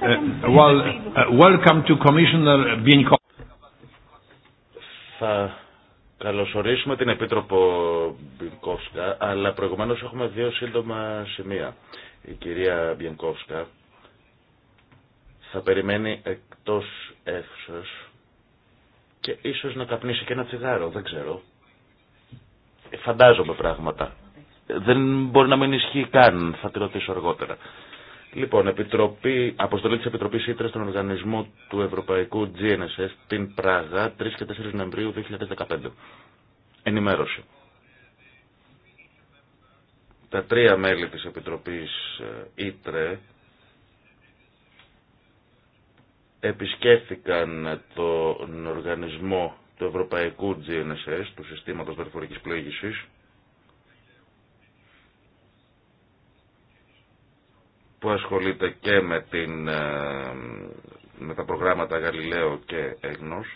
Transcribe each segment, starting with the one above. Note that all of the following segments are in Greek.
Ε, ε, welcome to Commissioner Θα καλωσορίσουμε την Επίτροπο Μπιενκόφσκα, αλλά προηγουμένως έχουμε δύο σύντομα σημεία. Η κυρία Μπιενκόφσκα θα περιμένει εκτός αίθουσας και ίσως να καπνίσει και ένα τσιγάρο, δεν ξέρω. Ε, φαντάζομαι πράγματα. Δεν μπορεί να μην ισχύει καν, θα τη ρωτήσω αργότερα. Λοιπόν, Επιτροπή, αποστολή της Επιτροπής Ήτρε στον Οργανισμό του Ευρωπαϊκού GNSS την Πράγα 3 και 4 Νοεμβρίου 2015. Ενημέρωση. Τα τρία μέλη της Επιτροπής ε, Ήτρε επισκέφθηκαν τον οργανισμό του Ευρωπαϊκού GNSS, του Συστήματος Δορυφορικής Πλοήγησης, που ασχολείται και με, την, ε, με τα προγράμματα Γαλιλαίο και Έγνος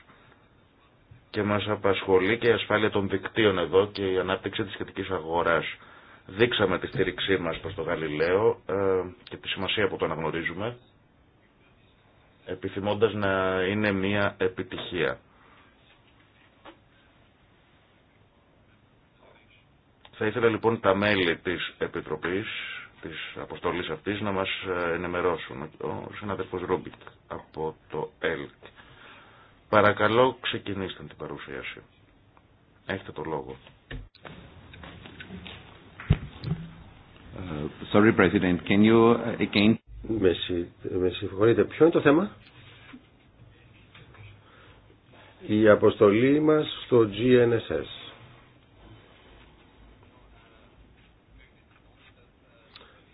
και μας απασχολεί και η ασφάλεια των δικτύων εδώ και η ανάπτυξη της σχετικής αγοράς. Δείξαμε τη στήριξή μας προς το Γαλιλαίο ε, και τη σημασία που το αναγνωρίζουμε επιθυμώντας να είναι μία επιτυχία. Θα ήθελα λοιπόν τα μέλη της Επιτροπής Τη αποστολή αυτή να μας ε, ενημερώσουν. Ο συναδελφό Ρούμπικ από το ΕΛΚ. Παρακαλώ ξεκινήστε την παρουσίαση. Έχετε το λόγο. Ε, sorry, President. Can you uh, again... με, με συγχωρείτε. Ποιο είναι το θέμα? Η αποστολή μας στο GNSS.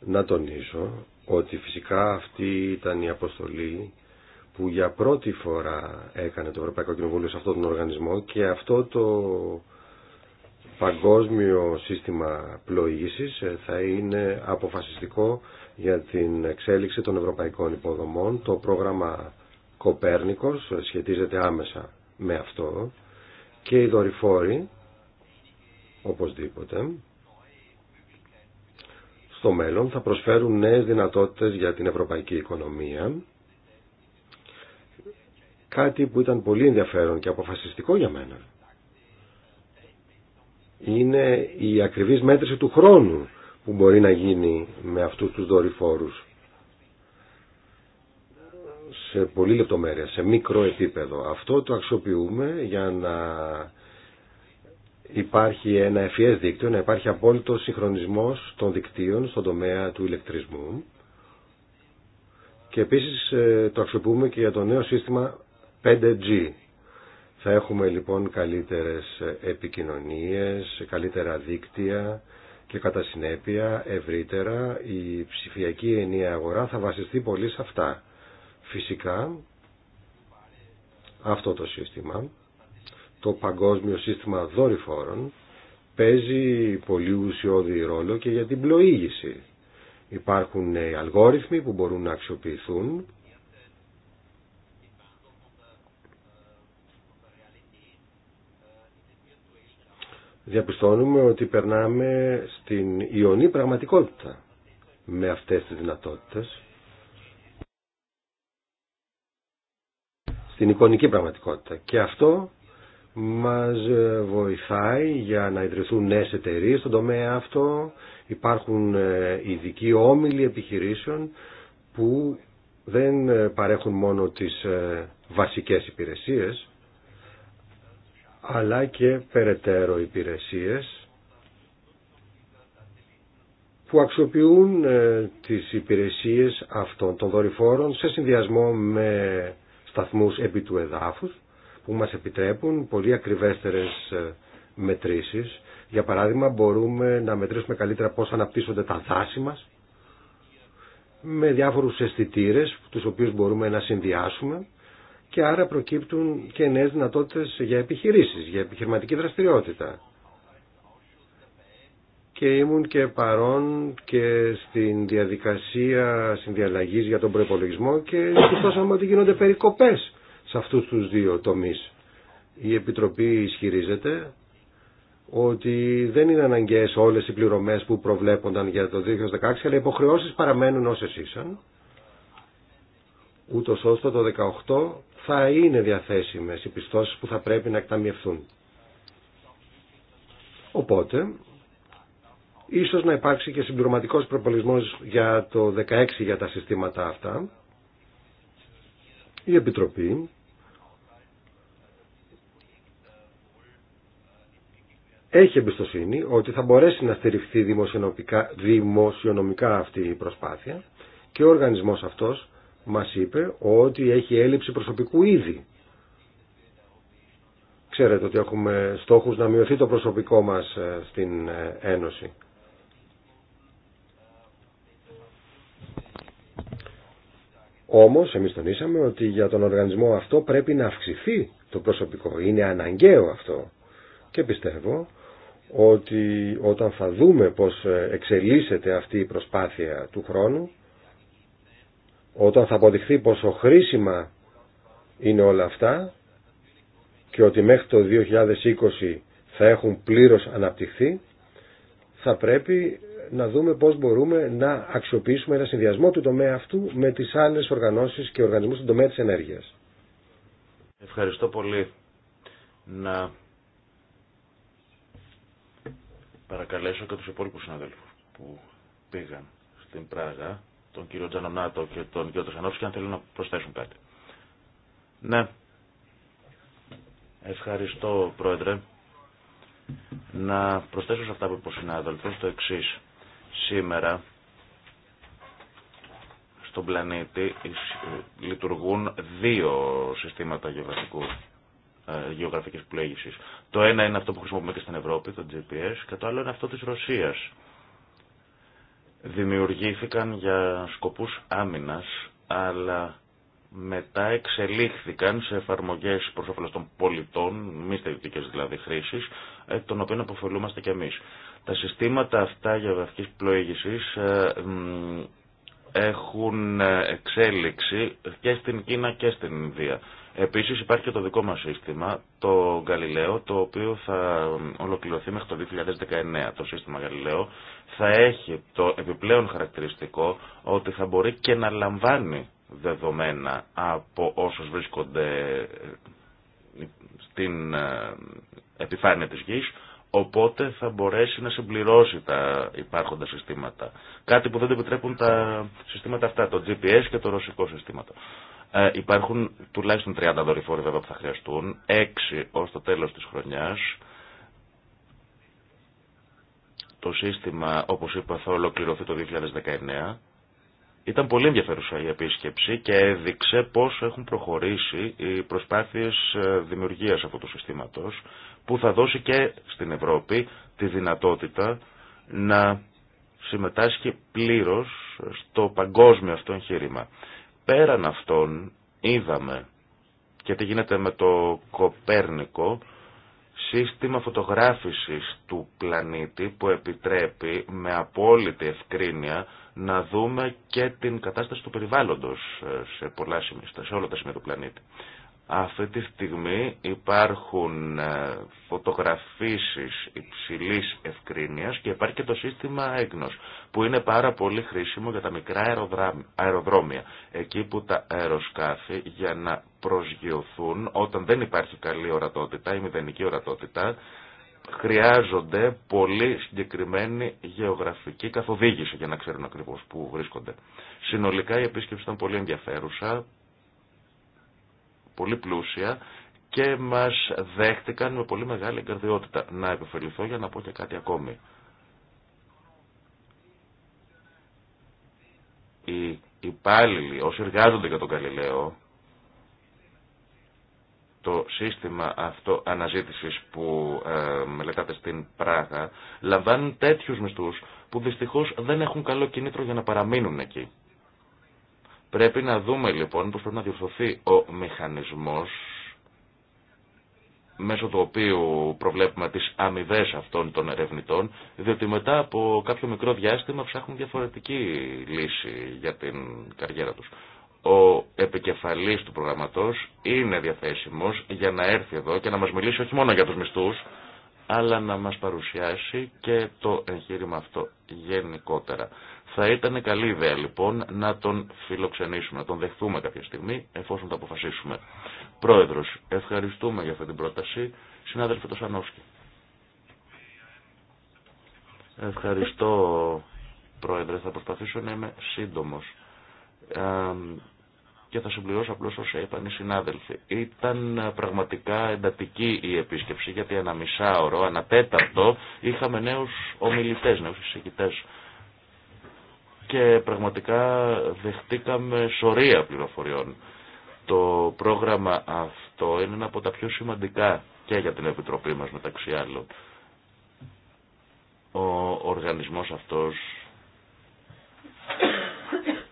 να τονίσω ότι φυσικά αυτή ήταν η αποστολή που για πρώτη φορά έκανε το Ευρωπαϊκό Κοινοβούλιο σε αυτόν τον οργανισμό και αυτό το παγκόσμιο σύστημα πλοήγησης ε, θα είναι αποφασιστικό για την εξέλιξη των ευρωπαϊκών υποδομών. Το πρόγραμμα Κοπέρνικος ε, σχετίζεται άμεσα με αυτό και οι δορυφόροι, οπωσδήποτε, στο μέλλον θα προσφέρουν νέες δυνατότητες για την ευρωπαϊκή οικονομία. Κάτι που ήταν πολύ ενδιαφέρον και αποφασιστικό για μένα είναι η ακριβής μέτρηση του χρόνου που μπορεί να γίνει με αυτούς τους δορυφόρους σε πολύ λεπτομέρεια, σε μικρό επίπεδο. Αυτό το αξιοποιούμε για να υπάρχει ένα ευφυές δίκτυο, να υπάρχει απόλυτο συγχρονισμός των δικτύων στον τομέα του ηλεκτρισμού και επίσης ε, το αξιοποιούμε και για το νέο σύστημα 5G. Θα έχουμε λοιπόν καλύτερες επικοινωνίες, καλύτερα δίκτυα και κατά συνέπεια ευρύτερα η ψηφιακή ενιαία αγορά θα βασιστεί πολύ σε αυτά. Φυσικά αυτό το σύστημα το παγκόσμιο σύστημα δόρυφόρων παίζει πολύ ουσιώδη ρόλο και για την πλοήγηση. Υπάρχουν αλγόριθμοι που μπορούν να αξιοποιηθούν διαπιστώνουμε ότι περνάμε στην ιονή πραγματικότητα με αυτές τις δυνατότητες στην εικονική πραγματικότητα και αυτό μας ε, βοηθάει για να ιδρυθούν νέες εταιρείες στον τομέα αυτό. Υπάρχουν ε, ειδικοί όμιλοι επιχειρήσεων που δεν ε, παρέχουν μόνο τις βασικές υπηρεσίες, αλλά και περαιτέρω υπηρεσίες που αξιοποιούν τις υπηρεσίες αυτών των δορυφόρων σε συνδυασμό με σταθμούς επί του εδάφους που μας επιτρέπουν πολύ ακριβέστερες ε, μετρήσεις. Για παράδειγμα μπορούμε να μετρήσουμε καλύτερα πώς αναπτύσσονται τα δάση μας με διάφορους αισθητήρε τους οποίους μπορούμε να συνδυάσουμε και άρα προκύπτουν και νέες δυνατότητες για επιχειρήσεις, για επιχειρηματική δραστηριότητα. Και ήμουν και παρόν και στην διαδικασία συνδιαλλαγής για τον προπολογισμό και διαπιστώσαμε ότι γίνονται περικοπές σε αυτούς τους δύο τομείς. Η Επιτροπή ισχυρίζεται ότι δεν είναι αναγκαίες όλες οι πληρωμές που προβλέπονταν για το 2016, αλλά οι υποχρεώσεις παραμένουν όσες ήσαν, ούτως ώστε το 2018 θα είναι διαθέσιμες οι πιστώσεις που θα πρέπει να εκταμιευθούν. Οπότε, ίσως να υπάρξει και συμπληρωματικός προπολισμός για το 2016 για τα συστήματα αυτά. Η Επιτροπή έχει εμπιστοσύνη ότι θα μπορέσει να στηριχθεί δημοσιονομικά, δημοσιονομικά αυτή η προσπάθεια και ο οργανισμός αυτός μας είπε ότι έχει έλλειψη προσωπικού ήδη. Ξέρετε ότι έχουμε στόχους να μειωθεί το προσωπικό μας ε, στην ε, Ένωση. Όμως εμείς τονίσαμε ότι για τον οργανισμό αυτό πρέπει να αυξηθεί το προσωπικό. Είναι αναγκαίο αυτό. Και πιστεύω ότι όταν θα δούμε πώς εξελίσσεται αυτή η προσπάθεια του χρόνου, όταν θα αποδειχθεί πόσο χρήσιμα είναι όλα αυτά και ότι μέχρι το 2020 θα έχουν πλήρως αναπτυχθεί, θα πρέπει να δούμε πώς μπορούμε να αξιοποιήσουμε ένα συνδυασμό του τομέα αυτού με τις άλλες οργανώσεις και οργανισμούς του τομέα της ενέργειας. Ευχαριστώ πολύ. Να παρακαλέσω και τους υπόλοιπους συναδέλφους που πήγαν στην Πράγα, τον κύριο Τζανονάτο και τον κύριο και αν θέλουν να προσθέσουν κάτι. Ναι. Ευχαριστώ, Πρόεδρε. Να προσθέσω σε αυτά που είπε ο το εξή. Σήμερα στον πλανήτη λειτουργούν δύο συστήματα γεωγραφικού ε, γεωγραφικής πλοήγησης. Το ένα είναι αυτό που χρησιμοποιούμε και στην Ευρώπη, το GPS, και το άλλο είναι αυτό της Ρωσίας. Δημιουργήθηκαν για σκοπούς άμυνας, αλλά μετά εξελίχθηκαν σε εφαρμογές προς όφελος των πολιτών, μη δηλαδή δηλαδή χρήσεις, ε, των οποίων αποφελούμαστε κι εμείς. Τα συστήματα αυτά γεωγραφικής πλοήγησης ε, έχουν εξέλιξη και στην Κίνα και στην Ινδία. Επίσης υπάρχει και το δικό μας σύστημα, το Galileo, το οποίο θα ολοκληρωθεί μέχρι το 2019. Το σύστημα Galileo θα έχει το επιπλέον χαρακτηριστικό ότι θα μπορεί και να λαμβάνει δεδομένα από όσους βρίσκονται ε, στην ε, επιφάνεια της γης, οπότε θα μπορέσει να συμπληρώσει τα υπάρχοντα συστήματα. Κάτι που δεν επιτρέπουν τα συστήματα αυτά, το GPS και το ρωσικό συστήμα. Ε, υπάρχουν τουλάχιστον 30 δορυφόροι βέβαια που θα χρειαστούν, 6 ως το τέλος της χρονιάς. Το σύστημα, όπως είπα, θα ολοκληρωθεί το 2019. Ήταν πολύ ενδιαφέρουσα η επίσκεψη και έδειξε πώς έχουν προχωρήσει οι προσπάθειες ε, δημιουργίας αυτού του συστήματος που θα δώσει και στην Ευρώπη τη δυνατότητα να συμμετάσχει πλήρως στο παγκόσμιο αυτό εγχείρημα. Πέραν αυτών είδαμε και τι γίνεται με το Κοπέρνικο, σύστημα φωτογράφησης του πλανήτη που επιτρέπει με απόλυτη ευκρίνεια να δούμε και την κατάσταση του περιβάλλοντος ε, σε, πολλά σημεία, σε όλα τα σημεία του πλανήτη. Αυτή τη στιγμή υπάρχουν ε, φωτογραφίσεις υψηλής ευκρίνειας και υπάρχει και το σύστημα έγνος που είναι πάρα πολύ χρήσιμο για τα μικρά αεροδρόμια εκεί που τα αεροσκάφη για να προσγειωθούν όταν δεν υπάρχει καλή ορατότητα ή μηδενική ορατότητα χρειάζονται πολύ συγκεκριμένη γεωγραφική καθοδήγηση για να ξέρουν ακριβώς πού βρίσκονται. Συνολικά η επίσκεψη ήταν πολύ ενδιαφέρουσα, πολύ πλούσια και μας δέχτηκαν με πολύ μεγάλη εγκαρδιότητα. Να επιφεληθώ για να πω και κάτι ακόμη. Οι υπάλληλοι, όσοι εργάζονται για τον Καλλιλέο, το σύστημα αυτό αναζήτησης που ε, μελετάτε στην Πράγα λαμβάνουν τέτοιους μισθούς που δυστυχώς δεν έχουν καλό κίνητρο για να παραμείνουν εκεί. Πρέπει να δούμε λοιπόν πώς πρέπει να διορθωθεί ο μηχανισμός μέσω του οποίου προβλέπουμε τις αμοιβέ αυτών των ερευνητών, διότι μετά από κάποιο μικρό διάστημα ψάχνουν διαφορετική λύση για την καριέρα τους. Ο επικεφαλής του προγραμματός είναι διαθέσιμος για να έρθει εδώ και να μας μιλήσει όχι μόνο για τους μισθούς, αλλά να μας παρουσιάσει και το εγχείρημα αυτό γενικότερα. Θα ήταν καλή ιδέα λοιπόν να τον φιλοξενήσουμε, να τον δεχθούμε κάποια στιγμή εφόσον το αποφασίσουμε. Πρόεδρος, ευχαριστούμε για αυτή την πρόταση. Συνάδελφε το Σανόσκι. Ευχαριστώ Πρόεδρε, θα προσπαθήσω να είμαι σύντομος και θα συμπληρώσω απλώ όσα είπαν οι συνάδελφοι. Ήταν ε, πραγματικά εντατική η επίσκεψη γιατί ένα μισάωρο, ένα τέταρτο, είχαμε νέου ομιλητέ, νέου εισηγητέ και πραγματικά δεχτήκαμε σωρία πληροφοριών. Το πρόγραμμα αυτό είναι ένα από τα πιο σημαντικά και για την Επιτροπή μας μεταξύ άλλων. Ο οργανισμός αυτός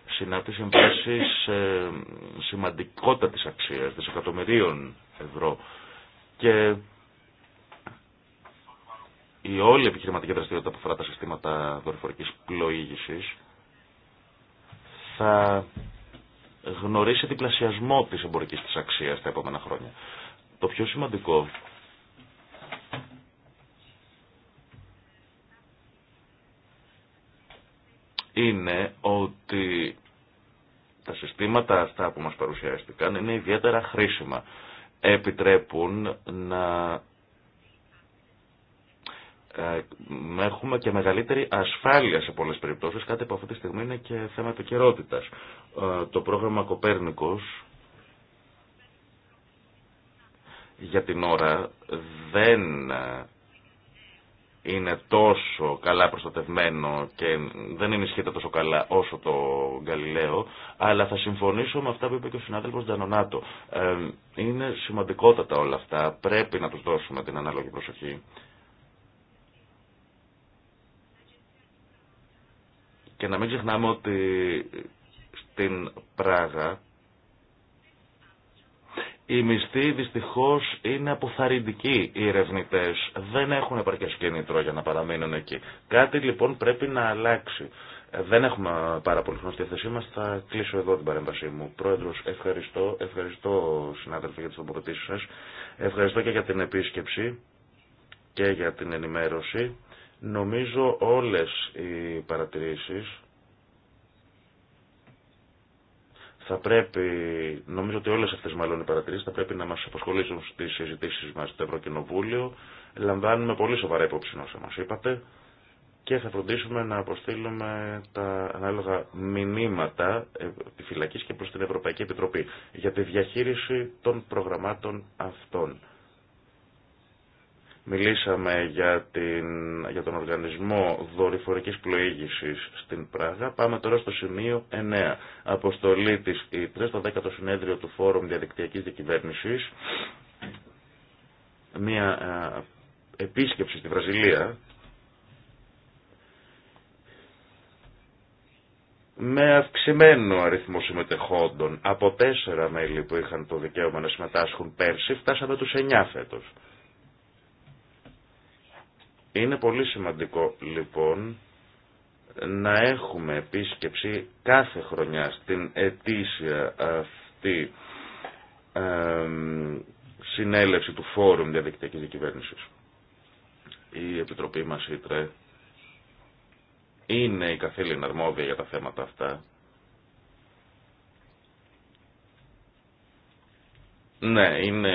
συνάπτει συμβάσεις ε, σημαντικότατης αξίας, δισεκατομμυρίων ευρώ και η όλη επιχειρηματική δραστηριότητα που αφορά τα συστήματα δορυφορικής πλοήγησης θα γνωρίσει διπλασιασμό της εμπορικής της αξίας τα επόμενα χρόνια. Το πιο σημαντικό είναι ότι τα συστήματα αυτά που μας παρουσιάστηκαν είναι ιδιαίτερα χρήσιμα. Επιτρέπουν να ε, έχουμε και μεγαλύτερη ασφάλεια σε πολλές περιπτώσεις, κάτι που αυτή τη στιγμή είναι και θέμα επικαιρότητα. Ε, το πρόγραμμα Κοπέρνικος για την ώρα δεν είναι τόσο καλά προστατευμένο και δεν ενισχύεται τόσο καλά όσο το Γαλιλαίο, αλλά θα συμφωνήσω με αυτά που είπε και ο συνάδελφος Ντανονάτο. Ε, είναι σημαντικότατα όλα αυτά, πρέπει να τους δώσουμε την ανάλογη προσοχή Και να μην ξεχνάμε ότι στην Πράγα οι μισθοί δυστυχώ είναι αποθαρρυντικοί. Οι ερευνητέ δεν έχουν επαρκέ κίνητρο για να παραμείνουν εκεί. Κάτι λοιπόν πρέπει να αλλάξει. Δεν έχουμε πάρα πολύ χρόνο στη θέση μα. Θα κλείσω εδώ την παρέμβασή μου. Πρόεδρο, ευχαριστώ. Ευχαριστώ, συνάδελφοι, για τι τοποθετήσει σα. Ευχαριστώ και για την επίσκεψη και για την ενημέρωση. Νομίζω όλες οι παρατηρήσεις θα πρέπει, νομίζω ότι όλες αυτές μάλλον οι παρατηρήσεις θα πρέπει να μας απασχολήσουν στις συζητήσεις μας στο Ευρωκοινοβούλιο. Λαμβάνουμε πολύ σοβαρά υπόψη όσο μας είπατε και θα φροντίσουμε να αποστείλουμε τα ανάλογα μηνύματα τη φυλακή και προς την Ευρωπαϊκή Επιτροπή για τη διαχείριση των προγραμμάτων αυτών. Μιλήσαμε για, την, για τον οργανισμό δορυφορικής πλοήγησης στην Πράγα. Πάμε τώρα στο σημείο 9. Αποστολή της ΙΤΡΕ στο 10ο συνέδριο του Φόρουμ Διαδικτυακής Διακυβέρνησης. Μία ε, επίσκεψη στη Βραζιλία με αυξημένο αριθμό συμμετεχόντων. Από τέσσερα μέλη που είχαν το δικαίωμα να συμμετάσχουν πέρσι φτάσαμε τους 9 φέτος. Είναι πολύ σημαντικό λοιπόν να έχουμε επίσκεψη κάθε χρονιά στην ετήσια αυτή ε, συνέλευση του Φόρουμ Διαδικτυακής Διακυβέρνησης. Η Επιτροπή μας, ΙΤΡΕ είναι η καθήλυνα αρμόδια για τα θέματα αυτά. Ναι, είναι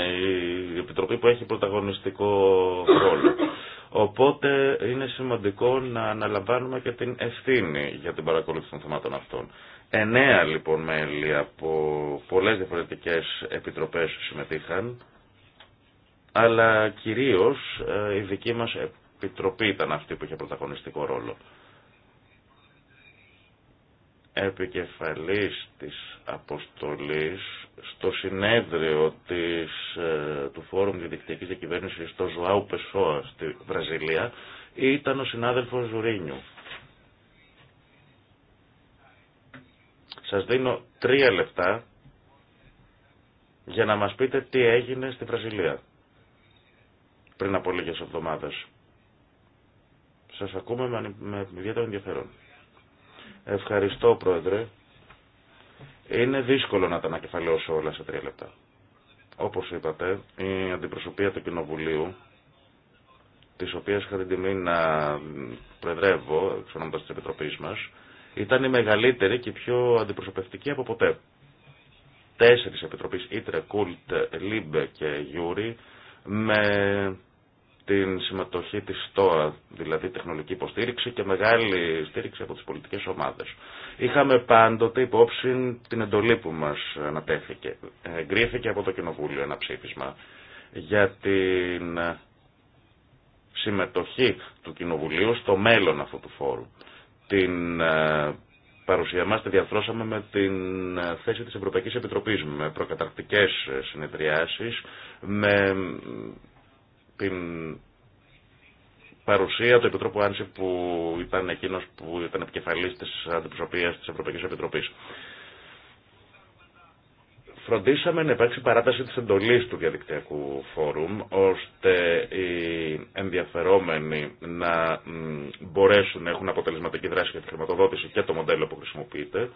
η Επιτροπή που έχει πρωταγωνιστικό ρόλο. Οπότε είναι σημαντικό να αναλαμβάνουμε και την ευθύνη για την παρακολούθηση των θεμάτων αυτών. Εννέα λοιπόν μέλη από πολλές διαφορετικές επιτροπές συμμετείχαν, αλλά κυρίως ε, η δική μας επιτροπή ήταν αυτή που είχε πρωταγωνιστικό ρόλο επικεφαλής της αποστολής στο συνέδριο της, ε, του Φόρουμ Διαδικτυακής Διακυβέρνησης στο Ζουάου Πεσόα στη Βραζιλία ήταν ο συνάδελφος Ζουρίνιου. Σας δίνω τρία λεπτά για να μας πείτε τι έγινε στη Βραζιλία πριν από λίγες εβδομάδες. Σας ακούμε με ιδιαίτερο ενδιαφέρον. Ευχαριστώ, Πρόεδρε. Είναι δύσκολο να τα ανακεφαλαιώσω όλα σε τρία λεπτά. Όπως είπατε, η αντιπροσωπεία του Κοινοβουλίου, της οποίας είχα την τιμή να προεδρεύω, εξονόματος της Επιτροπής μας, ήταν η μεγαλύτερη και η πιο αντιπροσωπευτική από ποτέ. Τέσσερις επιτροπής, Ήτρε, Κούλτ, Λίμπε και Γιούρι, με την συμμετοχή της ΣΤΟΑ, δηλαδή τεχνολογική υποστήριξη και μεγάλη στήριξη από τις πολιτικές ομάδες. Είχαμε πάντοτε υπόψη την εντολή που μας ανατέθηκε. Εγκρίθηκε από το Κοινοβούλιο ένα ψήφισμα για την συμμετοχή του Κοινοβουλίου στο μέλλον αυτού του φόρου. Την ε, παρουσία μας τη με την ε, θέση της Ευρωπαϊκής Επιτροπής, με προκαταρκτικές ε, συνεδριάσεις, με την παρουσία του Επιτρόπου Άνση που ήταν εκείνος που ήταν επικεφαλής της αντιπροσωπείας της Ευρωπαϊκής Επιτροπής. Φροντίσαμε να υπάρξει παράταση της εντολής του διαδικτυακού φόρουμ, ώστε οι ενδιαφερόμενοι να μπορέσουν να έχουν αποτελεσματική δράση για τη χρηματοδότηση και το μοντέλο που χρησιμοποιείται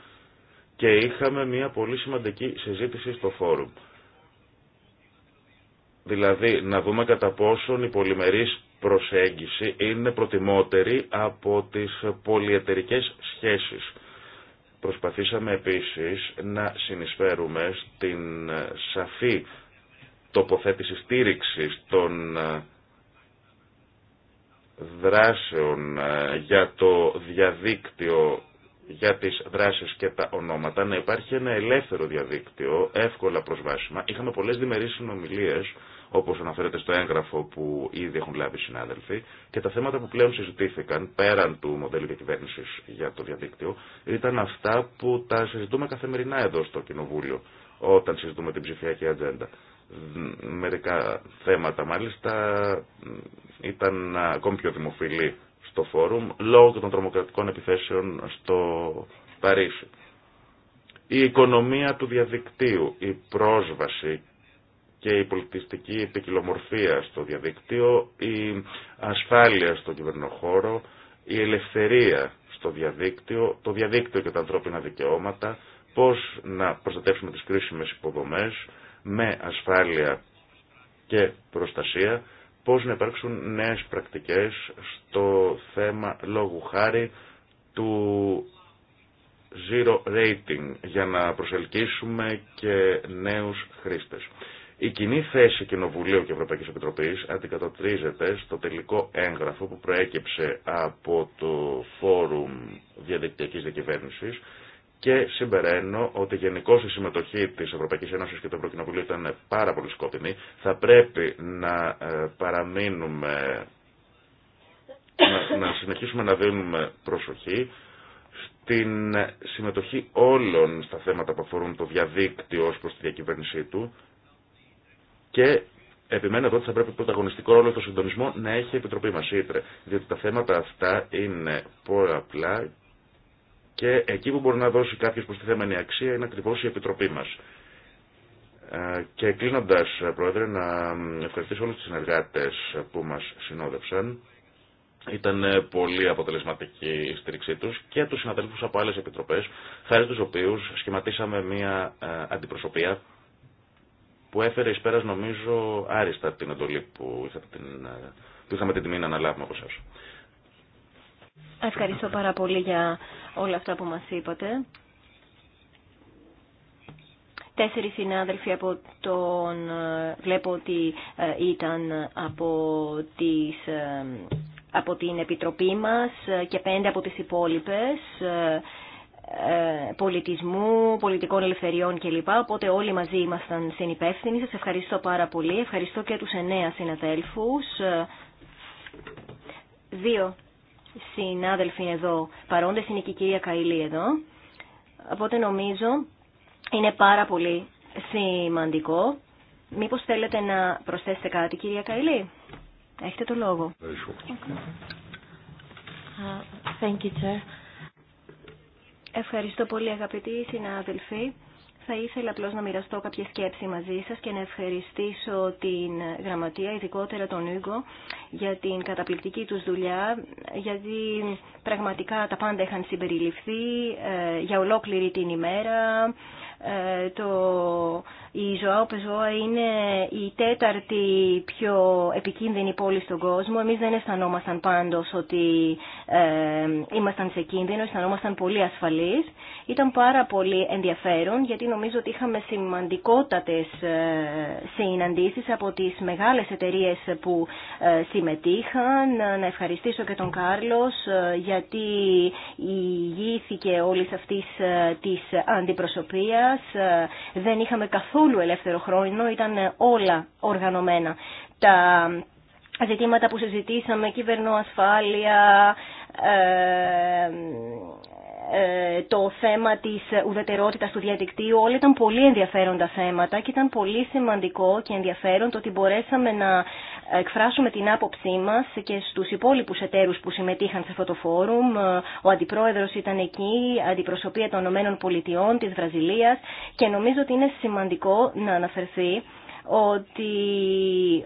και είχαμε μια πολύ σημαντική συζήτηση στο φόρουμ. Δηλαδή να δούμε κατά πόσον η πολυμερής προσέγγιση είναι προτιμότερη από τις πολυετερικές σχέσεις. Προσπαθήσαμε επίσης να συνεισφέρουμε στην σαφή τοποθέτηση στήριξης των δράσεων για το διαδίκτυο για τις δράσεις και τα ονόματα, να υπάρχει ένα ελεύθερο διαδίκτυο, εύκολα προσβάσιμα. Είχαμε πολλές διμερείς συνομιλίες όπως αναφέρεται στο έγγραφο που ήδη έχουν λάβει οι συνάδελφοι, και τα θέματα που πλέον συζητήθηκαν πέραν του μοντέλου διακυβέρνηση για το διαδίκτυο ήταν αυτά που τα συζητούμε καθημερινά εδώ στο Κοινοβούλιο όταν συζητούμε την ψηφιακή ατζέντα. Μερικά θέματα μάλιστα ήταν ακόμη πιο δημοφιλή στο φόρουμ λόγω των τρομοκρατικών επιθέσεων στο Παρίσι. Η οικονομία του διαδικτύου, η πρόσβαση και η πολιτιστική επικοινομορφία στο διαδίκτυο, η ασφάλεια στον κυβερνοχώρο, η ελευθερία στο διαδίκτυο, το διαδίκτυο και τα ανθρώπινα δικαιώματα, πώς να προστατεύσουμε τις κρίσιμες υποδομές με ασφάλεια και προστασία, πώς να υπάρξουν νέες πρακτικές στο θέμα λόγου χάρη του zero rating για να προσελκύσουμε και νέους χρήστες. Η κοινή θέση Κοινοβουλίου και Ευρωπαϊκής Επιτροπής αντικατοτρίζεται στο τελικό έγγραφο που προέκυψε από το Φόρουμ Διαδικτυακής Διακυβέρνησης και συμπεραίνω ότι γενικώ η συμμετοχή τη Ευρωπαϊκή Ένωση και του Ευρωκοινοβουλίου ήταν πάρα πολύ σκόπιμη. Θα πρέπει να ε, παραμείνουμε, να, να συνεχίσουμε να δίνουμε προσοχή στην συμμετοχή όλων στα θέματα που αφορούν το διαδίκτυο ως προς τη διακυβέρνησή του και Επιμένω εδώ ότι θα πρέπει πρωταγωνιστικό ρόλο στο συντονισμό να έχει η Επιτροπή μα, ήτρε. Διότι τα θέματα αυτά είναι απλά και εκεί που μπορεί να δώσει κάποιο προστιθέμενη αξία είναι ακριβώ η Επιτροπή μα. Και κλείνοντα, Πρόεδρε, να ευχαριστήσω όλου του συνεργάτε που μα συνόδευσαν. Ήταν πολύ αποτελεσματική η στήριξή του και του συναδέλφου από άλλε επιτροπέ, χάρη στου οποίου σχηματίσαμε μια αντιπροσωπεία που έφερε εις πέρας νομίζω άριστα την εντολή που, την, ε, που είχαμε την τιμή να αναλάβουμε από εσάς. Ευχαριστώ πάρα πολύ για όλα αυτά που μας είπατε. Τέσσερις συνάδελφοι από τον... Ε, βλέπω ότι ε, ήταν από, τις, από την Επιτροπή μας και πέντε από τις υπόλοιπες. Ε, πολιτισμού, πολιτικών ελευθεριών κλπ. Οπότε όλοι μαζί ήμασταν συνυπεύθυνοι. Σας ευχαριστώ πάρα πολύ. Ευχαριστώ και τους εννέα συναδέλφους. Ε, δύο συνάδελφοι εδώ παρόντες. Είναι και η κυρία Καϊλή εδώ. Οπότε νομίζω είναι πάρα πολύ σημαντικό. Μήπως θέλετε να προσθέσετε κάτι κυρία Καϊλή. Έχετε το λόγο. thank you, Ευχαριστώ πολύ αγαπητοί συνάδελφοι. Θα ήθελα απλώ να μοιραστώ κάποια σκέψη μαζί σα και να ευχαριστήσω την γραμματεία, ειδικότερα τον Ήγκο, για την καταπληκτική του δουλειά, γιατί πραγματικά τα πάντα είχαν συμπεριληφθεί ε, για ολόκληρη την ημέρα. Ε, το, η Ζωάο είναι η τέταρτη πιο επικίνδυνη πόλη στον κόσμο. Εμείς δεν αισθανόμασταν πάντως ότι ε, ήμασταν σε κίνδυνο, αισθανόμασταν πολύ ασφαλείς. Ήταν πάρα πολύ ενδιαφέρον γιατί νομίζω ότι είχαμε σημαντικότατες ε, συναντήσεις από τις μεγάλες εταιρείες που ε, συμμετείχαν. Να ευχαριστήσω και τον Κάρλος γιατί ηγήθηκε όλης αυτής της αντιπροσωπείας ε, δεν είχαμε καθόλου ελεύθερο χρόνο, ήταν ε, όλα οργανωμένα. Τα ζητήματα που συζητήσαμε, κυβερνοασφάλεια, ε, ε, το θέμα της ουδετερότητας του διαδικτύου. Όλα ήταν πολύ ενδιαφέροντα θέματα και ήταν πολύ σημαντικό και ενδιαφέρον το ότι μπορέσαμε να εκφράσουμε την άποψή μας και στους υπόλοιπους εταίρους που συμμετείχαν σε αυτό το φόρουμ. Ο αντιπρόεδρος ήταν εκεί, αντιπροσωπεία των ΗΠΑ, της Βραζιλίας και νομίζω ότι είναι σημαντικό να αναφερθεί ότι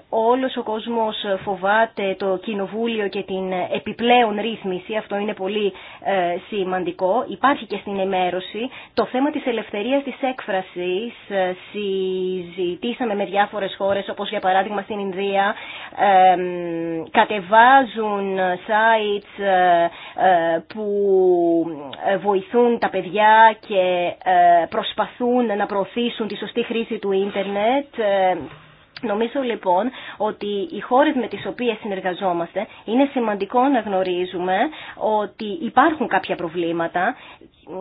όλος ο κόσμος φοβάται το κοινοβούλιο και την επιπλέον ρύθμιση, αυτό είναι πολύ ε, σημαντικό. Υπάρχει και στην ενημέρωση το θέμα της ελευθερίας της έκφρασης. Ε, συζητήσαμε με διάφορες χώρες, όπως για παράδειγμα στην Ινδία, ε, κατεβάζουν sites που βοηθούν τα παιδιά και προσπαθούν να προωθήσουν τη σωστή χρήση του ίντερνετ Νομίζω λοιπόν ότι οι χώρες με τις οποίες συνεργαζόμαστε είναι σημαντικό να γνωρίζουμε ότι υπάρχουν κάποια προβλήματα.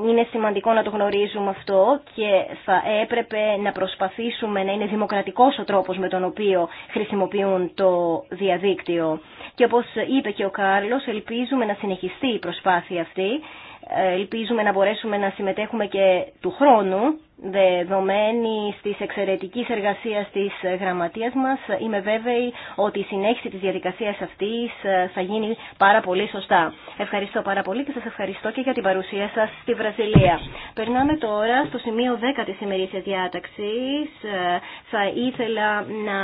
Είναι σημαντικό να το γνωρίζουμε αυτό και θα έπρεπε να προσπαθήσουμε να είναι δημοκρατικός ο τρόπος με τον οποίο χρησιμοποιούν το διαδίκτυο. Και όπως είπε και ο Κάρλος, ελπίζουμε να συνεχιστεί η προσπάθεια αυτή. Ε, ελπίζουμε να μπορέσουμε να συμμετέχουμε και του χρόνου δεδομένη τη εξαιρετική εργασία τη γραμματεία μα, είμαι βέβαιη ότι η συνέχιση τη διαδικασία αυτή ε, θα γίνει πάρα πολύ σωστά. Ευχαριστώ πάρα πολύ και σα ευχαριστώ και για την παρουσία σα στη Βραζιλία. Περνάμε τώρα στο σημείο 10 τη ημερήσια διάταξη. Ε, θα ήθελα να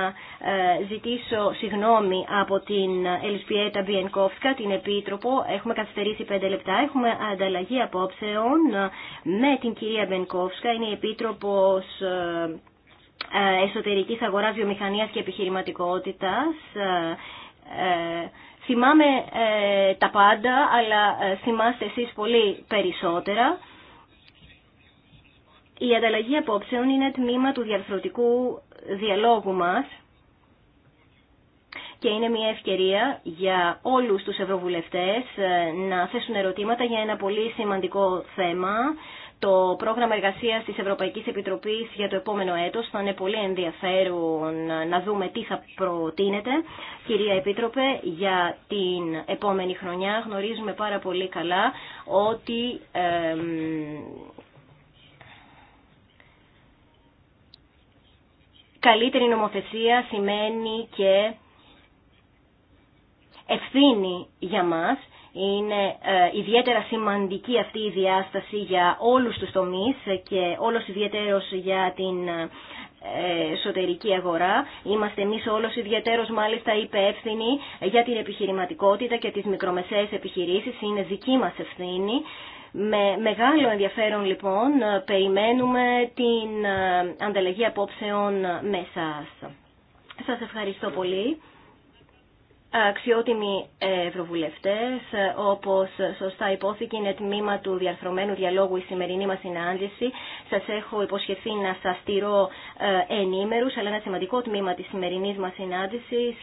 ε, ζητήσω συγγνώμη από την Ελισπιέτα Μπιενκόφσκα, την Επίτροπο. Έχουμε καθυστερήσει 5 λεπτά. Έχουμε ανταλλαγή απόψεων με την κυρία Μπενκόφσκα. η Επίτροπος ε, ε, Εσωτερικής Αγοράς Βιομηχανίας και Επιχειρηματικότητας. Ε, θυμάμαι τα πάντα, αλλά θυμάστε εσείς πολύ περισσότερα. Η ανταλλαγή απόψεων είναι τμήμα του διαρθρωτικού διαλόγου μας και είναι μια ευκαιρία για όλους τους ευρωβουλευτές να θέσουν ερωτήματα για ένα πολύ σημαντικό θέμα το πρόγραμμα εργασίας τη Ευρωπαϊκή Επιτροπή για το επόμενο έτος θα είναι πολύ ενδιαφέρον να δούμε τι θα προτείνεται. Κυρία Επίτροπε, για την επόμενη χρονιά γνωρίζουμε πάρα πολύ καλά ότι καλύτερη νομοθεσία σημαίνει και ευθύνη για μας είναι ε, ιδιαίτερα σημαντική αυτή η διάσταση για όλους τους τομείς και όλος ιδιαίτερος για την ε, εσωτερική αγορά. Είμαστε εμεί όλος ιδιαίτερος μάλιστα υπεύθυνοι για την επιχειρηματικότητα και τις μικρομεσαίες επιχειρήσεις. Είναι δική μας ευθύνη. Με μεγάλο ενδιαφέρον λοιπόν περιμένουμε την ε, ανταλλαγή απόψεων με σας. Σας ευχαριστώ πολύ. Αξιότιμοι ε, ευρωβουλευτές, ε, όπως σωστά υπόθηκε είναι τμήμα του διαρθρωμένου διαλόγου η σημερινή μας συνάντηση. Σας έχω υποσχεθεί να σας τηρώ ε, ενήμερους, αλλά ένα σημαντικό τμήμα της σημερινής μας συνάντησης.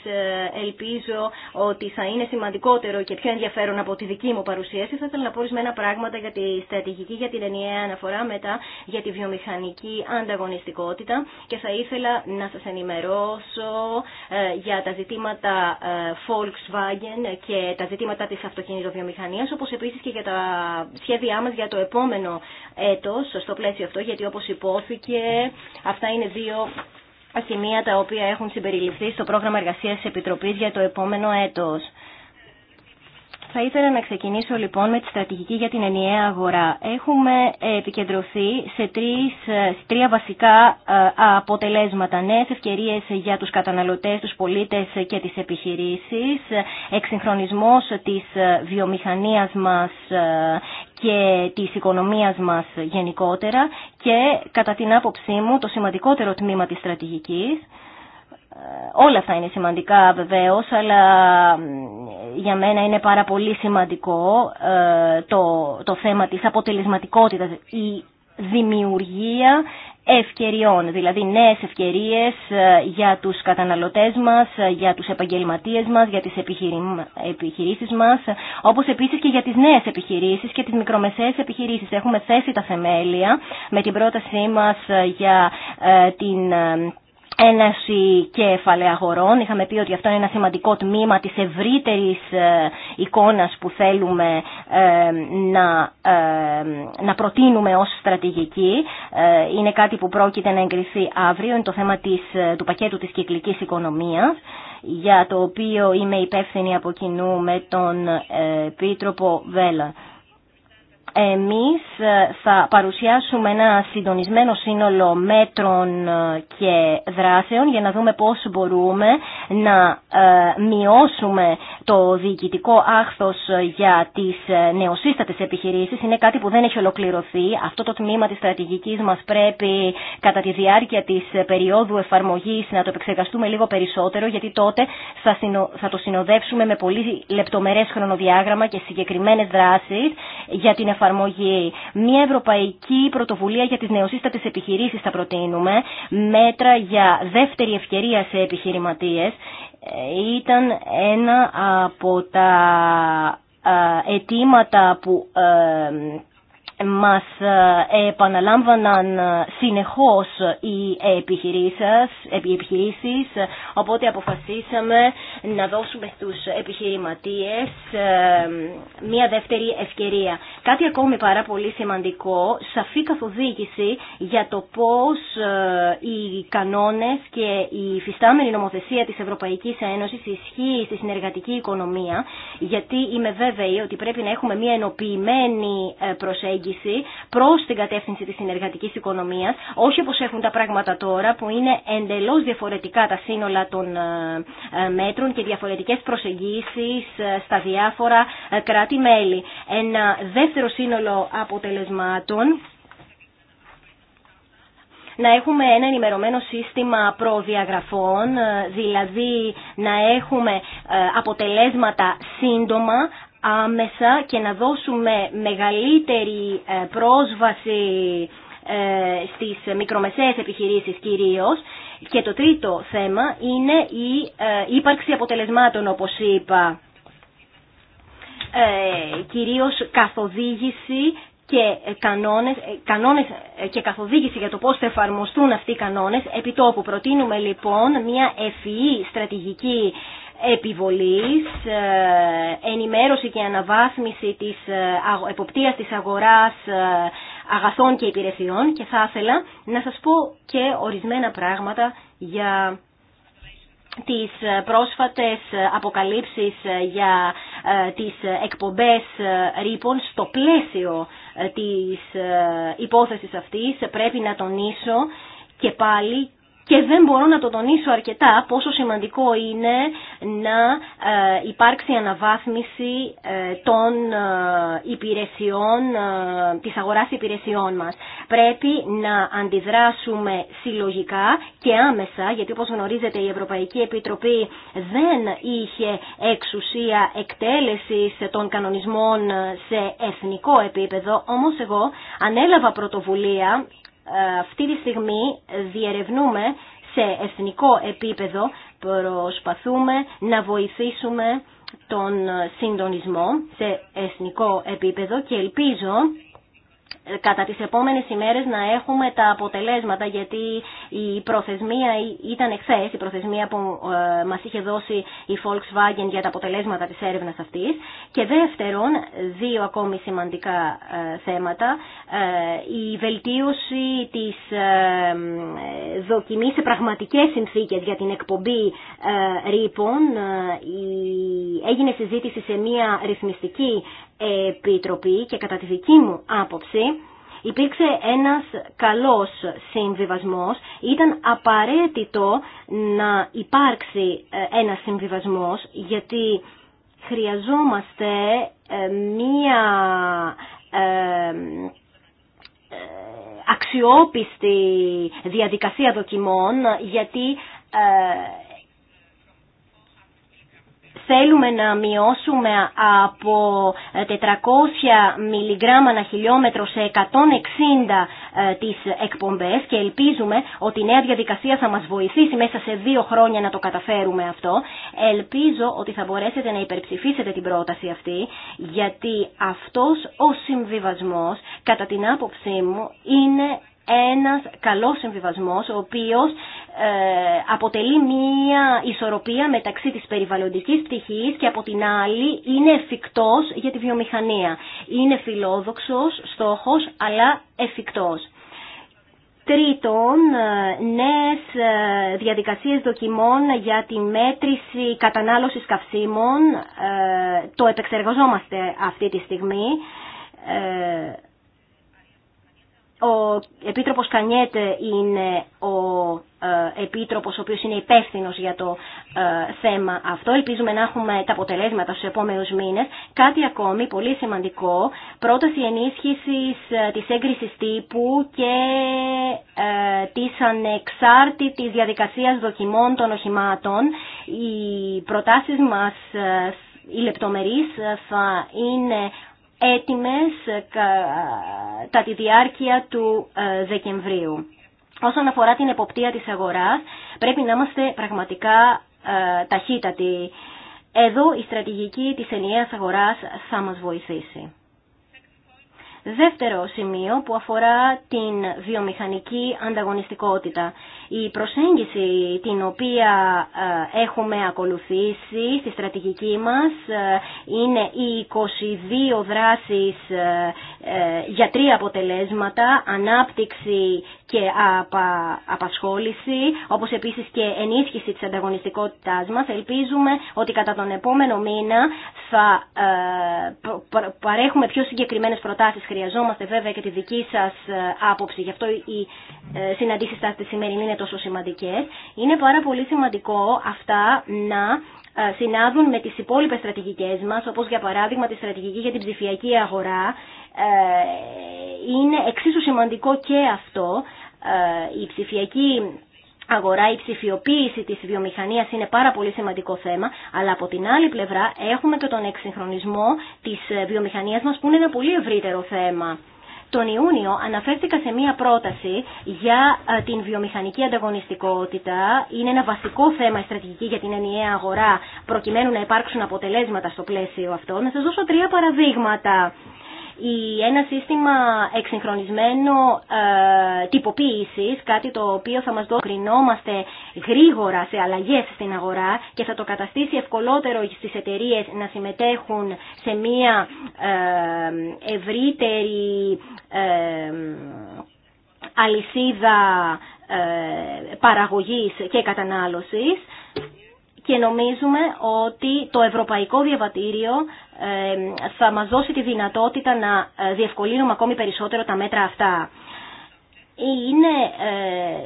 Ελπίζω ότι θα είναι σημαντικότερο και πιο ενδιαφέρον από τη δική μου παρουσίαση. Θα ήθελα να πω ορισμένα πράγματα για τη στρατηγική, για την ενιαία αναφορά, μετά για τη βιομηχανική ανταγωνιστικότητα και θα ήθελα να σας ενημερώσω για τα ζητήματα Volkswagen και τα ζητήματα της αυτοκινητοβιομηχανίας, όπως επίσης και για τα σχέδιά μας για το επόμενο έτος, στο πλαίσιο αυτό, γιατί όπως υπόθηκε, αυτά είναι δύο σημεία τα οποία έχουν συμπεριληφθεί στο πρόγραμμα εργασίας της Επιτροπής για το επόμενο έτος. Θα ήθελα να ξεκινήσω λοιπόν με τη στρατηγική για την ενιαία αγορά. Έχουμε επικεντρωθεί σε, τρία βασικά ε, αποτελέσματα. νέε ευκαιρίες για τους καταναλωτές, τους πολίτες και τις επιχειρήσεις. Εξυγχρονισμός της βιομηχανίας μας ε, και της οικονομίας μας γενικότερα. Και κατά την άποψή μου το σημαντικότερο τμήμα της στρατηγικής ε, όλα αυτά είναι σημαντικά βεβαίως, αλλά για μένα είναι πάρα πολύ σημαντικό ε, το, το θέμα της αποτελεσματικότητας, η δημιουργία ευκαιριών, δηλαδή νέες ευκαιρίες ε, για τους καταναλωτές μας, για τους επαγγελματίες μας, για τις επιχειρήσεις μας, όπως επίσης και για τις νέες επιχειρήσεις και τις μικρομεσαίες επιχειρήσεις. Έχουμε θέσει τα θεμέλια με την πρότασή μας για την Έναση κεφαλαία αγορών. Είχαμε πει ότι αυτό είναι ένα σημαντικό τμήμα της ευρύτερης ε, εικόνας που θέλουμε ε, να, ε, να προτείνουμε ως στρατηγική. Είναι κάτι που πρόκειται να εγκριθεί αύριο. Είναι το θέμα της, του πακέτου της κυκλικής οικονομίας για το οποίο είμαι υπεύθυνη από κοινού με τον Πίτροπο Βέλα. Εμείς ε, θα παρουσιάσουμε ένα συντονισμένο σύνολο μέτρων ε, και δράσεων για να δούμε πώς μπορούμε να ε, μειώσουμε το διοικητικό άχθος για τις νεοσύστατες επιχειρήσεις. Είναι κάτι που δεν έχει ολοκληρωθεί. Αυτό το τμήμα της στρατηγικής μας πρέπει κατά τη διάρκεια της περίοδου εφαρμογής να το επεξεργαστούμε λίγο περισσότερο γιατί τότε θα το συνοδεύσουμε με πολύ λεπτομερές χρονοδιάγραμμα και συγκεκριμένες δράσεις για την εφαρμογή εφαρμογή. Μια ευρωπαϊκή πρωτοβουλία για τις νεοσύστατες επιχειρήσεις θα προτείνουμε, μέτρα για δεύτερη ευκαιρία σε επιχειρηματίες. Ε, ήταν ένα από τα ε, αιτήματα που ε, μας ε, επαναλάμβαναν ε, συνεχώς οι επιχειρήσεις, οπότε αποφασίσαμε να δώσουμε στους επιχειρηματίες ε, μία δεύτερη ευκαιρία. Κάτι ακόμη πάρα πολύ σημαντικό, σαφή καθοδήγηση για το πώς οι κανόνες και η φυστάμενη νομοθεσία της Ευρωπαϊκής Ένωσης ισχύει στη συνεργατική οικονομία, γιατί είμαι βέβαιη ότι πρέπει να έχουμε μία ενοποιημένη προσέγγιση προσέγγιση προς την κατεύθυνση της συνεργατική οικονομίας, όχι όπως έχουν τα πράγματα τώρα που είναι εντελώς διαφορετικά τα σύνολα των ε, ε, μέτρων και διαφορετικές προσεγγίσεις ε, στα διάφορα κράτη-μέλη. Ένα δεύτερο σύνολο αποτελεσμάτων να έχουμε ένα ενημερωμένο σύστημα προδιαγραφών, δηλαδή να έχουμε αποτελέσματα σύντομα, άμεσα και να δώσουμε μεγαλύτερη ε, πρόσβαση ε, στις μικρομεσαίες επιχειρήσεις κυρίως. Και το τρίτο θέμα είναι η ε, ύπαρξη αποτελεσμάτων, όπως είπα, κυρίως καθοδήγηση και κανόνες, κανόνες και καθοδήγηση για το πώς θα εφαρμοστούν αυτοί οι κανόνες. Επιτόπου προτείνουμε λοιπόν μια ευφυή στρατηγική επιβολής, ε, ενημέρωση και αναβάθμιση της ε, εποπτείας της αγοράς ε, αγαθών και υπηρεσιών και θα ήθελα να σας πω και ορισμένα πράγματα για τις πρόσφατες αποκαλύψεις για τις εκπομπές ρήπων στο πλαίσιο της υπόθεσης αυτής πρέπει να τονίσω και πάλι και δεν μπορώ να το τονίσω αρκετά πόσο σημαντικό είναι να ε, υπάρξει αναβάθμιση ε, των ε, υπηρεσιών, της αγοράς υπηρεσιών μας. Πρέπει να αντιδράσουμε συλλογικά και άμεσα, γιατί όπως γνωρίζετε η Ευρωπαϊκή Επιτροπή δεν είχε εξουσία εκτέλεσης των κανονισμών σε εθνικό επίπεδο, όμως εγώ ανέλαβα πρωτοβουλία ε, αυτή τη στιγμή διερευνούμε σε εθνικό επίπεδο, προσπαθούμε να βοηθήσουμε τον συντονισμό σε εθνικό επίπεδο και ελπίζω ε, κατά τις επόμενες ημέρες να έχουμε τα αποτελέσματα γιατί η προθεσμία ήταν εχθές, η προθεσμία που ε, μας είχε δώσει η Volkswagen για τα αποτελέσματα της έρευνας αυτής και δεύτερον, δύο ακόμη σημαντικά ε, θέματα, η βελτίωση της δοκιμής σε πραγματικές συνθήκες για την εκπομπή ρήπων έγινε συζήτηση σε μια ρυθμιστική Επιτροπή και κατά τη δική μου άποψη υπήρξε ένας καλός συμβιβασμός. Ήταν απαραίτητο να υπάρξει ε, ένας συμβιβασμός γιατί χρειαζόμαστε ε, μία ε, αξιόπιστη διαδικασία δοκιμών γιατί θέλουμε να μειώσουμε από 400 ε, μιλιγκράμμα ανά χιλιόμετρο σε 160 ε, τις εκπομπές και ελπίζουμε ότι η νέα διαδικασία θα μας βοηθήσει μέσα σε δύο χρόνια να το καταφέρουμε αυτό. Ελπίζω ότι θα μπορέσετε να υπερψηφίσετε την πρόταση αυτή γιατί αυτός ο συμβιβασμός κατά την άποψή μου είναι ένας καλός συμβιβασμός, ο οποίος ε, αποτελεί μία ισορροπία μεταξύ της περιβαλλοντικής πτυχής και από την άλλη είναι εφικτός για τη βιομηχανία. Είναι φιλόδοξος στόχος, αλλά εφικτός. Τρίτον, ε, νέες ε, διαδικασίες δοκιμών για τη μέτρηση κατανάλωσης καυσίμων. Το επεξεργαζόμαστε αυτή τη στιγμή. Ο Επίτροπος Κανιέτε είναι ο ε, Επίτροπος ο οποίος είναι υπεύθυνο για το ε, θέμα αυτό. Ελπίζουμε να έχουμε τα αποτελέσματα στους επόμενους μήνες. Κάτι ακόμη πολύ σημαντικό, πρόταση ενίσχυσης ε, της έγκρισης τύπου και της ανεξάρτητης διαδικασίας δοκιμών των οχημάτων. Οι προτάσεις μας οι λεπτομερείς θα είναι έτοιμες κατά τη διάρκεια του ε, Δεκεμβρίου. Όσον αφορά την εποπτεία της αγοράς, πρέπει να είμαστε πραγματικά ε, ταχύτατοι. Εδώ η στρατηγική της ενιαίας αγοράς θα μας βοηθήσει. Δεύτερο σημείο που αφορά την βιομηχανική ανταγωνιστικότητα. Η προσέγγιση την οποία ε, έχουμε ακολουθήσει στη στρατηγική μας ε, είναι οι 22 δράσεις ε, για τρία αποτελέσματα, ανάπτυξη και απασχόληση, όπως επίσης και ενίσχυση της ανταγωνιστικότητάς μας. Ελπίζουμε ότι κατά τον επόμενο μήνα θα παρέχουμε πιο συγκεκριμένες προτάσεις. Χρειαζόμαστε βέβαια και τη δική σας άποψη. Γι' αυτό η σημερινή τόσο σημαντικές. Είναι πάρα πολύ σημαντικό αυτά να ε, συνάδουν με τις υπόλοιπες στρατηγικές μας, όπως για παράδειγμα τη στρατηγική για την ψηφιακή αγορά. Ε, είναι εξίσου σημαντικό και αυτό. Ε, η ψηφιακή αγορά, η ψηφιοποίηση της βιομηχανίας είναι πάρα πολύ σημαντικό θέμα, αλλά από την άλλη πλευρά έχουμε και τον εξυγχρονισμό της βιομηχανίας μας που είναι ένα πολύ ευρύτερο θέμα. Τον Ιούνιο αναφέρθηκα σε μία πρόταση για ε, την βιομηχανική ανταγωνιστικότητα. Είναι ένα βασικό θέμα η στρατηγική για την ενιαία αγορά προκειμένου να υπάρξουν αποτελέσματα στο πλαίσιο αυτό. Να σας δώσω τρία παραδείγματα ένα σύστημα εξυγχρονισμένο ε, τυποποίησης, κάτι το οποίο θα μας δώσει κρινόμαστε γρήγορα σε αλλαγές στην αγορά και θα το καταστήσει ευκολότερο στις εταιρείες να συμμετέχουν σε μια ε, ευρύτερη ε, αλυσίδα ε, παραγωγής και κατανάλωσης και νομίζουμε ότι το Ευρωπαϊκό Διαβατήριο ε, θα μας δώσει τη δυνατότητα να ε, διευκολύνουμε ακόμη περισσότερο τα μέτρα αυτά είναι, ε,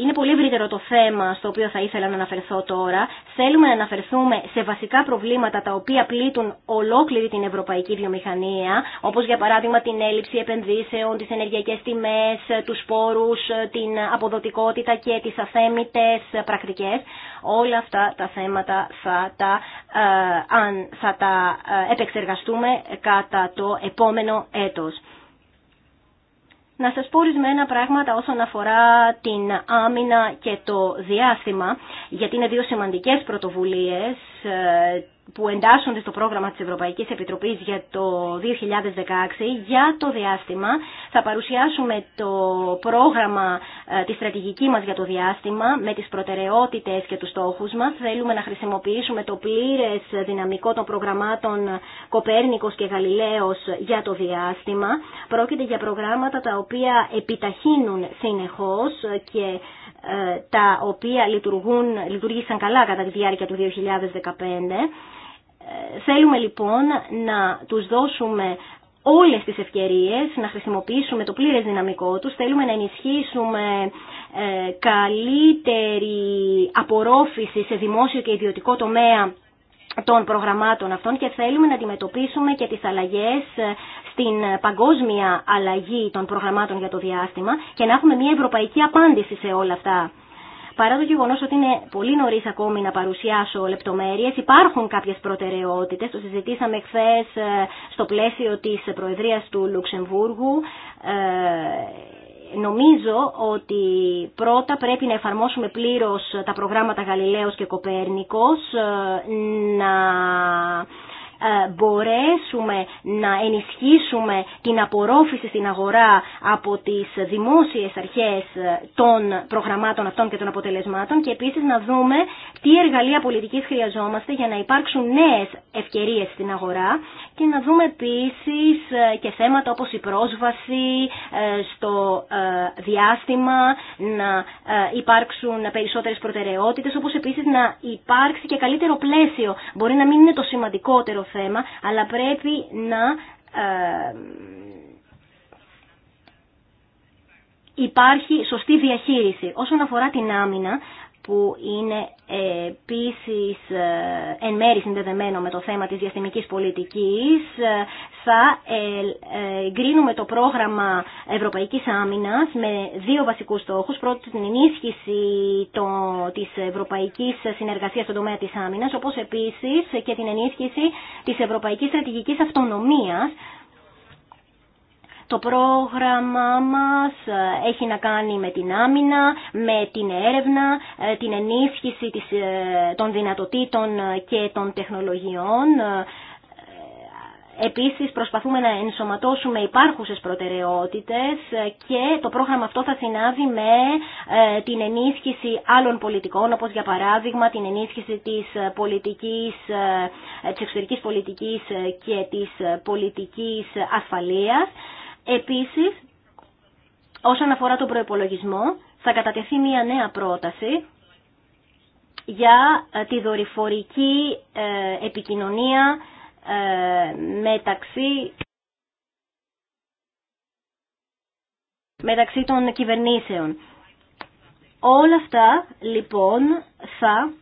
είναι πολύ ευρύτερο το θέμα στο οποίο θα ήθελα να αναφερθώ τώρα. Θέλουμε να αναφερθούμε σε βασικά προβλήματα τα οποία πλήττουν ολόκληρη την ευρωπαϊκή βιομηχανία, όπως για παράδειγμα την έλλειψη επενδύσεων, τις ενεργειακές τιμές, τους πόρους την αποδοτικότητα και τις αθέμητες πρακτικές. Όλα αυτά τα θέματα θα τα, ε, θα τα ε, επεξεργαστούμε κατά το επόμενο έτος να σας πω ορισμένα πράγματα όσον αφορά την άμυνα και το διάστημα, γιατί είναι δύο σημαντικές πρωτοβουλίες ε, που εντάσσονται στο πρόγραμμα της Ευρωπαϊκής Επιτροπής για το 2016. Για το διάστημα θα παρουσιάσουμε το πρόγραμμα, ε, τη στρατηγική μας για το διάστημα με τις προτεραιότητες και τους στόχους μας. Θέλουμε να χρησιμοποιήσουμε το πλήρες δυναμικό των προγραμμάτων Κοπέρνικος και Γαλιλαίος για το διάστημα. Πρόκειται για προγράμματα τα οποία επιταχύνουν συνεχώς και ε, τα οποία λειτουργούν, λειτουργήσαν καλά κατά τη διάρκεια του 2015. Ε, θέλουμε λοιπόν να τους δώσουμε όλες τις ευκαιρίες, να χρησιμοποιήσουμε το πλήρες δυναμικό τους, θέλουμε να ενισχύσουμε ε, καλύτερη απορρόφηση σε δημόσιο και ιδιωτικό τομέα των προγραμμάτων αυτών και θέλουμε να αντιμετωπίσουμε και τις αλλαγές την ε, παγκόσμια αλλαγή των προγραμμάτων για το διάστημα και να έχουμε μια ευρωπαϊκή απάντηση σε όλα αυτά. Παρά το γεγονό ότι είναι πολύ νωρί ακόμη να παρουσιάσω λεπτομέρειε, υπάρχουν κάποιε προτεραιότητε. Το συζητήσαμε χθε ε, στο πλαίσιο τη Προεδρία του Λουξεμβούργου. Ε, νομίζω ότι πρώτα πρέπει να εφαρμόσουμε πλήρω τα προγράμματα Γαλιλαίος και Κοπέρνικος, να ε, μπορέσουμε να ενισχύσουμε την απορρόφηση στην αγορά από τις δημόσιες αρχές ε, των προγραμμάτων αυτών και των αποτελεσμάτων και επίσης να δούμε τι εργαλεία πολιτικής χρειαζόμαστε για να υπάρξουν νέες ευκαιρίες στην αγορά και να δούμε επίσης ε, και θέματα όπως η πρόσβαση ε, στο ε, διάστημα, να υπάρξουν περισσότερες προτεραιότητες, όπως επίσης να υπάρξει και καλύτερο πλαίσιο. Μπορεί να μην είναι το σημαντικότερο θέμα, αλλά πρέπει να υπάρχει σωστή διαχείριση. Όσον αφορά την άμυνα, που είναι επίσης ε, εν μέρη συνδεδεμένο με το θέμα της διαστημικής πολιτικής, ε, θα ε, εγκρίνουμε το πρόγραμμα Ευρωπαϊκής Άμυνας με δύο βασικούς στόχους. Πρώτον, την ενίσχυση το, της ευρωπαϊκής συνεργασίας στον τομέα της άμυνας, όπως επίσης και την ενίσχυση της ευρωπαϊκής στρατηγικής αυτονομίας το πρόγραμμά μας ε, έχει να κάνει με την άμυνα, με την έρευνα, ε, την ενίσχυση ε, των δυνατοτήτων και των τεχνολογιών. Επίσης προσπαθούμε να ενσωματώσουμε υπάρχουσες προτεραιότητες και το πρόγραμμα αυτό θα συνάδει με την ενίσχυση άλλων πολιτικών όπως για παράδειγμα την ενίσχυση της, πολιτικής, της εξωτερικής πολιτικής και της πολιτικής ασφαλείας Επίσης, όσον αφορά τον προϋπολογισμό, θα κατατεθεί μια νέα πρόταση για ε, τη δορυφορική ε, επικοινωνία ε, μεταξύ μεταξύ των κυβερνήσεων. Όλα αυτά, λοιπόν, θα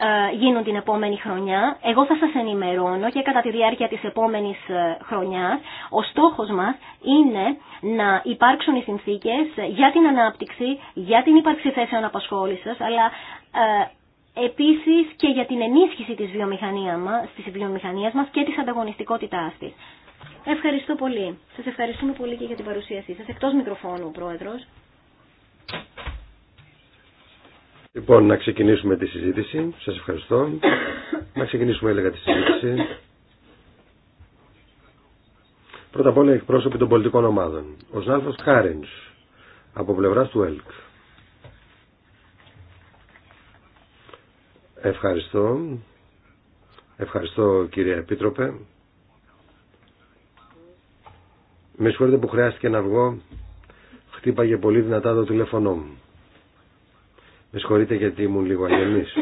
ε, γίνουν την επόμενη χρονιά. Εγώ θα σας ενημερώνω και κατά τη διάρκεια της επόμενης ε, χρονιάς. Ο στόχος μας είναι να υπάρξουν οι συνθήκες για την ανάπτυξη, για την ύπαρξη θέσεων απασχόλησης, αλλά ε, επίσης και για την ενίσχυση της βιομηχανίας μας, της βιομηχανίας μας και της ανταγωνιστικότητάς της. Ευχαριστώ πολύ. Σας ευχαριστούμε πολύ και για την παρουσίασή σας. Εκτός μικροφώνου, Πρόεδρος. Λοιπόν, να ξεκινήσουμε τη συζήτηση. Σας ευχαριστώ. Να ξεκινήσουμε, έλεγα, τη συζήτηση. Πρώτα απ' όλα, εκπρόσωποι των πολιτικών ομάδων. Ο Σνάλφος Χάριντς, από πλευράς του ΕΛΚ. Ευχαριστώ. Ευχαριστώ, κύριε Επίτροπε. Με συγχωρείτε που χρειάστηκε να βγω. Χτύπαγε πολύ δυνατά το τηλέφωνό μου. Με συγχωρείτε γιατί ήμουν λίγο αγενής.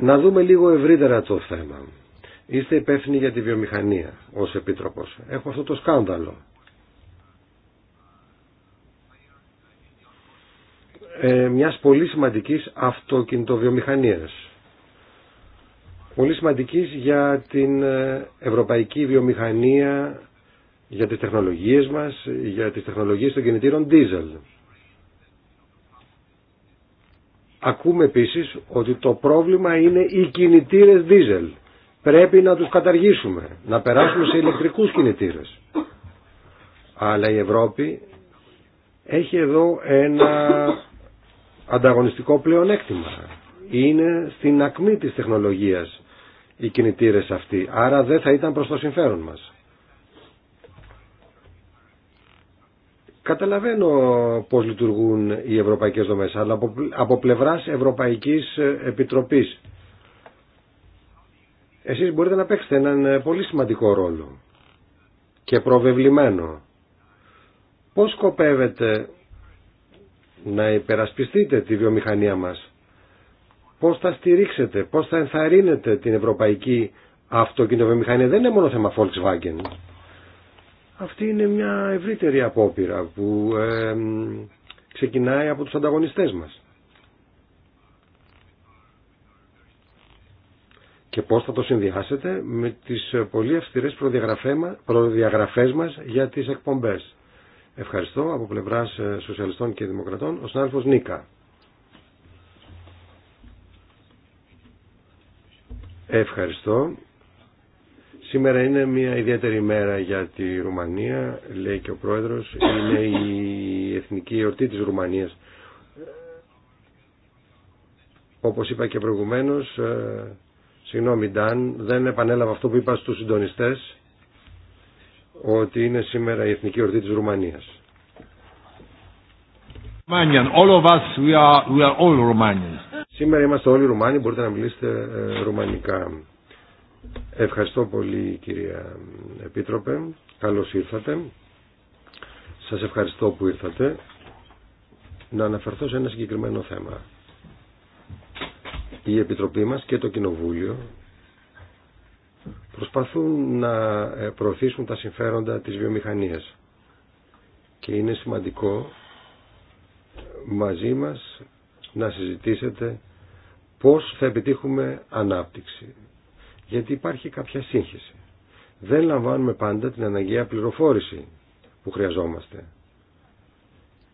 Να δούμε λίγο ευρύτερα το θέμα. Είστε υπεύθυνοι για τη βιομηχανία ως Επίτροπος. Έχω αυτό το σκάνδαλο. Ε, μιας πολύ σημαντικής αυτοκινητοβιομηχανίας. Πολύ σημαντικής για την ε, ευρωπαϊκή βιομηχανία για τις τεχνολογίες μας, για τις τεχνολογίες των κινητήρων diesel. Ακούμε επίσης ότι το πρόβλημα είναι οι κινητήρες diesel. Πρέπει να τους καταργήσουμε, να περάσουμε σε ηλεκτρικούς κινητήρες. Αλλά η Ευρώπη έχει εδώ ένα ανταγωνιστικό πλεονέκτημα. Είναι στην ακμή της τεχνολογίας οι κινητήρες αυτοί. Άρα δεν θα ήταν προς το συμφέρον μας. Καταλαβαίνω πώς λειτουργούν οι ευρωπαϊκές δομές, αλλά από πλευράς Ευρωπαϊκής Επιτροπής. Εσείς μπορείτε να παίξετε έναν ε, πολύ σημαντικό ρόλο και προβεβλημένο. Πώς σκοπεύετε να υπερασπιστείτε τη βιομηχανία μας, πώς θα στηρίξετε, πώς θα ενθαρρύνετε την ευρωπαϊκή αυτοκινητοβιομηχανία. Δεν είναι μόνο θέμα Volkswagen. Αυτή είναι μια ευρύτερη απόπειρα που ε, ξεκινάει από τους ανταγωνιστές μας. Και πώς θα το συνδυάσετε με τις πολύ αυστηρές προδιαγραφές μας για τις εκπομπές. Ευχαριστώ από πλευράς ε, Σοσιαλιστών και Δημοκρατών, ο συνάδελφος Νίκα. Ευχαριστώ. Σήμερα είναι μια ιδιαίτερη μέρα για τη Ρουμανία, λέει και ο Πρόεδρος. Είναι η εθνική Ορτή της Ρουμανίας. Όπως είπα και προηγουμένως, ε, συγγνώμη Ντάν, δεν επανέλαβα αυτό που είπα στους συντονιστές, ότι είναι σήμερα η εθνική Ορτή της Ρουμανίας. Σήμερα είμαστε όλοι Ρουμάνοι, μπορείτε να μιλήσετε ε, ρουμανικά. Ευχαριστώ πολύ κυρία Επίτροπε. Καλώς ήρθατε. Σας ευχαριστώ που ήρθατε. Να αναφερθώ σε ένα συγκεκριμένο θέμα. Η Επιτροπή μας και το Κοινοβούλιο προσπαθούν να ε, προωθήσουν τα συμφέροντα της βιομηχανίας. Και είναι σημαντικό μαζί μας να συζητήσετε πώς θα επιτύχουμε ανάπτυξη γιατί υπάρχει κάποια σύγχυση. Δεν λαμβάνουμε πάντα την αναγκαία πληροφόρηση που χρειαζόμαστε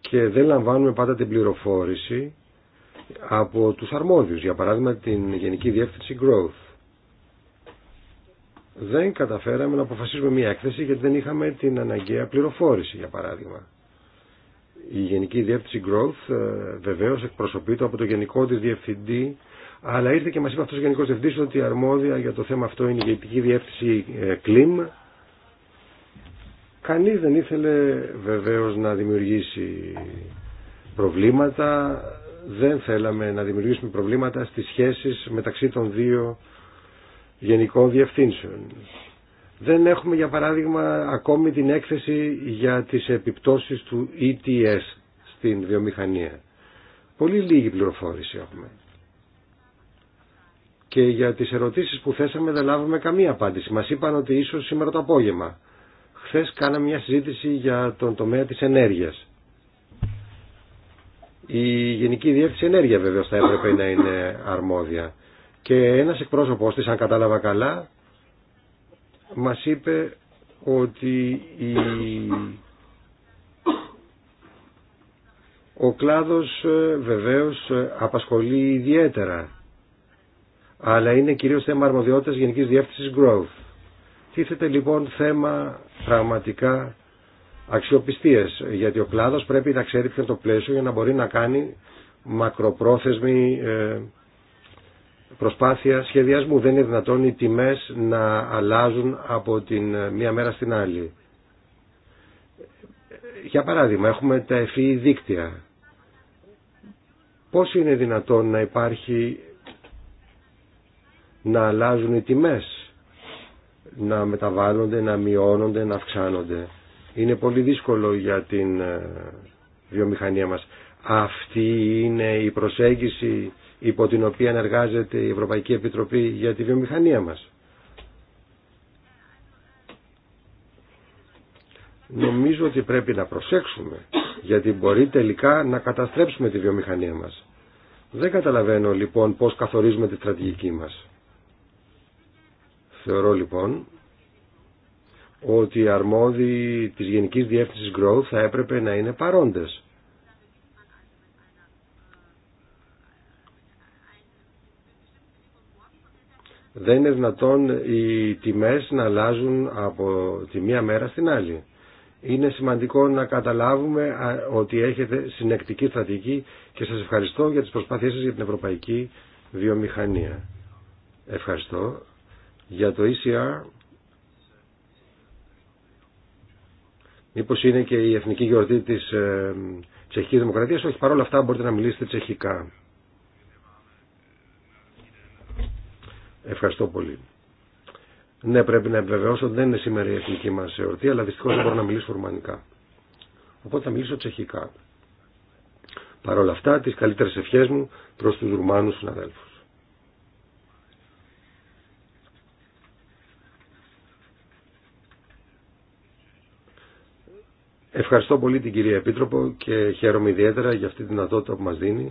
και δεν λαμβάνουμε πάντα την πληροφόρηση από τους αρμόδιους, για παράδειγμα την Γενική Διεύθυνση Growth. Δεν καταφέραμε να αποφασίσουμε μια έκθεση γιατί δεν είχαμε την αναγκαία πληροφόρηση, για παράδειγμα. Η Γενική Διεύθυνση Growth ε, βεβαίως εκπροσωπείται από το Γενικό της Διευθυντή αλλά ήρθε και μα είπε αυτός ο Γενικός Διευθύντης ότι η αρμόδια για το θέμα αυτό είναι η Γενική Διεύθυνση ε, ΚΛΙΜ. Κανείς δεν ήθελε βεβαίως να δημιουργήσει προβλήματα. Δεν θέλαμε να δημιουργήσουμε προβλήματα στις σχέσεις μεταξύ των δύο γενικών διευθύνσεων. Δεν έχουμε για παράδειγμα ακόμη την έκθεση για τις επιπτώσεις του ETS στην βιομηχανία. Πολύ λίγη πληροφόρηση έχουμε και για τις ερωτήσεις που θέσαμε δεν λάβαμε καμία απάντηση. Μας είπαν ότι ίσως σήμερα το απόγευμα. Χθες κάναμε μια συζήτηση για τον τομέα της ενέργειας. Η Γενική Διεύθυνση Ενέργεια βέβαια θα έπρεπε να είναι αρμόδια. Και ένας εκπρόσωπος της, αν κατάλαβα καλά, μας είπε ότι ο κλάδος ε, βεβαίως ε, απασχολεί ιδιαίτερα αλλά είναι κυρίως θέμα αρμοδιότητας Γενικής Διεύθυνσης Growth. Τίθεται λοιπόν θέμα πραγματικά αξιοπιστίες, γιατί ο κλάδος πρέπει να ξέρει ποιο το πλαίσιο για να μπορεί να κάνει μακροπρόθεσμη ε, προσπάθεια σχεδιασμού. Δεν είναι δυνατόν οι τιμές να αλλάζουν από την ε, μία μέρα στην άλλη. Για παράδειγμα, έχουμε τα εφή δίκτυα. Πώς είναι δυνατόν να υπάρχει να αλλάζουν οι τιμές, να μεταβάλλονται, να μειώνονται, να αυξάνονται. Είναι πολύ δύσκολο για την ε, βιομηχανία μας. Αυτή είναι η προσέγγιση υπό την οποία εργάζεται η Ευρωπαϊκή Επιτροπή για τη βιομηχανία μας. Νομίζω ότι πρέπει να προσέξουμε, γιατί μπορεί τελικά να καταστρέψουμε τη βιομηχανία μας. Δεν καταλαβαίνω λοιπόν πώς καθορίζουμε τη στρατηγική μας. Θεωρώ λοιπόν ότι οι αρμόδιοι της Γενικής Διεύθυνσης Growth θα έπρεπε να είναι παρόντες. Δεν είναι δυνατόν οι τιμές να αλλάζουν από τη μία μέρα στην άλλη. Είναι σημαντικό να καταλάβουμε ότι έχετε συνεκτική στρατηγική και σας ευχαριστώ για τις προσπάθειές σας για την ευρωπαϊκή βιομηχανία. Ευχαριστώ. Για το ECR, μήπως είναι και η εθνική γιορτή της ε, Τσεχικής Δημοκρατίας, όχι παρόλα αυτά μπορείτε να μιλήσετε τσεχικά. Ευχαριστώ πολύ. Ναι, πρέπει να επιβεβαιώσω ότι δεν είναι σήμερα η εθνική μας εορτή, αλλά δυστυχώς δεν μπορώ να μιλήσω ρουμανικά. Οπότε θα μιλήσω τσεχικά. Παρόλα αυτά, τις καλύτερε ευχέ μου προ του Ρουμάνου συναδέλφους. Ευχαριστώ πολύ την κυρία Επίτροπο και χαίρομαι ιδιαίτερα για αυτή τη δυνατότητα που μας δίνει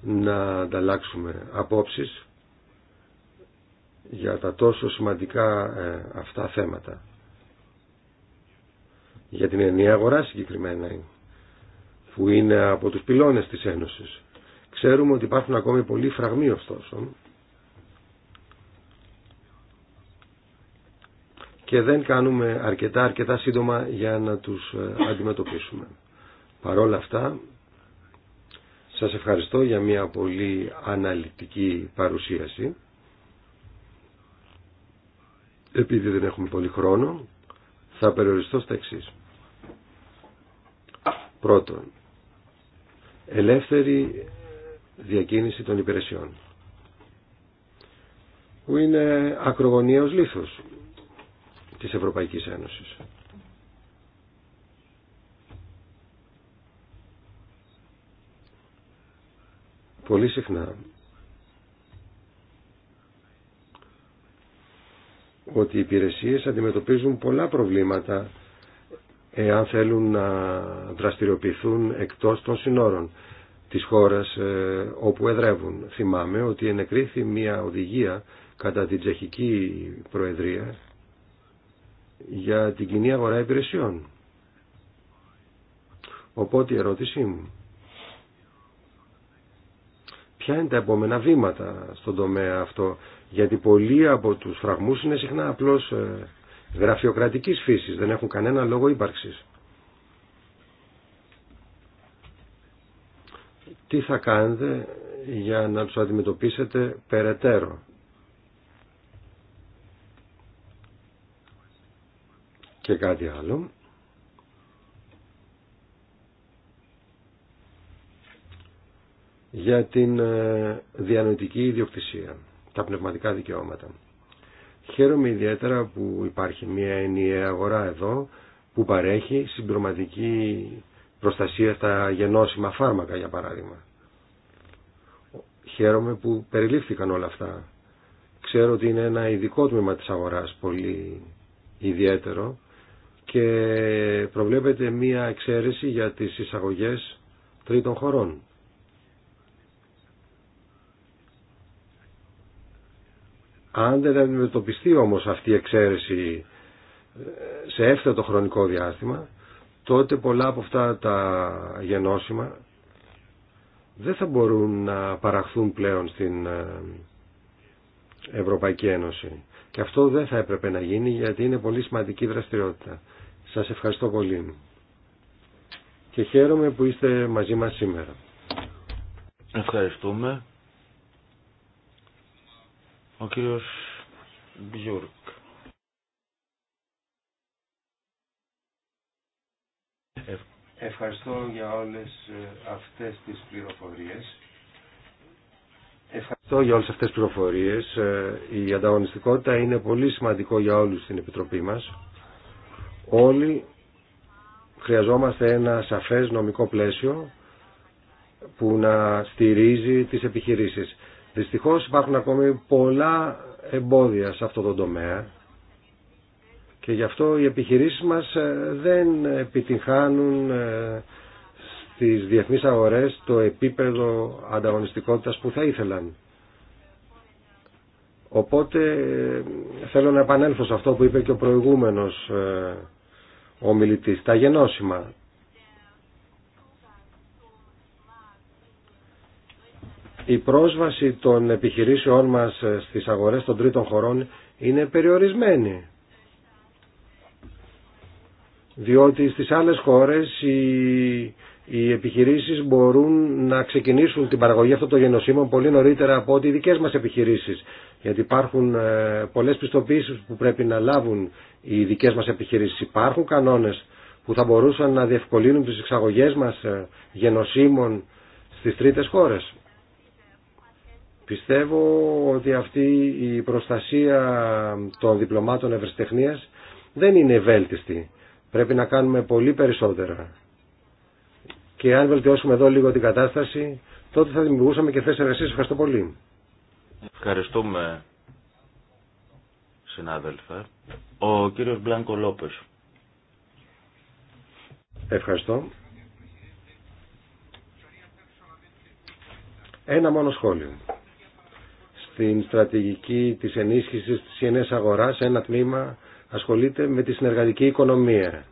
να ανταλλάξουμε απόψεις για τα τόσο σημαντικά ε, αυτά θέματα. Για την ενιαία αγορά συγκεκριμένα που είναι από τους πυλώνες της Ένωσης. Ξέρουμε ότι υπάρχουν ακόμη πολλοί φραγμοί ωστόσο και δεν κάνουμε αρκετά, αρκετά σύντομα για να τους ε, αντιμετωπίσουμε. Παρόλα αυτά, σας ευχαριστώ για μια πολύ αναλυτική παρουσίαση. Επειδή δεν έχουμε πολύ χρόνο, θα περιοριστώ στα εξή. Πρώτον, ελεύθερη διακίνηση των υπηρεσιών που είναι ακρογωνιαίος λήθος της Ευρωπαϊκής Ένωσης. Πολύ συχνά ότι οι υπηρεσίες αντιμετωπίζουν πολλά προβλήματα εάν θέλουν να δραστηριοποιηθούν εκτός των συνόρων της χώρας ε, όπου εδρεύουν. Θυμάμαι ότι ενεκρίθη μια οδηγία κατά την τσεχική προεδρία για την κοινή αγορά υπηρεσιών. Οπότε η ερώτησή μου. Ποια είναι τα επόμενα βήματα στον τομέα αυτό. Γιατί πολλοί από τους φραγμούς είναι συχνά απλώς ε, γραφειοκρατικής φύσης. Δεν έχουν κανένα λόγο ύπαρξης. Τι θα κάνετε για να τους αντιμετωπίσετε περαιτέρω Και κάτι άλλο. για την ε, διανοητική ιδιοκτησία, τα πνευματικά δικαιώματα. Χαίρομαι ιδιαίτερα που υπάρχει μια ενιαία αγορά εδώ που παρέχει συμπληρωματική προστασία στα γενώσιμα φάρμακα για παράδειγμα. Χαίρομαι που περιλήφθηκαν όλα αυτά. Ξέρω ότι είναι ένα ειδικό τμήμα της αγοράς πολύ ιδιαίτερο και προβλέπεται μία εξαίρεση για τις εισαγωγές τρίτων χωρών. Αν δεν αντιμετωπιστεί όμως αυτή η εξαίρεση ε, σε το χρονικό διάστημα, τότε πολλά από αυτά τα γενώσιμα δεν θα μπορούν να παραχθούν πλέον στην ε, Ευρωπαϊκή Ένωση. Και αυτό δεν θα έπρεπε να γίνει γιατί είναι πολύ σημαντική δραστηριότητα. Σας ευχαριστώ πολύ. Και χαίρομαι που είστε μαζί μας σήμερα. Ευχαριστούμε. Ο κύριος Μπιούρκ. Ευχαριστώ για όλες ε, αυτές τις πληροφορίες ευχαριστώ για όλες αυτές τις πληροφορίες. Ε, η ανταγωνιστικότητα είναι πολύ σημαντικό για όλους στην Επιτροπή μας. Όλοι χρειαζόμαστε ένα σαφές νομικό πλαίσιο που να στηρίζει τις επιχειρήσεις. Δυστυχώς υπάρχουν ακόμη πολλά εμπόδια σε αυτό το τομέα και γι' αυτό οι επιχειρήσεις μας ε, δεν επιτυγχάνουν ε, στις διεθνείς αγορές το επίπεδο ανταγωνιστικότητας που θα ήθελαν. Οπότε θέλω να επανέλθω σε αυτό που είπε και ο προηγούμενος ε, ομιλητής, τα γενώσιμα. Η πρόσβαση των επιχειρήσεών μας ε, στις αγορές των τρίτων χωρών είναι περιορισμένη. Διότι στις άλλες χώρες οι οι επιχειρήσεις μπορούν να ξεκινήσουν την παραγωγή αυτών των γενοσύμων πολύ νωρίτερα από ό,τι οι δικές μας επιχειρήσεις. Γιατί υπάρχουν ε, πολλές πιστοποίησεις που πρέπει να λάβουν οι δικές μας επιχειρήσεις. Υπάρχουν κανόνες που θα μπορούσαν να διευκολύνουν τις εξαγωγές μας ε, γενοσύμων στις τρίτες χώρες. Πιστεύω ότι αυτή η προστασία των διπλωμάτων ευρεσιτεχνίας δεν είναι ευέλτιστη. Πρέπει να κάνουμε πολύ περισσότερα και αν βελτιώσουμε εδώ λίγο την κατάσταση, τότε θα δημιουργούσαμε και θέσει εργασία. Ευχαριστώ πολύ. Ευχαριστούμε, συνάδελφε. Ο κύριος Μπλάνκο Λόπες. Ευχαριστώ. Ένα μόνο σχόλιο. Στην στρατηγική της ενίσχυσης της ιενές αγοράς, ένα τμήμα ασχολείται με τη συνεργατική οικονομία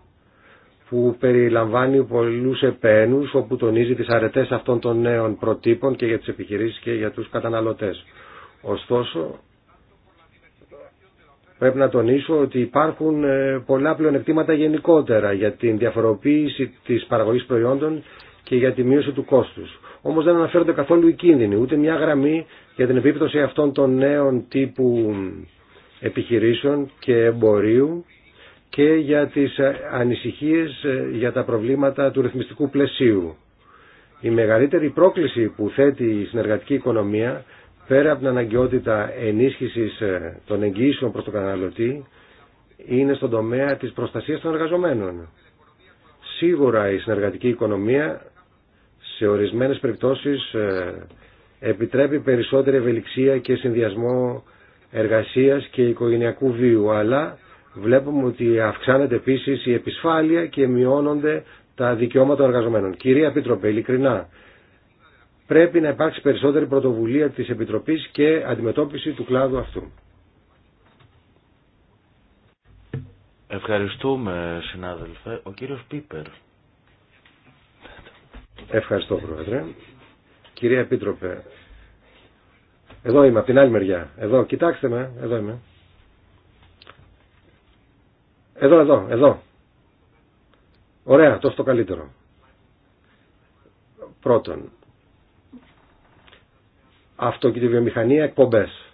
που περιλαμβάνει πολλούς επένους όπου τονίζει τις αρετές αυτών των νέων προτύπων και για τις επιχειρήσεις και για τους καταναλωτές. Ωστόσο, πρέπει να τονίσω ότι υπάρχουν ε, πολλά πλεονεκτήματα γενικότερα για την διαφοροποίηση της παραγωγής προϊόντων και για τη μείωση του κόστους. Όμως δεν αναφέρονται καθόλου οι κίνδυνοι, ούτε μια γραμμή για την επίπτωση αυτών των νέων τύπου επιχειρήσεων και εμπορίου και για τις ε, ανησυχίες ε, για τα προβλήματα του ρυθμιστικού πλαισίου. Η μεγαλύτερη πρόκληση που θέτει η συνεργατική οικονομία πέρα από την αναγκαιότητα ενίσχυσης ε, των εγγύσεων προς τον καταναλωτή είναι στον τομέα της προστασίας των εργαζομένων. Σίγουρα η συνεργατική οικονομία σε ορισμένες περιπτώσεις επιτρέπει περισσότερη ευελιξία και συνδυασμό εργασίας και οικογενειακού βίου αλλά βλέπουμε ότι αυξάνεται επίση η επισφάλεια και μειώνονται τα δικαιώματα των εργαζομένων. Κυρία Επιτροπέ, ειλικρινά, πρέπει να υπάρξει περισσότερη πρωτοβουλία της Επιτροπής και αντιμετώπιση του κλάδου αυτού. Ευχαριστούμε, συνάδελφε. Ο κύριος Πίπερ. Ευχαριστώ, Πρόεδρε. Κυρία Επίτροπε, εδώ είμαι, από την άλλη μεριά. Εδώ, κοιτάξτε με, εδώ είμαι. Εδώ, εδώ, εδώ. Ωραία, τόσο το καλύτερο. Πρώτον, αυτό και τη βιομηχανία εκπομπές.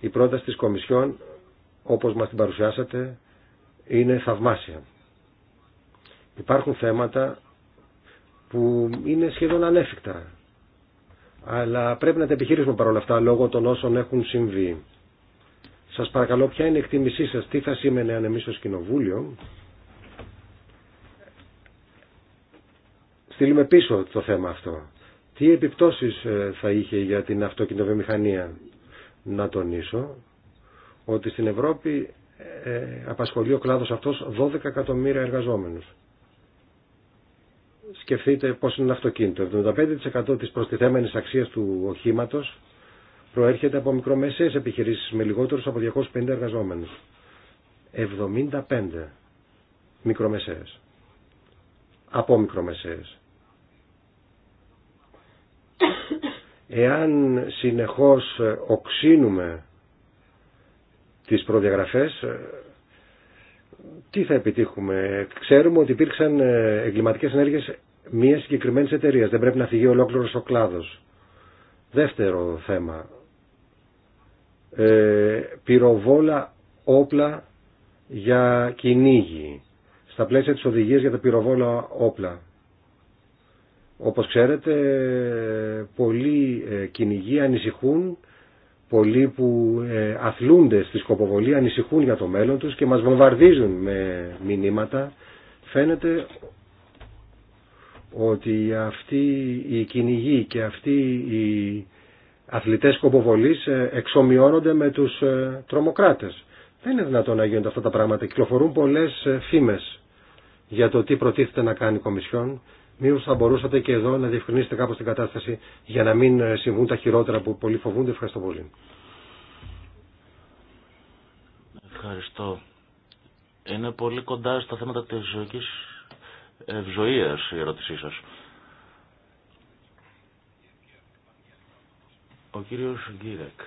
Η πρόταση της Κομισιόν, όπως μας την παρουσιάσατε, είναι θαυμάσια. Υπάρχουν θέματα που είναι σχεδόν ανέφικτα. Αλλά πρέπει να τα επιχειρήσουμε παρόλα αυτά λόγω των όσων έχουν συμβεί. Σας παρακαλώ ποια είναι η εκτίμησή σας, τι θα σήμαινε αν εμείς ως Κοινοβούλιο στείλουμε πίσω το θέμα αυτό. Τι επιπτώσεις ε, θα είχε για την αυτοκινοβιομηχανία Να τονίσω ότι στην Ευρώπη ε, απασχολεί ο κλάδος αυτός 12 εκατομμύρια εργαζόμενους. Σκεφτείτε πώς είναι ένα αυτοκίνητο. 75% της προστιθέμενης αξίας του οχήματος προέρχεται από μικρομεσαίες επιχειρήσεις με λιγότερους από 250 εργαζόμενους. 75 μικρομεσαίες. Από μικρομεσαίες. Εάν συνεχώς οξύνουμε τις προδιαγραφές, τι θα επιτύχουμε. Ξέρουμε ότι υπήρξαν ε, εγκληματικές ενέργειες μια συγκεκριμένη εταιρεία. Δεν πρέπει να φυγεί ολόκληρος ο κλάδος. Δεύτερο θέμα. Ε, πυροβόλα όπλα για κυνήγι στα πλαίσια της οδηγίας για τα πυροβόλα όπλα. Όπως ξέρετε, πολλοί ε, κυνηγοί ανησυχούν, πολλοί που ε, αθλούνται στη σκοποβολή ανησυχούν για το μέλλον τους και μας βομβαρδίζουν με μηνύματα. Φαίνεται ότι αυτοί οι κυνηγοί και αυτοί οι αθλητές κοποβολής ε, εξομοιώνονται με τους ε, τρομοκράτες. Δεν είναι δυνατόν να γίνονται αυτά τα πράγματα. Κυκλοφορούν πολλές ε, φήμες για το τι προτίθεται να κάνει η Κομισιόν. Μήπως θα μπορούσατε και εδώ να διευκρινίσετε κάπως την κατάσταση για να μην συμβούν τα χειρότερα που πολλοί φοβούνται. Ευχαριστώ πολύ. Ευχαριστώ. Είναι πολύ κοντά στα θέματα της ζωική ευζοίας η ερώτησή σας. Ο κύριος Γκίρεκ.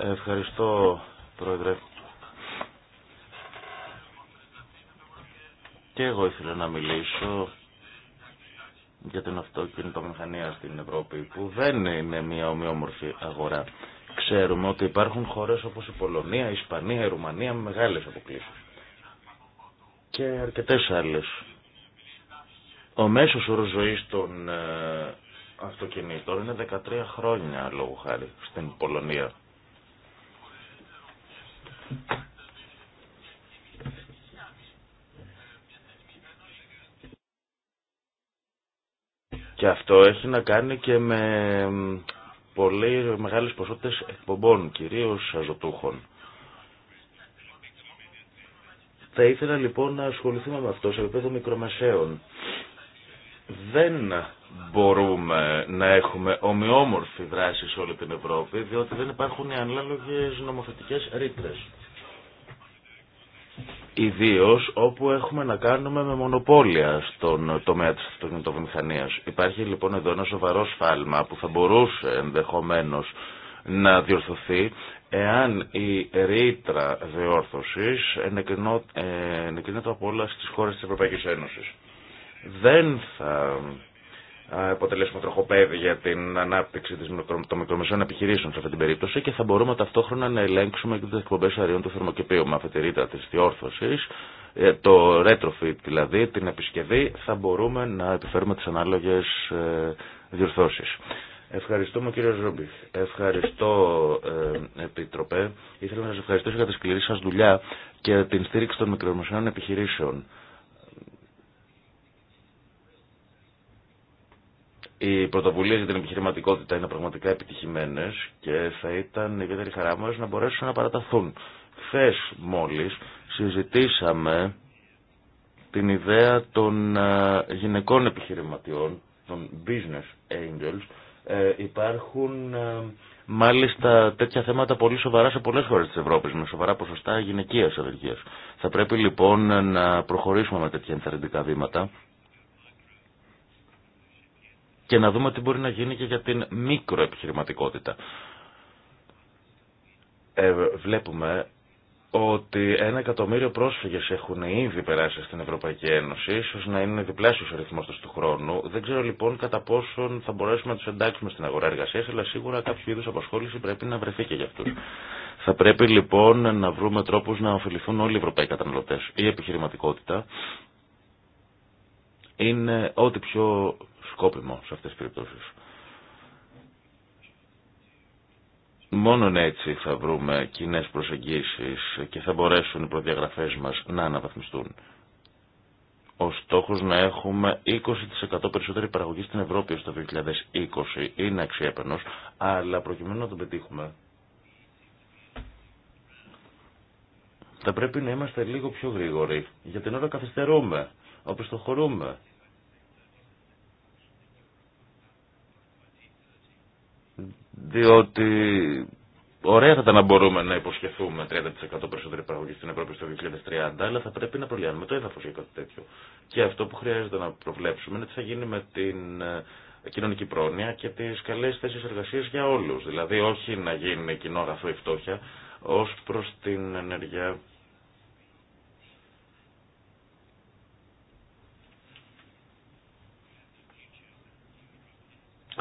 Ευχαριστώ, Πρόεδρε. Και εγώ ήθελα να μιλήσω για την αυτοκινητομηχανία στην Ευρώπη, που δεν είναι μια ομοιόμορφη αγορά. Ξέρουμε ότι υπάρχουν χώρες όπως η Πολωνία, η Ισπανία, η Ρουμανία με μεγάλες αποκλήσεις. Και αρκετές άλλες. Ο μέσος όρος ζωής των ε, αυτοκινήτων είναι 13 χρόνια λόγω χάρη στην Πολωνία. Και αυτό έχει να κάνει και με πολύ μεγάλες ποσότητες εκπομπών, κυρίως αζωτούχων. Θα ήθελα λοιπόν να ασχοληθούμε με αυτό σε επίπεδο μικρομεσαίων. Δεν μπορούμε να έχουμε ομοιόμορφη δράση σε όλη την Ευρώπη, διότι δεν υπάρχουν οι ανάλογες νομοθετικές ρήτρες. Ιδίω όπου έχουμε να κάνουμε με μονοπόλια στον τομέα της αυτοκινητοβιομηχανίας. Υπάρχει λοιπόν εδώ ένα σοβαρό σφάλμα που θα μπορούσε ενδεχομένως να διορθωθεί εάν η ρήτρα διόρθωσης ενεκρινόταν ε, από όλα στις χώρες της Ευρωπαϊκής Ένωσης. Δεν θα αποτελέσουμε τροχοπέδι για την ανάπτυξη της, των μικρομεσαίων επιχειρήσεων σε αυτή την περίπτωση και θα μπορούμε ταυτόχρονα να ελέγξουμε και τις εκπομπές αριών του θερμοκηπίου με αυτή τη ρήτα της διόρθωσης, ε, το retrofit δηλαδή, την επισκευή, θα μπορούμε να επιφέρουμε τις ανάλογες ε, διορθώσεις. Ευχαριστούμε κύριε Ζούμπιχ. Ευχαριστώ ε, Επίτροπε. Ήθελα να σας ευχαριστήσω για τη σκληρή σας δουλειά και την στήριξη των μικρομεσαίων επιχειρήσεων. Οι πρωτοβουλίε για την επιχειρηματικότητα είναι πραγματικά επιτυχημένε και θα ήταν ιδιαίτερη χαρά μα να μπορέσουν να παραταθούν. Χθε μόλι συζητήσαμε την ιδέα των ε, γυναικών επιχειρηματιών, των business angels. Ε, υπάρχουν ε, μάλιστα τέτοια θέματα πολύ σοβαρά σε πολλέ χώρε τη Ευρώπη, με σοβαρά ποσοστά γυναικεία αδερφία. Θα πρέπει λοιπόν να προχωρήσουμε με τέτοια ενθαρρυντικά βήματα και να δούμε τι μπορεί να γίνει και για την μικροεπιχειρηματικότητα. Ε, βλέπουμε ότι ένα εκατομμύριο πρόσφυγες έχουν ήδη περάσει στην Ευρωπαϊκή Ένωση, ίσως να είναι διπλάσιος ο ρυθμός του χρόνου. Δεν ξέρω λοιπόν κατά πόσον θα μπορέσουμε να τους εντάξουμε στην αγορά εργασίας, αλλά σίγουρα κάποιο είδους απασχόληση πρέπει να βρεθεί και για αυτούς. Θα πρέπει λοιπόν να βρούμε τρόπους να ωφεληθούν όλοι οι Ευρωπαίοι καταναλωτές. Η επιχειρηματικότητα είναι ό,τι πιο σκόπιμο σε αυτές τις περιπτώσεις. Μόνον έτσι θα βρούμε κοινέ προσεγγίσεις και θα μπορέσουν οι προδιαγραφές μας να αναβαθμιστούν. Ο στόχος να έχουμε 20% περισσότερη παραγωγή στην Ευρώπη ως το 2020 είναι αξιέπαινος, αλλά προκειμένου να τον πετύχουμε θα πρέπει να είμαστε λίγο πιο γρήγοροι. Για την ώρα καθυστερούμε, χωρούμε. διότι ωραία θα ήταν να μπορούμε να υποσχεθούμε 30% περισσότερη παραγωγή στην Ευρώπη στο 2030, αλλά θα πρέπει να προλιάνουμε το έδαφο για κάτι τέτοιο. Και αυτό που χρειάζεται να προβλέψουμε είναι τι θα γίνει με την ε, κοινωνική πρόνοια και τι καλέ θέσει εργασία για όλου. Δηλαδή, όχι να γίνει κοινό αγαθό η φτώχεια ω προ την ενεργεια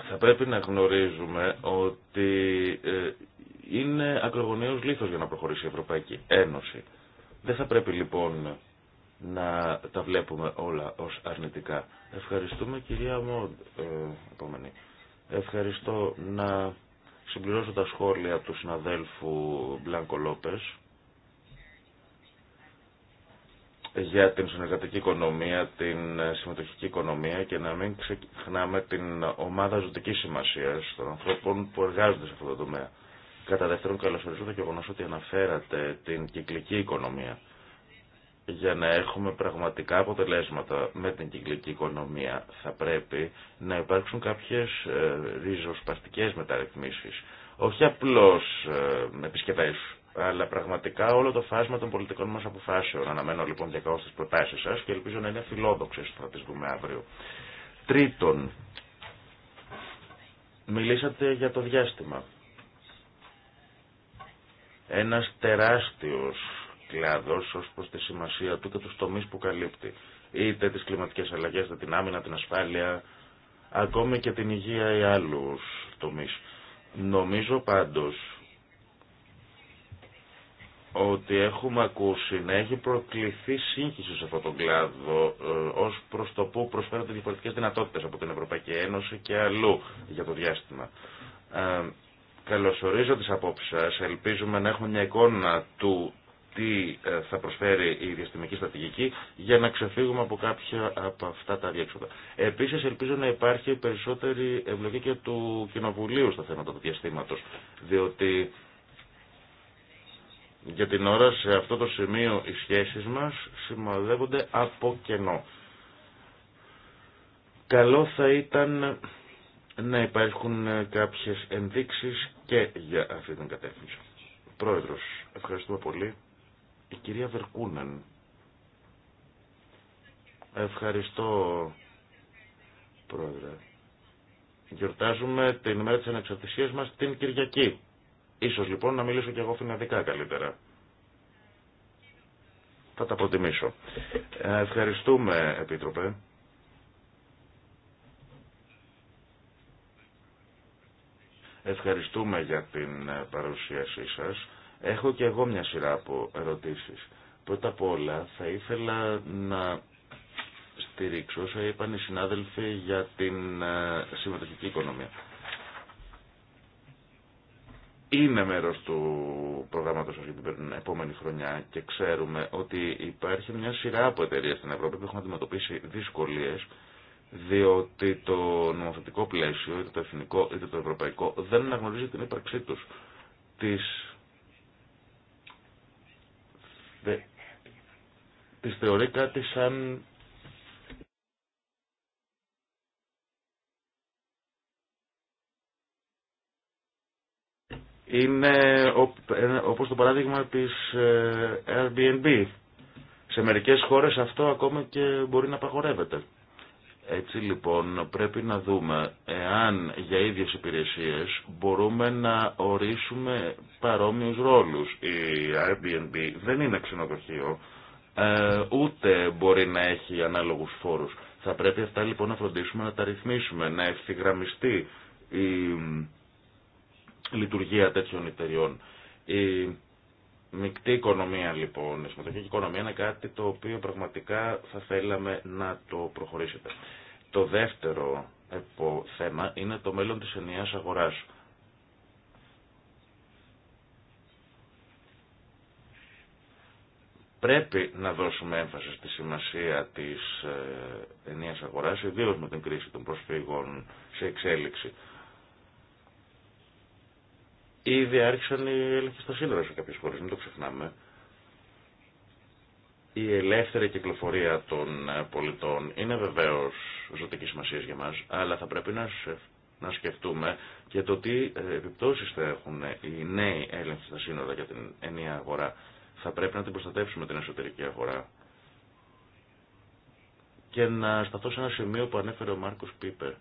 θα πρέπει να γνωρίζουμε ότι ε, είναι ακρογωνίως λίθος για να προχωρήσει η Ευρωπαϊκή Ένωση. Δεν θα πρέπει λοιπόν να τα βλέπουμε όλα ως αρνητικά. Ευχαριστούμε κυρία Μόντ, Ε, Ευχαριστώ να συμπληρώσω τα σχόλια του συναδέλφου Μπλάνκο Λόπες για την συνεργατική οικονομία, την συμμετοχική οικονομία και να μην ξεχνάμε την ομάδα ζωτικής σημασίας των ανθρώπων που εργάζονται σε αυτό το τομέα. Κατά δεύτερον, καλωσορίζω το γεγονό ότι αναφέρατε την κυκλική οικονομία για να έχουμε πραγματικά αποτελέσματα με την κυκλική οικονομία θα πρέπει να υπάρξουν κάποιες ε, ριζοσπαστικές μεταρρυθμίσεις. Όχι απλώς ε, επισκευές αλλά πραγματικά όλο το φάσμα των πολιτικών μας αποφάσεων. Αναμένω λοιπόν διακάω τι προτάσεις σας και ελπίζω να είναι φιλόδοξες, θα τις δούμε αύριο. Τρίτον, μιλήσατε για το διάστημα. Ένας τεράστιος κλάδος ως προς τη σημασία του και τους τομείς που καλύπτει. Είτε τις κλιματικές αλλαγές, είτε την άμυνα, την ασφάλεια, ακόμη και την υγεία ή άλλους τομείς. Νομίζω πάντως ότι έχουμε ακούσει να έχει προκληθεί σύγχυση σε αυτόν τον κλάδο ε, ως προς το που προσφέρονται διαφορετικές δυνατότητες από την Ευρωπαϊκή Ένωση και αλλού για το διάστημα. Ε, καλωσορίζω τις απόψεις σας. Ελπίζουμε να έχουμε μια εικόνα του τι ε, θα προσφέρει η διαστημική στρατηγική για να ξεφύγουμε από κάποια από αυτά τα διέξοδα. Επίση, ελπίζω να υπάρχει περισσότερη ευλογία και του Κοινοβουλίου στα θέματα του διαστήματο, διότι για την ώρα σε αυτό το σημείο οι σχέσεις μας σημαδεύονται από κενό. Καλό θα ήταν να υπάρχουν κάποιες ενδείξεις και για αυτή την κατεύθυνση. Πρόεδρος, ευχαριστούμε πολύ. Η κυρία Βερκούναν. Ευχαριστώ, Πρόεδρε. Γιορτάζουμε την ημέρα της ανεξαρτησίας μας την Κυριακή. Ίσως λοιπόν να μιλήσω και εγώ φυναδικά καλύτερα. Θα τα προτιμήσω. Ε, ευχαριστούμε, Επίτροπε. Ευχαριστούμε για την ε, παρουσίασή σας. Έχω και εγώ μια σειρά από ερωτήσεις. Πρώτα απ' όλα θα ήθελα να στηρίξω όσα είπαν οι συνάδελφοι για την ε, συμμετοχική οικονομία είναι μέρος του προγράμματος για την επόμενη χρονιά και ξέρουμε ότι υπάρχει μια σειρά από εταιρείε στην Ευρώπη που έχουν αντιμετωπίσει δυσκολίες διότι το νομοθετικό πλαίσιο, είτε το εθνικό είτε το ευρωπαϊκό, δεν αναγνωρίζει την ύπαρξή τους. Τις, θεωρεί κάτι σαν είναι όπως το παράδειγμα της ε, Airbnb. Σε μερικές χώρες αυτό ακόμα και μπορεί να απαγορεύεται. Έτσι λοιπόν πρέπει να δούμε εάν για ίδιες υπηρεσίες μπορούμε να ορίσουμε παρόμοιους ρόλους. Η Airbnb δεν είναι ξενοδοχείο, ε, ούτε μπορεί να έχει ανάλογους φόρους. Θα πρέπει αυτά λοιπόν να φροντίσουμε να τα ρυθμίσουμε, να ευθυγραμμιστεί η λειτουργία τέτοιων εταιριών. Η μεικτή οικονομία λοιπόν, η συμμετοχική οικονομία είναι κάτι το οποίο πραγματικά θα θέλαμε να το προχωρήσετε. Το δεύτερο θέμα είναι το μέλλον της ενιαίας αγοράς. Πρέπει να δώσουμε έμφαση στη σημασία της ε, ενιαίας αγοράς, ιδίως με την κρίση των προσφύγων σε εξέλιξη. Ήδη άρχισαν οι έλεγχοι στα σύνορα σε κάποιες χώρες, μην το ξεχνάμε. Η ελεύθερη κυκλοφορία των ε, πολιτών είναι βεβαίως ζωτική σημασία για μας, αλλά θα πρέπει να, σκεφτούμε και το τι ε, επιπτώσεις θα έχουν οι νέοι έλεγχοι στα σύνορα για την ενιαία αγορά. Θα πρέπει να την προστατεύσουμε την εσωτερική αγορά. Και να σταθώ σε ένα σημείο που ανέφερε ο Μάρκος Πίπερ.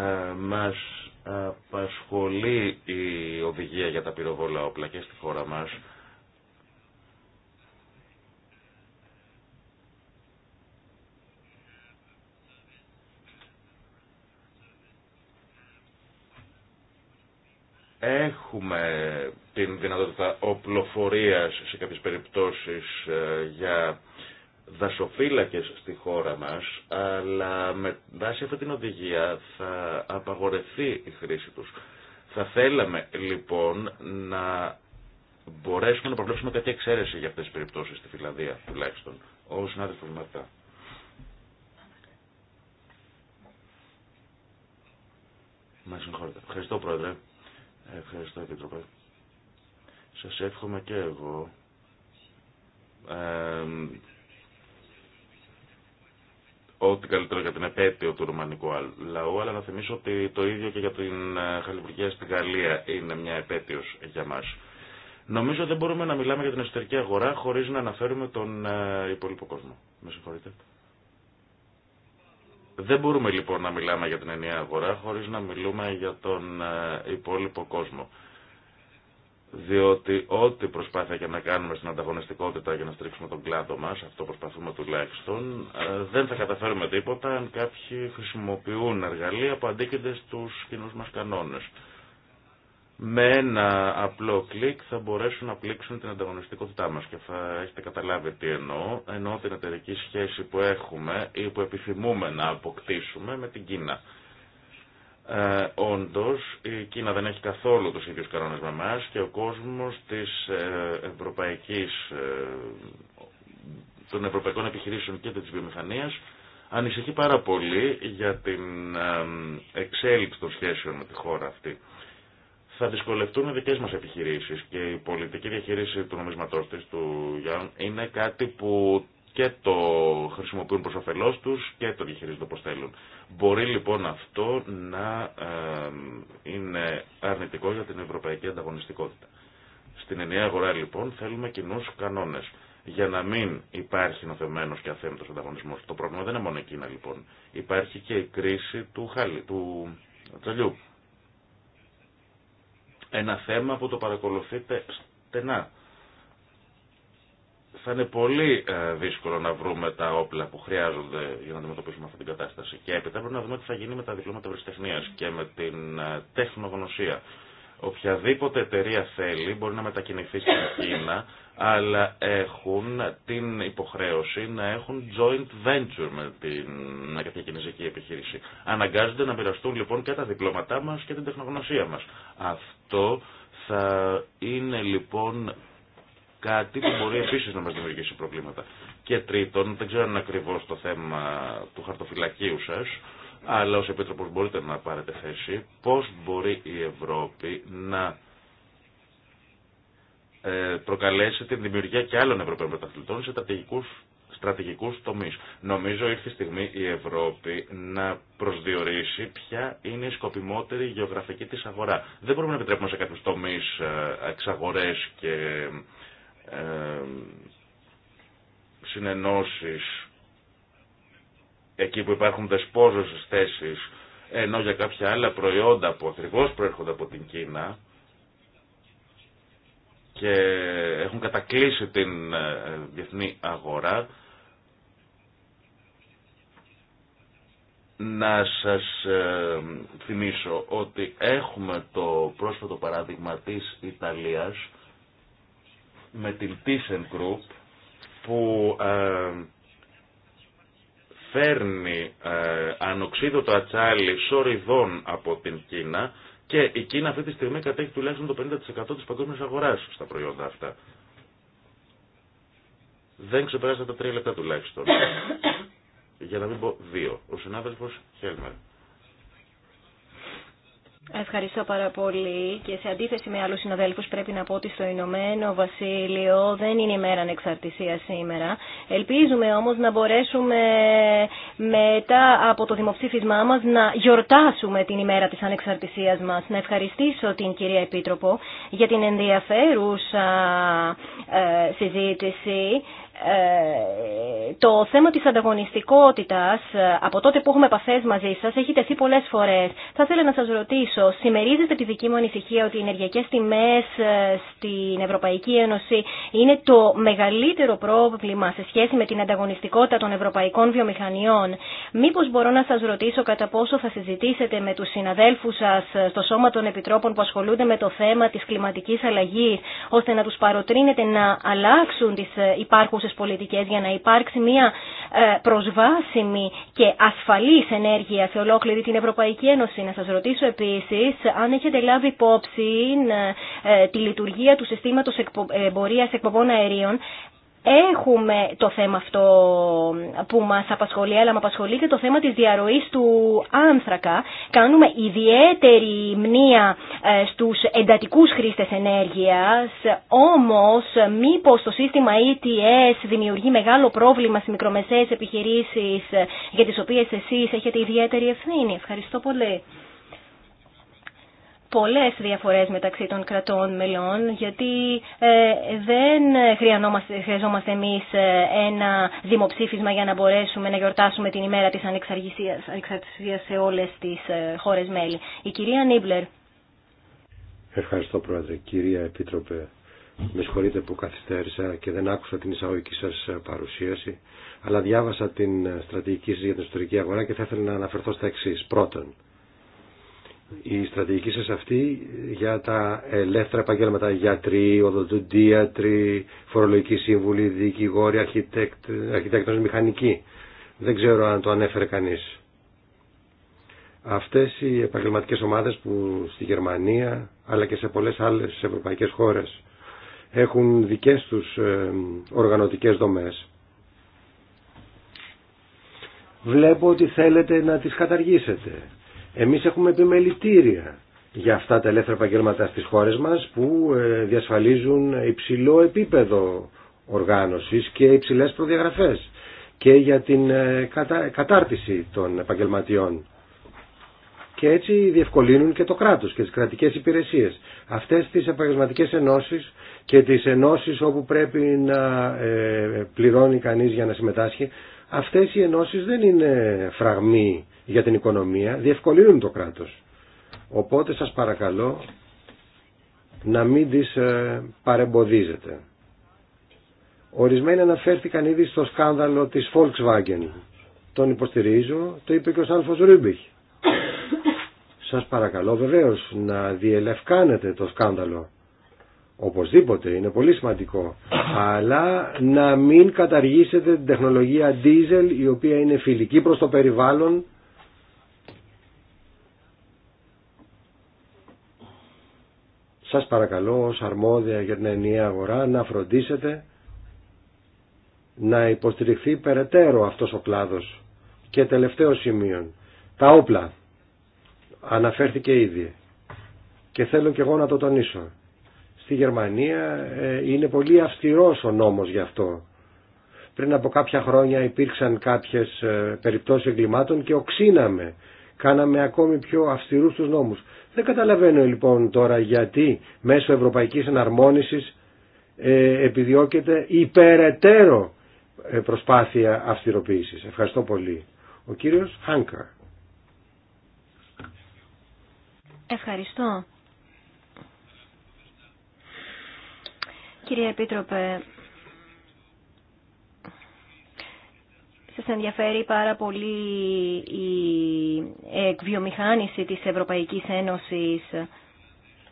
Ε, μας απασχολεί η οδηγία για τα πυροβόλα όπλα και στη χώρα μας. Έχουμε την δυνατότητα οπλοφορίας σε κάποιες περιπτώσεις ε, για δασοφύλακε στη χώρα μας, αλλά με βάση αυτή την οδηγία θα απαγορευτεί η χρήση τους. Θα θέλαμε λοιπόν να μπορέσουμε να προβλέψουμε κάποια εξαίρεση για αυτές τις περιπτώσεις στη Φιλανδία τουλάχιστον, ως συνάδελφος με αυτά. Με συγχωρείτε. Ευχαριστώ Πρόεδρε. Ευχαριστώ Επίτροπε. Σας εύχομαι και εγώ. Ε, ό,τι καλύτερο για την επέτειο του ρουμανικού λαού, αλλά να θυμίσω ότι το ίδιο και για την ε, χαλιβουργία στη Γαλλία είναι μια επέτειος για μας. Νομίζω δεν μπορούμε να μιλάμε για την εσωτερική αγορά χωρίς να αναφέρουμε τον ε, υπόλοιπο κόσμο. Με συγχωρείτε. Δεν μπορούμε λοιπόν να μιλάμε για την ενιαία αγορά χωρίς να μιλούμε για τον ε, υπόλοιπο κόσμο διότι ό,τι προσπάθεια και να κάνουμε στην ανταγωνιστικότητα για να στρίξουμε τον κλάδο μας, αυτό προσπαθούμε τουλάχιστον, ε, δεν θα καταφέρουμε τίποτα αν κάποιοι χρησιμοποιούν εργαλεία που αντίκενται στους κοινού μας κανόνες. Με ένα απλό κλικ θα μπορέσουν να πλήξουν την ανταγωνιστικότητά μας και θα έχετε καταλάβει τι εννοώ. Εννοώ την εταιρική σχέση που έχουμε ή που επιθυμούμε να αποκτήσουμε με την Κίνα. Ε, Όντω, η Κίνα δεν έχει καθόλου του ίδιου κανόνε με εμά και ο κόσμο ε, ε, των ευρωπαϊκών επιχειρήσεων και τη βιομηχανία ανησυχεί πάρα πολύ για την ε, εξέλιξη των σχέσεων με τη χώρα αυτή. Θα δυσκολευτούν οι δικέ μα επιχειρήσει και η πολιτική διαχείριση του νομισματό τη, του Γιάνν, είναι κάτι που και το χρησιμοποιούν προ όφελό του και το διαχειρίζονται όπω θέλουν. Μπορεί λοιπόν αυτό να ε, είναι αρνητικό για την ευρωπαϊκή ανταγωνιστικότητα. Στην ενιαία αγορά λοιπόν θέλουμε κοινού κανόνε για να μην υπάρχει νοθεμένο και αθέμητο ανταγωνισμό. Το πρόβλημα δεν είναι μόνο εκείνα λοιπόν. Υπάρχει και η κρίση του, χάλι, του τσαλιού. Ένα θέμα που το παρακολουθείτε στενά θα είναι πολύ ε, δύσκολο να βρούμε τα όπλα που χρειάζονται για να αντιμετωπίσουμε αυτή την κατάσταση. Και έπειτα πρέπει να δούμε τι θα γίνει με τα διπλώματα ευρεσιτεχνία και με την ε, τεχνογνωσία. Οποιαδήποτε εταιρεία θέλει μπορεί να μετακινηθεί στην Κίνα, αλλά έχουν την υποχρέωση να έχουν joint venture με, την, κάποια κινέζικη επιχείρηση. Αναγκάζονται να μοιραστούν λοιπόν και τα διπλώματά μα και την τεχνογνωσία μα. Αυτό θα είναι λοιπόν Κάτι που μπορεί επίση να μα δημιουργήσει προβλήματα. Και τρίτον, δεν ξέρω αν είναι ακριβώ το θέμα του χαρτοφυλακίου σα, αλλά ω Επίτροπο μπορείτε να πάρετε θέση, πώ μπορεί η Ευρώπη να ε, προκαλέσει την δημιουργία και άλλων Ευρωπαίων πρωταθλητών σε στρατηγικού στρατηγικούς τομείς. Νομίζω ήρθε η στιγμή η Ευρώπη να προσδιορίσει ποια είναι η σκοπιμότερη γεωγραφική της αγορά. Δεν μπορούμε να επιτρέπουμε σε κάποιους τομείς ε, εξαγορές και συνενώσεις εκεί που υπάρχουν δεσπόζωσες θέσεις ενώ για κάποια άλλα προϊόντα που ακριβώ προέρχονται από την Κίνα και έχουν κατακλείσει την ε, διεθνή αγορά να σας θυμίσω ότι έχουμε το πρόσφατο παράδειγμα της Ιταλίας με την Group που ε, φέρνει ε, ανοξίδωτο ατσάλι σοριδών από την Κίνα και η Κίνα αυτή τη στιγμή κατέχει τουλάχιστον το 50% της παγκόσμιας αγοράς στα προϊόντα αυτά. Δεν ξεπεράσατε τα τρία λεπτά τουλάχιστον. Για να μην πω δύο. Ο συνάδελφος Χέλμερ. Ευχαριστώ πάρα πολύ και σε αντίθεση με άλλους συναδέλφους πρέπει να πω ότι στο Ηνωμένο Βασίλειο δεν είναι μέρα ανεξαρτησία σήμερα. Ελπίζουμε όμως να μπορέσουμε μετά από το δημοψήφισμά μας να γιορτάσουμε την ημέρα της ανεξαρτησίας μας. Να ευχαριστήσω την κυρία Επίτροπο για την ενδιαφέρουσα ε, συζήτηση. Ε, το θέμα της ανταγωνιστικότητας ε, από τότε που έχουμε επαφέ μαζί σας έχει τεθεί πολλές φορές. Θα ήθελα να σας ρωτήσω, συμμερίζετε τη δική μου ανησυχία ότι οι ενεργειακές τιμές ε, στην Ευρωπαϊκή Ένωση είναι το μεγαλύτερο πρόβλημα σε σχέση με την ανταγωνιστικότητα των ευρωπαϊκών βιομηχανιών. Μήπως μπορώ να σας ρωτήσω κατά πόσο θα συζητήσετε με τους συναδέλφους σας στο Σώμα των Επιτρόπων που ασχολούνται με το θέμα της κλιματικής αλλαγής, ώστε να τους παροτρύνετε να αλλάξουν τις υπάρχουσες πολιτικές για να υπάρξει μια ε, προσβάσιμη και ασφαλής ενέργεια σε ολόκληρη την Ευρωπαϊκή Ένωση. Να σας ρωτήσω επίσης αν έχετε λάβει υπόψη ε, ε, τη λειτουργία του συστήματος εμπορίας εκπομπών αερίων Έχουμε το θέμα αυτό που μας απασχολεί, αλλά με απασχολεί και το θέμα της διαρροής του άνθρακα. Κάνουμε ιδιαίτερη μνήα ε, στους εντατικούς χρήστες ενέργειας, όμως μήπως το σύστημα ETS δημιουργεί μεγάλο πρόβλημα στις μικρομεσαίες επιχειρήσεις για τις οποίες εσείς έχετε ιδιαίτερη ευθύνη. Ευχαριστώ πολύ πολλές διαφορές μεταξύ των κρατών μελών, γιατί ε, δεν χρειαζόμαστε εμείς ε, ένα δημοψήφισμα για να μπορέσουμε να γιορτάσουμε την ημέρα της ανεξαρτησίας σε όλες τις ε, χώρες μέλη. Η κυρία Νίμπλερ. Ευχαριστώ Πρόεδρε. Κυρία Επίτροπε, με συγχωρείτε που καθυστέρησα και δεν άκουσα την εισαγωγική σας παρουσίαση, αλλά διάβασα την στρατηγική σας για την ιστορική αγορά και θα ήθελα να αναφερθώ στα εξή. Πρώτον, η στρατηγική σας αυτή για τα ελεύθερα επαγγέλματα, γιατροί, οδοντίατροι, φορολογικοί σύμβουλοι, δικηγόροι, αρχιτέκτονες, μηχανικοί. Δεν ξέρω αν το ανέφερε κανείς. Αυτές οι επαγγελματικές ομάδες που στη Γερμανία αλλά και σε πολλές άλλες ευρωπαϊκές χώρες έχουν δικές τους ε, οργανωτικές δομές. Βλέπω ότι θέλετε να τις καταργήσετε εμείς έχουμε επιμελητήρια για αυτά τα ελεύθερα επαγγέλματα στις χώρες μας που ε, διασφαλίζουν υψηλό επίπεδο οργάνωσης και υψηλές προδιαγραφές και για την ε, κατάρτιση των επαγγελματιών. Και έτσι διευκολύνουν και το κράτος και τις κρατικές υπηρεσίες. Αυτές τις επαγγελματικές ενώσεις και τις ενώσεις όπου πρέπει να ε, πληρώνει κανείς για να συμμετάσχει, αυτές οι ενώσεις δεν είναι φραγμοί για την οικονομία διευκολύνουν το κράτος. Οπότε σας παρακαλώ να μην τις ε, παρεμποδίζετε. Ορισμένοι αναφέρθηκαν ήδη στο σκάνδαλο της Volkswagen. Τον υποστηρίζω, το είπε και ο Σάλφος Ρούμπιχ. Σας παρακαλώ βεβαίως να διελευκάνετε το σκάνδαλο. Οπωσδήποτε είναι πολύ σημαντικό. Αλλά να μην καταργήσετε την τεχνολογία diesel η οποία είναι φιλική προς το περιβάλλον Σας παρακαλώ ως αρμόδια για την ενιαία αγορά να φροντίσετε να υποστηριχθεί περαιτέρω αυτός ο κλάδος. Και τελευταίο σημείο, τα όπλα. Αναφέρθηκε ήδη. Και θέλω και εγώ να το τονίσω. Στη Γερμανία ε, είναι πολύ αυστηρός ο νόμος γι' αυτό. Πριν από κάποια χρόνια υπήρξαν κάποιες ε, περιπτώσεις εγκλημάτων και οξύναμε. Κάναμε ακόμη πιο αυστηρούς τους νόμους. Δεν καταλαβαίνω λοιπόν τώρα γιατί μέσω ευρωπαϊκής εναρμόνισης ε, επιδιώκεται υπεραιτέρω ε, προσπάθεια αυστηροποίησης. Ευχαριστώ πολύ. Ο κύριος Χάνκα. Ευχαριστώ. Κύριε Επίτροπε, Σας ενδιαφέρει πάρα πολύ η εκβιομηχάνηση της Ευρωπαϊκής Ένωσης.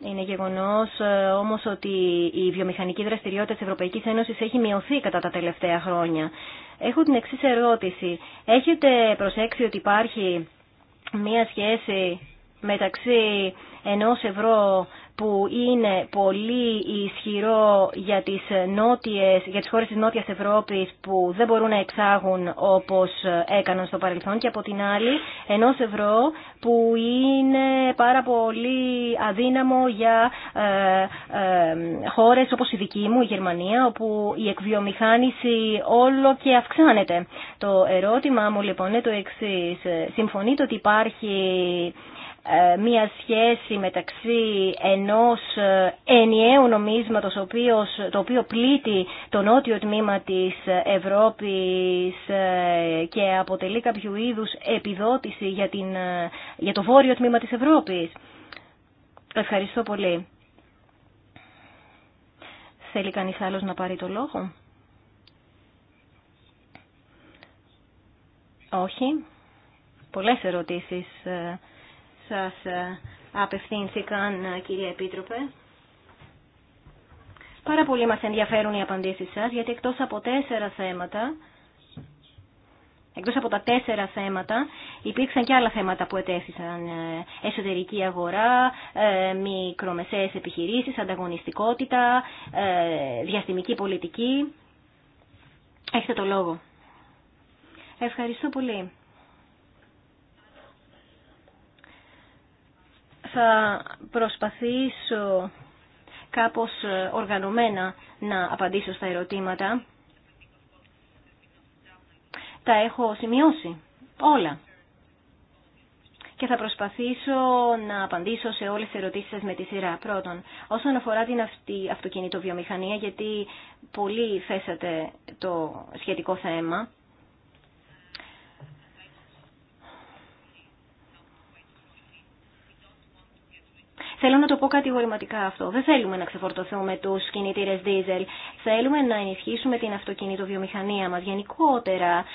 Είναι γεγονός ε, όμως ότι η βιομηχανική δραστηριότητα της Ευρωπαϊκής Ένωσης έχει μειωθεί κατά τα τελευταία χρόνια. Έχω την εξής ερώτηση. Έχετε προσέξει ότι υπάρχει μία σχέση μεταξύ ενός ευρώ που είναι πολύ ισχυρό για τις, νότιες, για τις χώρες της Νότιας Ευρώπης που δεν μπορούν να εξάγουν όπως έκαναν στο παρελθόν και από την άλλη ενός ευρώ που είναι πάρα πολύ αδύναμο για ε, ε, χώρες όπως η δική μου, η Γερμανία, όπου η εκβιομηχάνηση όλο και αυξάνεται. Το ερώτημά μου λοιπόν είναι το εξής. Συμφωνείτε ότι υπάρχει ε, μια σχέση μεταξύ ενός ε, ενιαίου νομίσματος το οποίο πλήττει το νότιο τμήμα της Ευρώπης ε, και αποτελεί κάποιο είδους επιδότηση για, την, για το βόρειο τμήμα της Ευρώπης. Ευχαριστώ πολύ. Θέλει κανείς άλλος να πάρει το λόγο. Όχι. Πολλές ερωτήσεις σας ε, απευθύνθηκαν, ε, κυρία Επίτροπε. Πάρα πολύ μας ενδιαφέρουν οι απαντήσεις σας, γιατί εκτός από τέσσερα θέματα, εκτός από τα τέσσερα θέματα, υπήρξαν και άλλα θέματα που ετέθησαν ε, εσωτερική αγορά, μικρομεσαίες επιχειρήσεις, ανταγωνιστικότητα, διαστημική πολιτική. Έχετε το λόγο. Ευχαριστώ πολύ. θα προσπαθήσω κάπως ε, οργανωμένα να απαντήσω στα ερωτήματα. Τα έχω σημειώσει όλα. Και θα προσπαθήσω να απαντήσω σε όλες τις ερωτήσεις σας με τη σειρά. Πρώτον, όσον αφορά την αυτοκινητοβιομηχανία, γιατί πολύ θέσατε το σχετικό θέμα, Θέλω να το πω κατηγορηματικά αυτό. Δεν θέλουμε να ξεφορτωθούμε του κινητήρε δίζελ. Θέλουμε να ενισχύσουμε την αυτοκινητοβιομηχανία μα γενικότερα.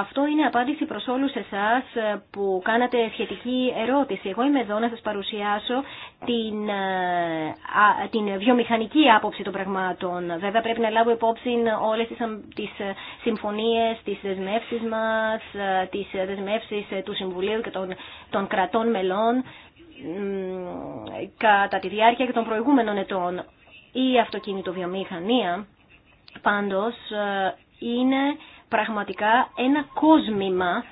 Αυτό είναι απάντηση προ όλου εσά που κάνατε σχετική ερώτηση. Εγώ είμαι εδώ να σα παρουσιάσω την, ε, την βιομηχανική άποψη των πραγμάτων. Βέβαια πρέπει να λάβω υπόψη όλε τι συμφωνίε, τις δεσμεύσει μα, τι δεσμεύσει του Συμβουλίου και των, των κρατών μελών κατά τη διάρκεια και των προηγούμενων ετών. Η αυτοκινητοβιομηχανία πάντως ε, είναι πραγματικά ένα κόσμημα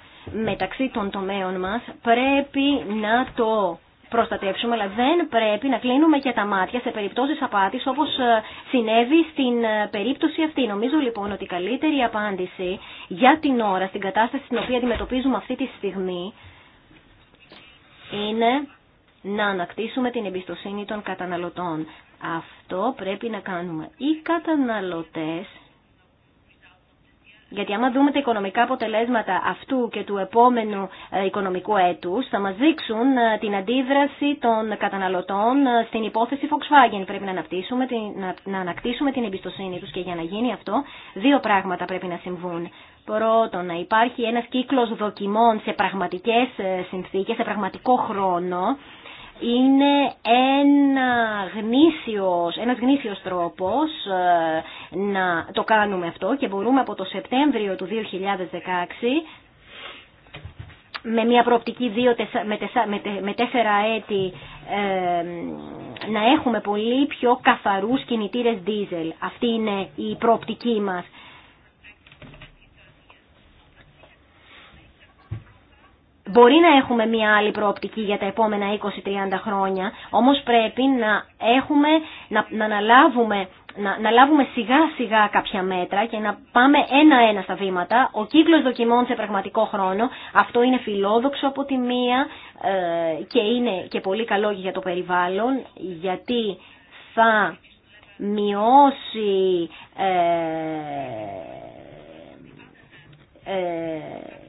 μεταξύ των τομέων μας. Πρέπει να το προστατεύσουμε, αλλά δεν πρέπει να κλείνουμε και τα μάτια σε περιπτώσεις απάτης όπως ε, συνέβη στην ε, περίπτωση αυτή. Νομίζω λοιπόν ότι η καλύτερη απάντηση για την ώρα, στην κατάσταση στην οποία αντιμετωπίζουμε αυτή τη στιγμή, είναι να ανακτήσουμε την εμπιστοσύνη των καταναλωτών. Αυτό πρέπει να κάνουμε. Οι καταναλωτές, γιατί άμα δούμε τα οικονομικά αποτελέσματα αυτού και του επόμενου ε, οικονομικού έτους, θα μας δείξουν ε, την αντίδραση των καταναλωτών ε, στην υπόθεση Volkswagen. Πρέπει να ανακτήσουμε, να ανακτήσουμε την εμπιστοσύνη τους και για να γίνει αυτό, δύο πράγματα πρέπει να συμβούν. Πρώτον, να υπάρχει ένας κύκλος δοκιμών σε πραγματικές συνθήκες, σε πραγματικό χρόνο, είναι ένα γνήσιος, ένας γνήσιος τρόπος ε, να το κάνουμε αυτό και μπορούμε από το Σεπτέμβριο του 2016 με μια προοπτική 2 με τέσσερα έτη ε, να έχουμε πολύ πιο καθαρούς κινητήρες diesel. Αυτή είναι η προοπτική μας Μπορεί να έχουμε μια άλλη προοπτική για τα επόμενα 20-30 χρόνια, όμως πρέπει να, έχουμε, να, να αναλάβουμε να, να λάβουμε σιγά σιγά κάποια μέτρα και να πάμε ένα-ένα στα βήματα. Ο κύκλος δοκιμών σε πραγματικό χρόνο, αυτό είναι φιλόδοξο από τη μία ε, και είναι και πολύ καλό για το περιβάλλον γιατί θα μειώσει... ε, ε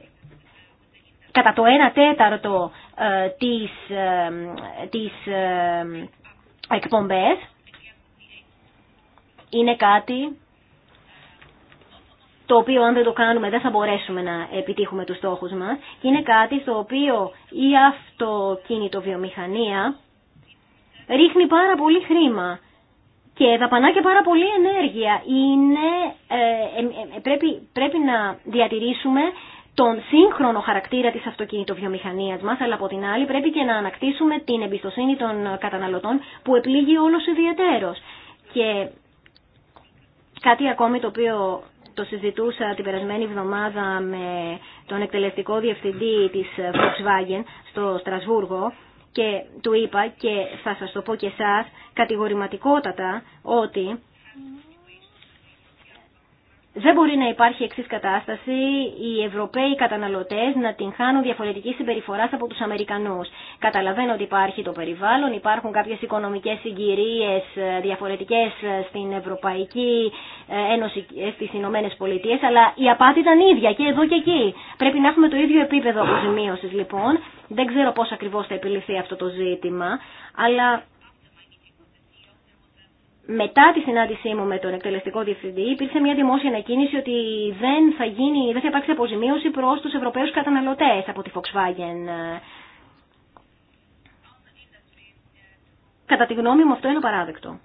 κατά το 1 τέταρτο ε, τις, ε, τις ε, εκπομπές είναι κάτι το οποίο αν δεν το κάνουμε δεν θα μπορέσουμε να επιτύχουμε τους στόχους μας. Είναι κάτι στο οποίο η βιομηχανία ρίχνει πάρα πολύ χρήμα και δαπανά και πάρα πολύ ενέργεια. Είναι, ε, πρέπει, πρέπει να διατηρήσουμε τον σύγχρονο χαρακτήρα της αυτοκινητοβιομηχανίας μας, αλλά από την άλλη πρέπει και να ανακτήσουμε την εμπιστοσύνη των καταναλωτών που επλήγει όλος ιδιαίτερος. Και κάτι ακόμη το οποίο το συζητούσα την περασμένη εβδομάδα με τον εκτελεστικό διευθυντή της Volkswagen στο Στρασβούργο και του είπα και θα σας το πω και εσάς κατηγορηματικότατα ότι δεν μπορεί να υπάρχει εξή κατάσταση, οι Ευρωπαίοι καταναλωτέ να την χάνουν διαφορετική συμπεριφορά από του Αμερικανού. Καταλαβαίνω ότι υπάρχει το περιβάλλον, υπάρχουν κάποιε οικονομικέ συγκυρίε διαφορετικέ ε, στην Ευρωπαϊκή ε, Ένωση, ε, στι Ηνωμένε Πολιτείε, αλλά η απάτη ήταν ίδια και εδώ και εκεί. Πρέπει να έχουμε το ίδιο επίπεδο αποζημίωση λοιπόν. Δεν ξέρω πώ ακριβώ θα επιληθεί αυτό το ζήτημα, αλλά μετά τη συνάντησή μου με τον εκτελεστικό διευθυντή υπήρξε μια δημόσια ανακοίνηση ότι δεν θα, γίνει, δεν θα υπάρξει αποζημίωση προς τους Ευρωπαίους καταναλωτές από τη Volkswagen. Κατά τη γνώμη μου αυτό είναι παράδεκτο.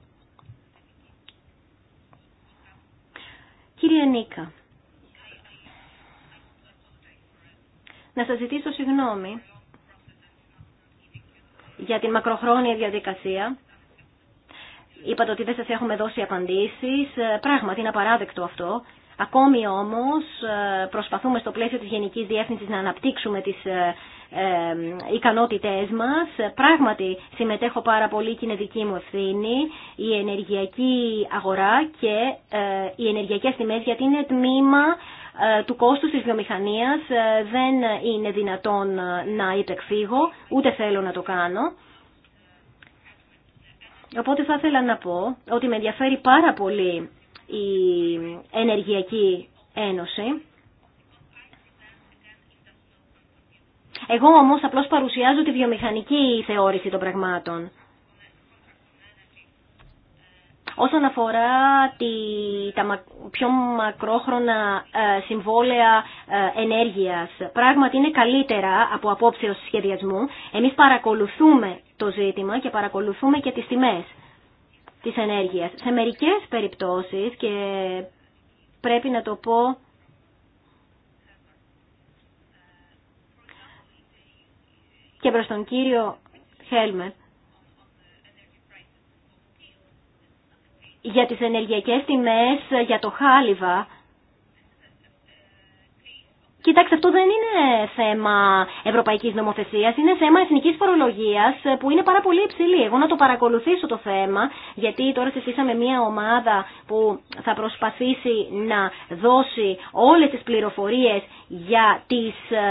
Κύριε Νίκα, να σας ζητήσω συγγνώμη για την μακροχρόνια διαδικασία Είπατε ότι δεν σας έχουμε δώσει απαντήσεις. Ε, πράγματι είναι απαράδεκτο αυτό. Ακόμη όμως ε, προσπαθούμε στο πλαίσιο της Γενικής Διεύθυνσης να αναπτύξουμε τις ε, ε, ικανότητές μας. Πράγματι συμμετέχω πάρα πολύ και είναι δική μου ευθύνη η ενεργειακή αγορά και ε, οι ενεργειακές τιμές γιατί είναι τμήμα του κόστου της βιομηχανίας. δεν είναι δυνατόν να υπεκφύγω, ούτε θέλω να το κάνω. Οπότε θα ήθελα να πω ότι με ενδιαφέρει πάρα πολύ η Ενεργειακή Ένωση. Εγώ όμως απλώς παρουσιάζω τη βιομηχανική θεώρηση των πραγμάτων. Όσον αφορά τη, τα πιο μακρόχρονα ε, συμβόλαια ε, ενέργειας, πράγματι είναι καλύτερα από απόψεως σχεδιασμού. Εμείς παρακολουθούμε το ζήτημα και παρακολουθούμε και τις τιμές της ενέργειας. Σε μερικές περιπτώσεις και πρέπει να το πω και προς τον κύριο Χέλμερ, για τις ενεργειακές τιμές, για το χάλιβα, Κοιτάξτε, αυτό δεν είναι θέμα ευρωπαϊκής νομοθεσίας, είναι θέμα εθνικής φορολογίας ε, που είναι πάρα πολύ υψηλή. Εγώ να το παρακολουθήσω το θέμα, γιατί τώρα συστήσαμε μια ομάδα που θα προσπαθήσει να δώσει όλες τις πληροφορίες για τις ε,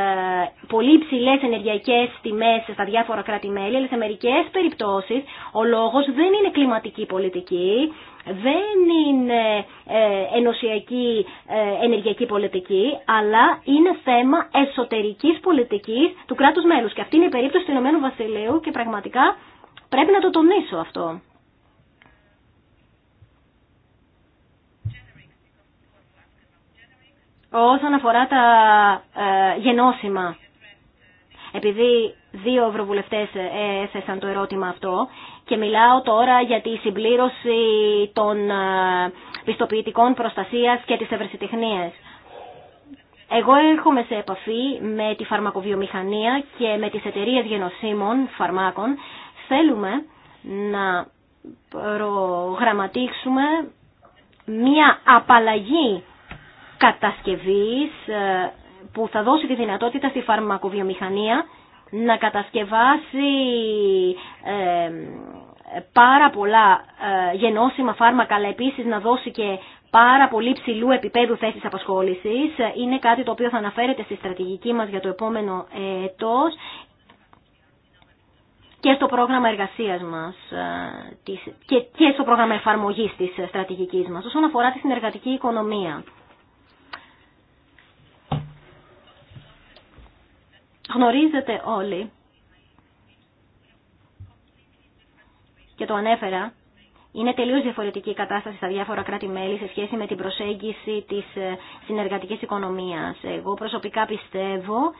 πολύ υψηλέ ενεργειακές τιμές στα διάφορα κράτη-μέλη, αλλά σε μερικές περιπτώσεις ο λόγος δεν είναι κλιματική πολιτική, δεν είναι ε, ενωσιακή ε, ενεργειακή πολιτική, αλλά είναι θέμα εσωτερικής πολιτικής του κράτους μέλους. Και αυτή είναι η περίπτωση του Ηνωμένου Βασιλείου και πραγματικά πρέπει να το τονίσω αυτό. Όσον αφορά τα ε, γενώσιμα, επειδή δύο ευρωβουλευτές έθεσαν το ερώτημα αυτό, και μιλάω τώρα για τη συμπλήρωση των ε, πιστοποιητικών προστασίας και της ευρεσιτεχνίας. Εγώ έρχομαι σε επαφή με τη φαρμακοβιομηχανία και με τις εταιρείες γενοσύμων φαρμάκων. Θέλουμε να προγραμματίξουμε μια απαλλαγή κατασκευής ε, που θα δώσει τη δυνατότητα στη φαρμακοβιομηχανία να κατασκευάσει πάρα πολλά ε, γενώσιμα φάρμακα, αλλά επίσης να δώσει και πάρα πολύ ψηλού επίπεδου θέσεις απασχόλησης. Είναι κάτι το οποίο θα αναφέρεται στη στρατηγική μας για το επόμενο έτος και στο πρόγραμμα εργασίας μας ε, και στο πρόγραμμα εφαρμογής της στρατηγικής μας όσον αφορά τη συνεργατική οικονομία. Γνωρίζετε όλοι και το ανέφερα, είναι τελείως διαφορετική η κατάσταση στα διάφορα κράτη-μέλη σε σχέση με την προσέγγιση της ε, συνεργατικής οικονομίας. Εγώ προσωπικά πιστεύω,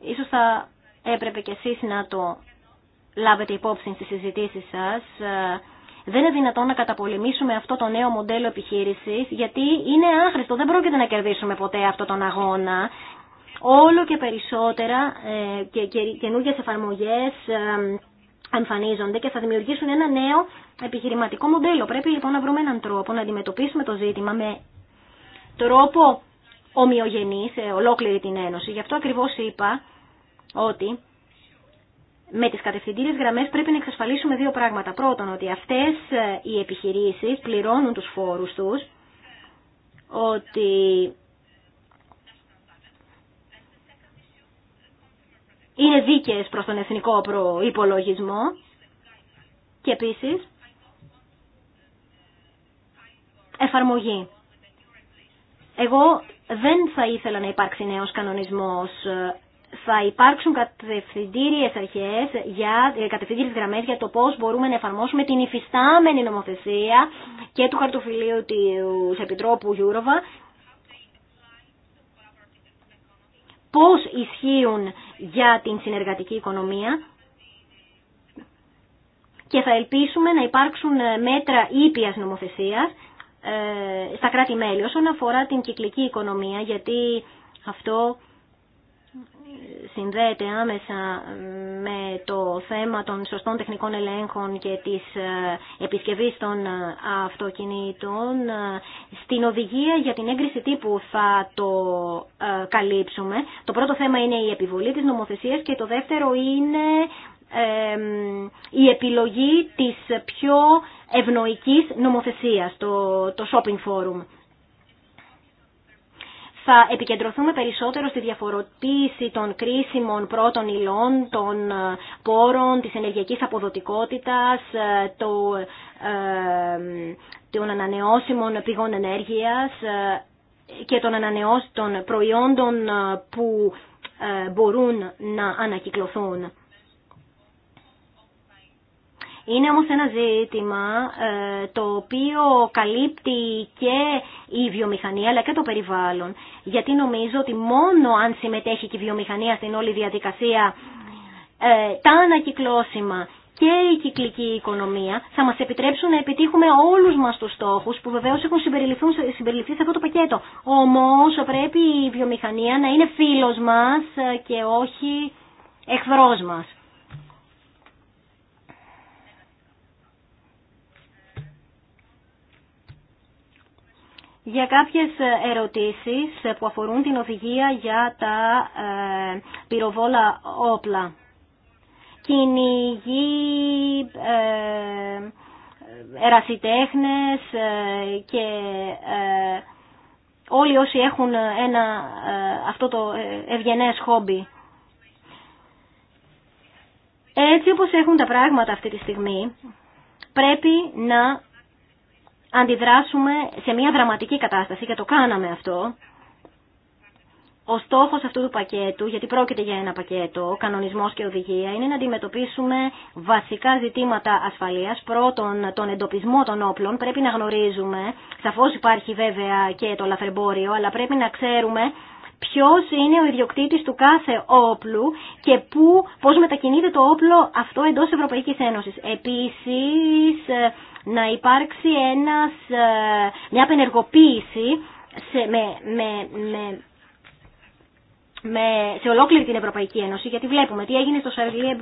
ίσως θα έπρεπε και εσείς να το λάβετε υπόψη στις συζητήσεις σας, ε, δεν είναι δυνατόν να καταπολεμήσουμε αυτό το νέο μοντέλο επιχείρησης, γιατί είναι άχρηστο, δεν πρόκειται να κερδίσουμε ποτέ αυτόν τον αγώνα όλο και περισσότερα ε, και καινούργιες εφαρμογές ε, εμφανίζονται και θα δημιουργήσουν ένα νέο επιχειρηματικό μοντέλο. Πρέπει λοιπόν να βρούμε έναν τρόπο να αντιμετωπίσουμε το ζήτημα με τρόπο ομοιογενή σε ολόκληρη την Ένωση. Γι' αυτό ακριβώς είπα ότι με τις κατευθυντήριες γραμμές πρέπει να εξασφαλίσουμε δύο πράγματα. Πρώτον, ότι αυτές ε, οι επιχειρήσεις πληρώνουν τους φόρους τους, ότι είναι δίκαιες προς τον εθνικό προϋπολογισμό και επίσης εφαρμογή. Εγώ δεν θα ήθελα να υπάρξει νέος κανονισμός. Θα υπάρξουν κατευθυντήριες αρχές, για, ε, κατευθυντήριες γραμμές για το πώς μπορούμε να εφαρμόσουμε την υφιστάμενη νομοθεσία και του χαρτοφυλίου της Επιτρόπου Γιούροβα πώς ισχύουν για την συνεργατική οικονομία και θα ελπίσουμε να υπάρξουν ε, μέτρα ήπιας νομοθεσίας ε, στα κράτη-μέλη όσον αφορά την κυκλική οικονομία γιατί αυτό συνδέεται άμεσα με το θέμα των σωστών τεχνικών ελέγχων και της ε, επισκευής των ε, αυτοκινήτων. Ε, στην οδηγία για την έγκριση τύπου θα το καλύψουμε. Το πρώτο θέμα είναι η επιβολή της νομοθεσίας και το δεύτερο είναι η επιλογή της πιο ευνοϊκής νομοθεσίας, το, το shopping forum θα επικεντρωθούμε περισσότερο στη διαφοροποίηση των κρίσιμων πρώτων υλών, των ε, πόρων, της ενεργειακής αποδοτικότητας, ε, το, ε, των ανανεώσιμων πηγών ενέργειας και των, ανανεώσιμων προϊόντων που μπορούν να ανακυκλωθούν. Είναι όμως ένα ζήτημα ε, το οποίο καλύπτει και η βιομηχανία αλλά και το περιβάλλον. Γιατί νομίζω ότι μόνο αν συμμετέχει και η βιομηχανία στην όλη διαδικασία ε, τα ανακυκλώσιμα και η κυκλική οικονομία θα μας επιτρέψουν να επιτύχουμε όλους μας τους στόχους που βεβαίως έχουν συμπεριληφθεί σε αυτό το πακέτο. Όμως πρέπει η βιομηχανία να είναι φίλος μας ε, και όχι εχθρός μας. για κάποιες ε, ερωτήσεις ε, που αφορούν την οδηγία για τα ε, πυροβόλα όπλα. Κυνηγοί, ερασιτέχνες και όλοι όσοι έχουν ένα, αυτό το ευγενές χόμπι. Έτσι όπως έχουν τα πράγματα αυτή τη στιγμή, πρέπει να αντιδράσουμε σε μια δραματική κατάσταση και το κάναμε αυτό. Ο στόχο αυτού του πακέτου, γιατί πρόκειται για ένα πακέτο, κανονισμό και οδηγία, είναι να αντιμετωπίσουμε βασικά ζητήματα ασφαλεία. Πρώτον, τον εντοπισμό των όπλων. Πρέπει να γνωρίζουμε, σαφώ υπάρχει βέβαια και το λαθρεμπόριο, αλλά πρέπει να ξέρουμε ποιο είναι ο ιδιοκτήτη του κάθε όπλου και πώ μετακινείται το όπλο αυτό εντό Ευρωπαϊκή Ένωση. Επίση, να υπάρξει ένας, ε, μια απενεργοποίηση σε, με, με, με, σε ολόκληρη την Ευρωπαϊκή Ένωση, γιατί βλέπουμε τι έγινε στο Σαρλί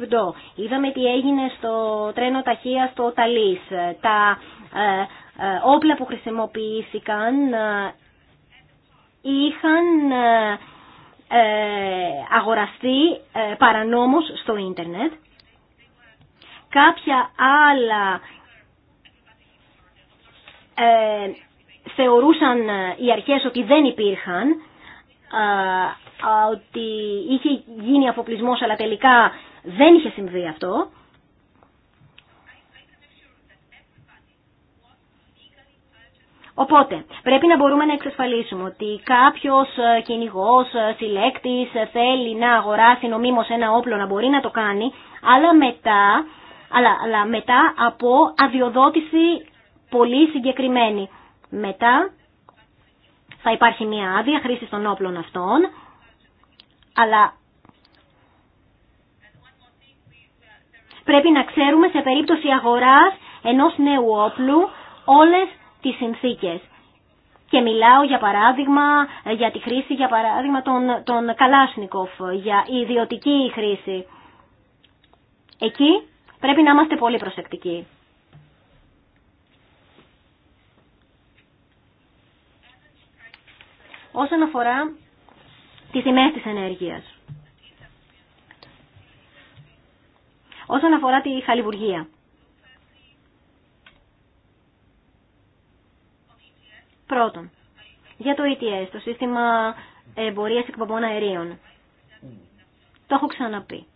είδαμε τι έγινε στο τρένο ταχεία στο Ταλής, τα ε, ε, όπλα που χρησιμοποιήθηκαν ε, είχαν αγοραστεί παρανόμως στο ίντερνετ. Κάποια άλλα ε, θεωρούσαν ε, οι αρχές ότι δεν υπήρχαν, ε, ότι είχε γίνει αποπλισμός αλλά τελικά δεν είχε συμβεί αυτό. Οπότε, πρέπει να μπορούμε να εξασφαλίσουμε ότι κάποιος κυνηγό, συλλέκτης θέλει να αγοράσει νομίμως ένα όπλο να μπορεί να το κάνει, αλλά μετά, αλλά, αλλά μετά από αδειοδότηση πολύ συγκεκριμένη. Μετά θα υπάρχει μια άδεια χρήση των όπλων αυτών, αλλά πρέπει να ξέρουμε σε περίπτωση αγοράς ενός νέου όπλου όλες τις συνθήκες. Και μιλάω για παράδειγμα για τη χρήση για παράδειγμα των, των Καλάσνικοφ, για ιδιωτική χρήση. Εκεί πρέπει να είμαστε πολύ προσεκτικοί. όσον αφορά τις τιμές της ενέργειας. Όσον αφορά τη χαλιβουργία. Πρώτον, για το ETS, το σύστημα εμπορίας εκπομπών αερίων. Το έχω ξαναπεί.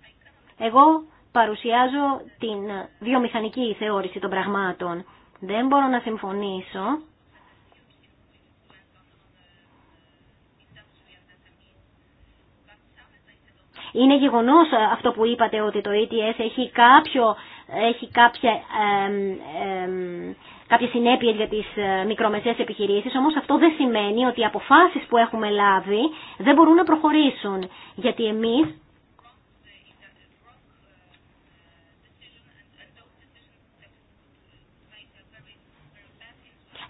Εγώ παρουσιάζω την βιομηχανική θεώρηση των πραγμάτων. Δεν μπορώ να συμφωνήσω Είναι γεγονός ε, αυτό που είπατε ότι το ETS έχει, κάποιο, έχει κάποια, εμ, για τις ε, μικρομεσαίες επιχειρήσεις, όμως αυτό δεν σημαίνει ότι οι αποφάσεις που έχουμε λάβει δεν μπορούν να προχωρήσουν. Γιατί εμείς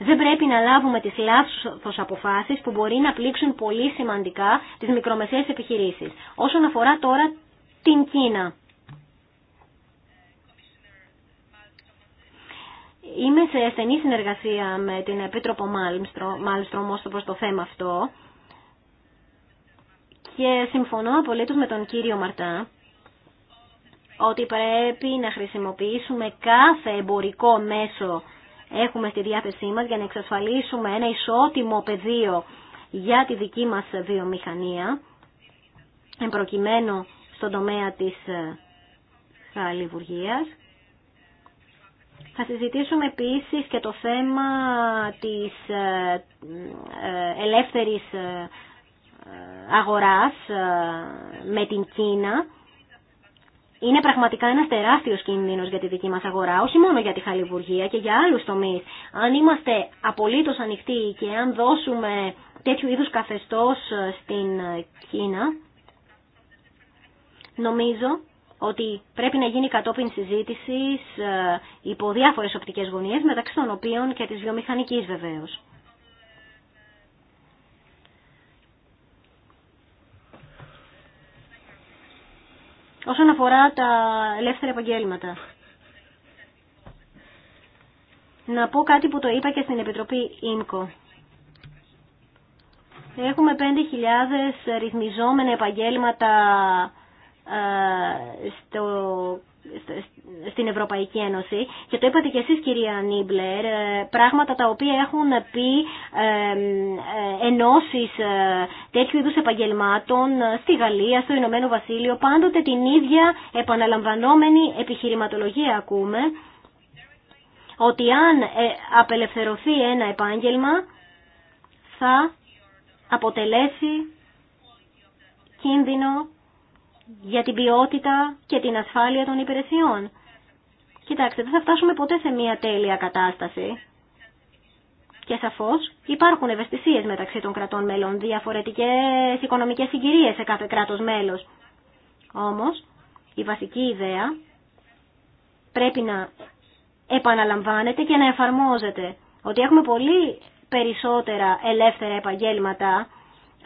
Δεν πρέπει να λάβουμε τις λάθος αποφάσεις που μπορεί να πλήξουν πολύ σημαντικά τις μικρομεσαίες επιχειρήσεις. Όσον αφορά τώρα την Κίνα. Είμαι σε ασθενή συνεργασία με την Επίτροπο Μάλμστρομ ως προς το θέμα αυτό και συμφωνώ απολύτως με τον κύριο Μαρτά ότι πρέπει να χρησιμοποιήσουμε κάθε εμπορικό μέσο έχουμε στη διάθεσή μας για να εξασφαλίσουμε ένα ισότιμο πεδίο για τη δική μας βιομηχανία, εμπροκειμένου στον τομέα της ε, χαλιβουργίας. Θα συζητήσουμε επίσης και το θέμα της ε, ε, ελεύθερης αγοράς με την Κίνα είναι πραγματικά ένας τεράστιος κίνδυνος για τη δική μας αγορά, όχι μόνο για τη χαλιβουργία και για άλλους τομείς. Αν είμαστε απολύτως ανοιχτοί και αν δώσουμε τέτοιου είδους καθεστώς στην Κίνα, νομίζω ότι πρέπει να γίνει κατόπιν συζήτηση ε, υπό διάφορε οπτικές γωνίες, μεταξύ των οποίων και τη βιομηχανική βεβαίω. όσον αφορά τα ελεύθερα επαγγέλματα. Να πω κάτι που το είπα και στην Επιτροπή ΙΜΚΟ. Έχουμε 5.000 ρυθμιζόμενα επαγγέλματα ε, στο στην Ευρωπαϊκή Ένωση και το είπατε και εσείς κυρία Νίμπλερ ε, πράγματα τα οποία έχουν πει ε, ε, ενώσεις τέτοιου είδους επαγγελμάτων στη Γαλλία, στο Ηνωμένο Βασίλειο πάντοτε την ίδια επαναλαμβανόμενη επιχειρηματολογία ακούμε ότι αν απελευθερωθεί ένα επάγγελμα θα αποτελέσει κίνδυνο για την ποιότητα και την ασφάλεια των υπηρεσιών. Κοιτάξτε, δεν θα φτάσουμε ποτέ σε μια τέλεια κατάσταση. Και σαφώ υπάρχουν ευαισθησίε μεταξύ των κρατών μέλων, διαφορετικέ οικονομικέ συγκυρίε σε κάθε κράτο μέλο. Όμω, η βασική ιδέα πρέπει να επαναλαμβάνεται και να εφαρμόζεται. Ότι έχουμε πολύ περισσότερα ελεύθερα επαγγέλματα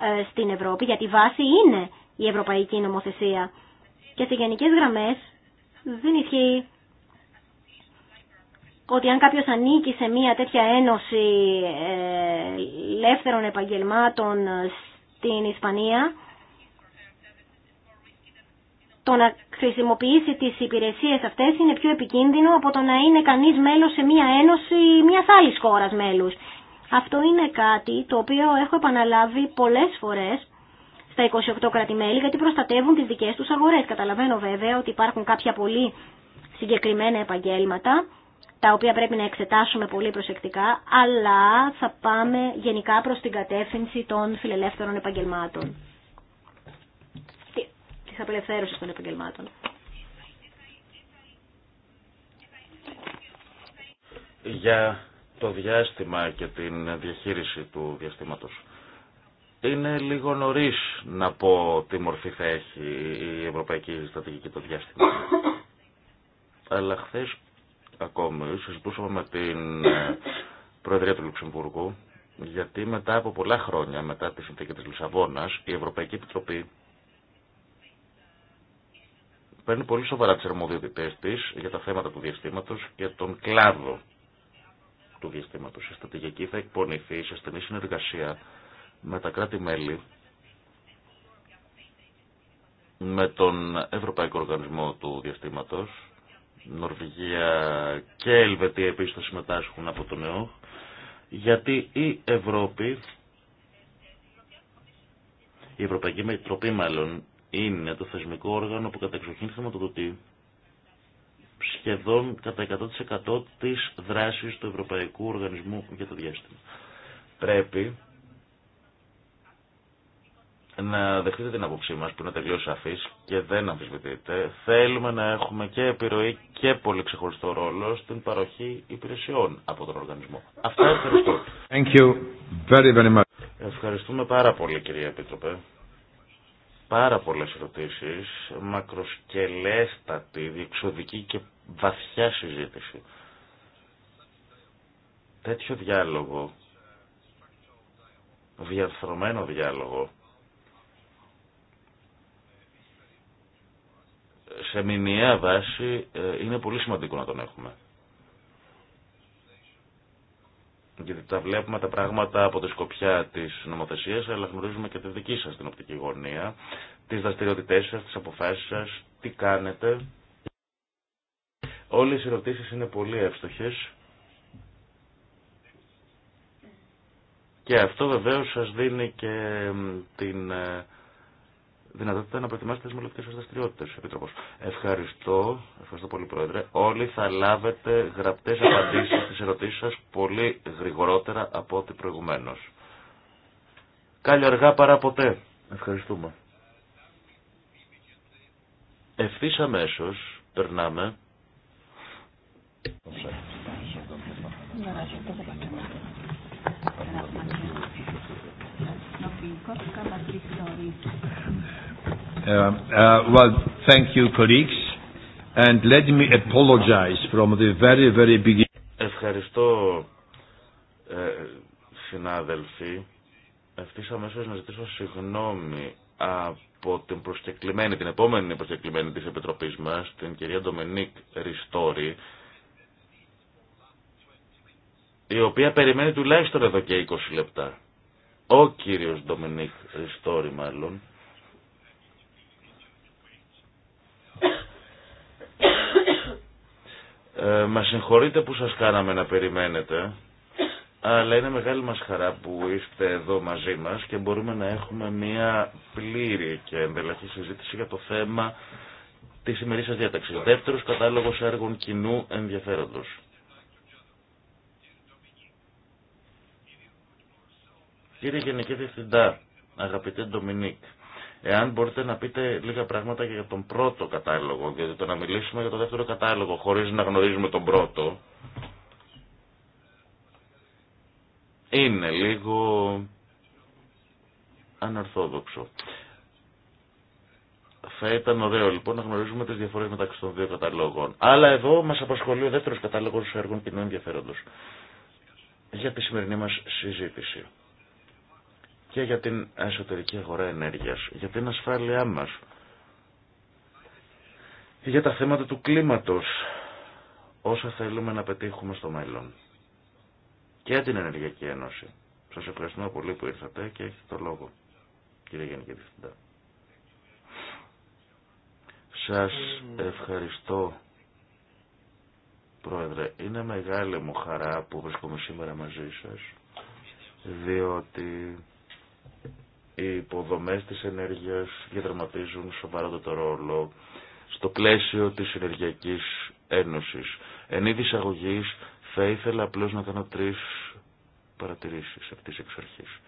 ε, στην Ευρώπη, γιατί βάση είναι η ευρωπαϊκή νομοθεσία. Και σε γενικές γραμμές δεν ισχύει ότι αν κάποιος ανήκει σε μια τέτοια ένωση ε, ελεύθερων επαγγελμάτων στην Ισπανία, το να χρησιμοποιήσει τις υπηρεσίες αυτές είναι πιο επικίνδυνο από το να είναι κανείς μέλος σε μια ένωση μια άλλης χώρας μέλους. Αυτό είναι κάτι το οποίο έχω επαναλάβει πολλές φορές τα 28 κρατη γιατί προστατεύουν τις δικές τους αγορές. Καταλαβαίνω βέβαια ότι υπάρχουν κάποια πολύ συγκεκριμένα επαγγέλματα τα οποία πρέπει να εξετάσουμε πολύ προσεκτικά, αλλά θα πάμε γενικά προς την κατεύθυνση των φιλελεύθερων επαγγελμάτων. τη απελευθέρωση των επαγγελμάτων. Για το διάστημα και την διαχείριση του διαστήματος. Είναι λίγο νωρί να πω τι μορφή θα έχει η Ευρωπαϊκή Στρατηγική το διάστημα. Αλλά χθε ακόμη συζητούσαμε με την ε, Προεδρία του Λουξεμβούργου γιατί μετά από πολλά χρόνια, μετά τη συνθήκη της Λισαβόνας, η Ευρωπαϊκή Επιτροπή παίρνει πολύ σοβαρά τις αρμοδιότητές της για τα θέματα του διαστήματος και τον κλάδο του διαστήματος. Η στρατηγική θα εκπονηθεί σε στενή συνεργασία με τα κράτη-μέλη, με τον Ευρωπαϊκό Οργανισμό του Διαστήματος, Νορβηγία και Ελβετία επίσης θα συμμετάσχουν από τον ΝΕΟ γιατί η Ευρώπη, η Ευρωπαϊκή Μετροπή μάλλον, είναι το θεσμικό όργανο που κατεξοχήν χρηματοδοτεί σχεδόν κατά 100% της δράσης του Ευρωπαϊκού Οργανισμού για το Διάστημα. Πρέπει να δεχτείτε την άποψή μας που είναι τελείως σαφής και δεν αμφισβητείτε. Θέλουμε να έχουμε και επιρροή και πολύ ξεχωριστό ρόλο στην παροχή υπηρεσιών από τον οργανισμό. Αυτά ευχαριστώ. Thank you very, very much. Ευχαριστούμε πάρα πολύ κυρία Επίτροπε. Πάρα πολλές ερωτήσεις, μακροσκελέστατη, διεξοδική και βαθιά συζήτηση. Τέτοιο διάλογο, διαρθρωμένο διάλογο, σε μηνιαία βάση ε, είναι πολύ σημαντικό να τον έχουμε. Γιατί τα βλέπουμε τα πράγματα από τη σκοπιά της νομοθεσίας, αλλά γνωρίζουμε και τη δική σας την οπτική γωνία, τις δραστηριότητές σας, τις αποφάσεις σας, τι κάνετε. Όλες οι ερωτήσεις είναι πολύ εύστοχες. Και αυτό βεβαίως σας δίνει και την ε, δυνατότητα να προετοιμάσετε τι μελλοντικέ σα δραστηριότητε, Επίτροπο. Ευχαριστώ, ευχαριστώ πολύ, Πρόεδρε. Όλοι θα λάβετε γραπτέ απαντήσει στι ερωτήσει σα πολύ γρηγορότερα από ό,τι προηγουμένω. Κάλιο αργά παρά ποτέ. Ευχαριστούμε. Ευθύ αμέσω περνάμε. Uh, uh, thank you, colleagues. And let me apologize from the very, very beginning. Ευχαριστώ, ε, συνάδελφοι. Ευθύς αμέσως να ζητήσω συγγνώμη από την προσκεκλημένη, την επόμενη προσκεκλημένη της Επιτροπής μας, την κυρία Ντομενίκ Ριστόρη, η οποία περιμένει τουλάχιστον εδώ και 20 λεπτά. Ο κύριος Ντομενίκ Ριστόρη μάλλον. Ε, μας συγχωρείτε που σας κάναμε να περιμένετε, αλλά είναι μεγάλη μας χαρά που είστε εδώ μαζί μας και μπορούμε να έχουμε μια πλήρη και ενδελαχή συζήτηση για το θέμα της σας διάταξης. Δεύτερος κατάλογος έργων κοινού ενδιαφέροντος. Κύριε Γενική Διευθυντά, αγαπητέ Ντομινίκ, Εάν μπορείτε να πείτε λίγα πράγματα και για τον πρώτο κατάλογο, γιατί το να μιλήσουμε για τον δεύτερο κατάλογο χωρίς να γνωρίζουμε τον πρώτο, είναι λίγο αναρθόδοξο. Θα ήταν ωραίο λοιπόν να γνωρίζουμε τις διαφορές μεταξύ των δύο καταλόγων. Αλλά εδώ μας απασχολεί ο δεύτερος κατάλογος έργων κοινού ενδιαφέροντος για τη σημερινή μας συζήτηση για την εσωτερική αγορά ενέργειας, για την ασφάλειά μας, για τα θέματα του κλίματος, όσα θέλουμε να πετύχουμε στο μέλλον. Και την Ενεργειακή Ένωση. Σας ευχαριστούμε πολύ που ήρθατε και έχετε το λόγο, κύριε Γενική Διευθυντά. Σας ευχαριστώ, Πρόεδρε. Είναι μεγάλη μου χαρά που βρίσκομαι σήμερα μαζί σας, διότι οι υποδομές της ενέργειας διαδραματίζουν το ρόλο στο πλαίσιο της Ενεργειακής Ένωσης. Εν είδη εισαγωγής θα ήθελα απλώς να κάνω τρεις παρατηρήσεις αυτής της εξορχής.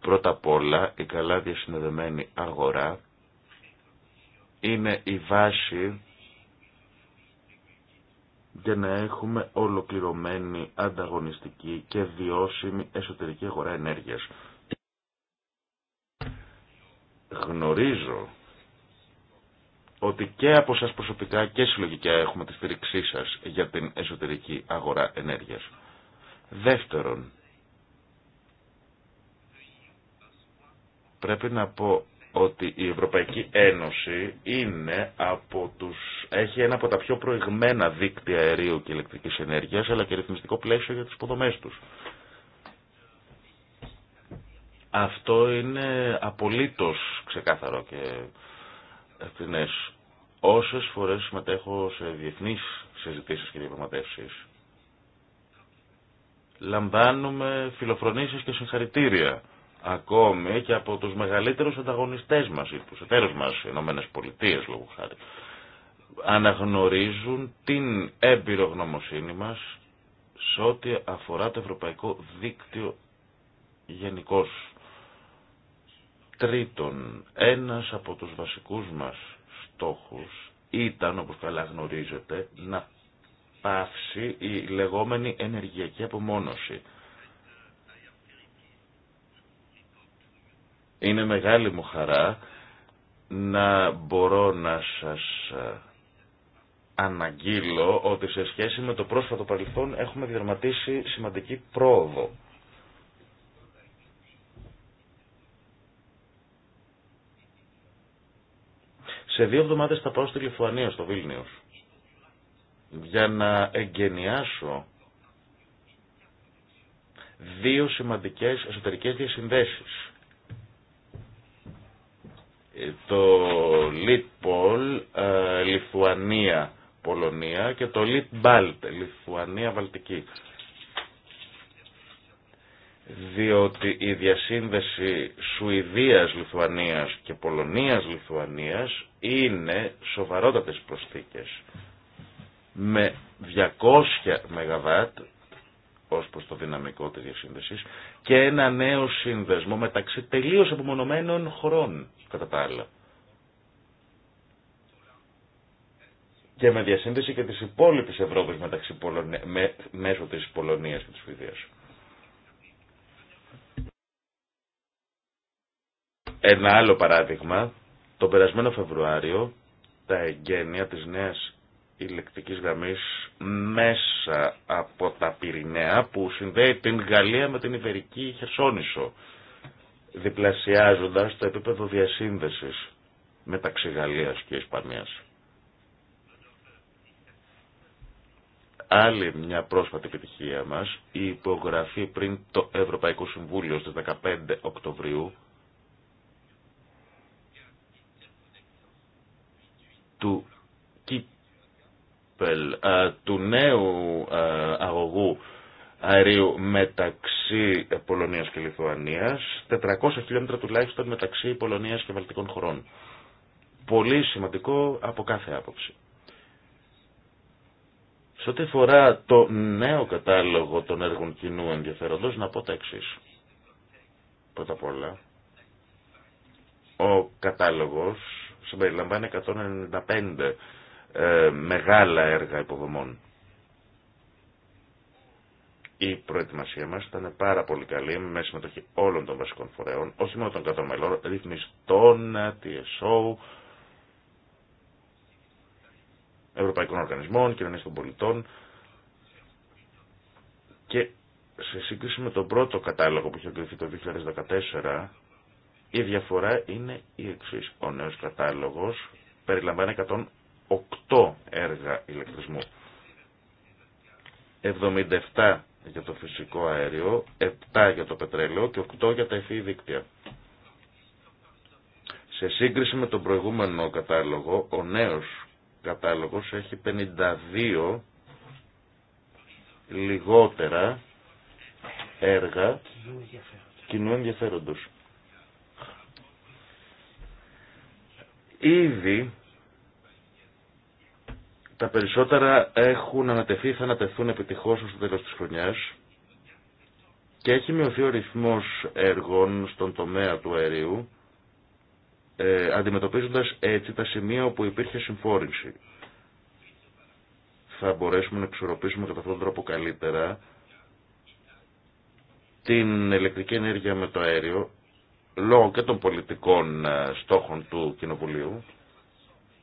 Πρώτα απ' όλα η καλά διασυνδεδεμένη αγορά είναι η βάση για να έχουμε ολοκληρωμένη ανταγωνιστική και βιώσιμη εσωτερική αγορά ενέργειας γνωρίζω ότι και από σας προσωπικά και συλλογικά έχουμε τη στήριξή σας για την εσωτερική αγορά ενέργειας. Δεύτερον, πρέπει να πω ότι η Ευρωπαϊκή Ένωση είναι από τους, έχει ένα από τα πιο προηγμένα δίκτυα αερίου και ηλεκτρικής ενέργειας, αλλά και ρυθμιστικό πλαίσιο για τις υποδομές τους. Αυτό είναι απολύτως ξεκάθαρο και ευθυνές. Όσες φορές συμμετέχω σε διεθνείς συζητήσεις και διαπραγματεύσεις, λαμβάνουμε φιλοφρονήσεις και συγχαρητήρια ακόμη και από τους μεγαλύτερους ανταγωνιστές μας ή τους εταίρους μας, οι Πολιτείες λόγω χάρη, αναγνωρίζουν την έμπειρο γνωμοσύνη μας σε ό,τι αφορά το Ευρωπαϊκό Δίκτυο γενικώς Τρίτον, ένας από τους βασικούς μας στόχους ήταν, όπως καλά γνωρίζετε, να πάυσει η λεγόμενη ενεργειακή απομόνωση. Είναι μεγάλη μου χαρά να μπορώ να σας ε, αναγγείλω ότι σε σχέση με το πρόσφατο παρελθόν έχουμε διαδραματίσει σημαντική πρόοδο. Σε δύο εβδομάδες θα πάω στη Λιθουανία, στο Βίλνιος, για να εγκαινιάσω δύο σημαντικές εσωτερικές διασυνδέσεις. Ε, το Λιτπολ, ε, Λιθουανία, Πολωνία και το Λιτμπάλτ, Λιθουανία, Βαλτική διότι η διασύνδεση Σουηδίας-Λιθουανίας και Πολωνίας-Λιθουανίας είναι σοβαρότατες προσθήκες με 200 ΜΒ ως προς το δυναμικό της διασύνδεσης και ένα νέο σύνδεσμο μεταξύ τελείως απομονωμένων χωρών κατά τα άλλα. Και με διασύνδεση και της υπόλοιπης Ευρώπης μεταξύ με, μέσω της Πολωνίας και της Σουηδίας. Ένα άλλο παράδειγμα, το περασμένο Φεβρουάριο, τα εγγένεια της νέας ηλεκτρικής γραμμής μέσα από τα Πυρηναία που συνδέει την Γαλλία με την Ιβερική Χερσόνησο, διπλασιάζοντας το επίπεδο διασύνδεσης μεταξύ Γαλλίας και Ισπανίας. Άλλη μια πρόσφατη επιτυχία μας, η υπογραφή πριν το Ευρωπαϊκό Συμβούλιο στις 15 Οκτωβρίου του κύπελ, ε, του νέου ε, αγωγού αερίου μεταξύ Πολωνίας και Λιθουανίας, 400 χιλιόμετρα τουλάχιστον μεταξύ Πολωνίας και Βαλτικών χωρών. Πολύ σημαντικό από κάθε άποψη. Σε ό,τι αφορά το νέο κατάλογο των έργων κοινού ενδιαφέροντος, να πω τα εξή. Πρώτα απ' όλα, ο κατάλογος συμπεριλαμβάνει 195 ε, μεγάλα έργα υποδομών. Η προετοιμασία μας ήταν πάρα πολύ καλή με συμμετοχή όλων των βασικών φορέων, όχι μόνο των μελών, ρυθμιστών, TSO, Ευρωπαϊκών Οργανισμών, κοινωνίες των Πολιτών και σε σύγκριση με τον πρώτο κατάλογο που είχε εγκριθεί το 2014 η διαφορά είναι η εξή. Ο νέος κατάλογος περιλαμβάνει 108 έργα ηλεκτρισμού. 77 για το φυσικό αέριο, 7 για το πετρέλαιο και 8 για τα εφή δίκτυα. Σε σύγκριση με τον προηγούμενο κατάλογο, ο νέος κατάλογος έχει 52 λιγότερα έργα κοινού ενδιαφέροντος. Ήδη τα περισσότερα έχουν ανατεθεί ή θα ανατεθούν επιτυχώς στο τέλος της χρονιάς και έχει μειωθεί ο ρυθμός έργων στον τομέα του αερίου ε, αντιμετωπίζοντας έτσι τα σημεία όπου υπήρχε συμφόρηση. Θα μπορέσουμε να εξορροπήσουμε κατά αυτόν τον τρόπο καλύτερα την ηλεκτρική ενέργεια με το αέριο λόγω και των πολιτικών ε, στόχων του Κοινοβουλίου,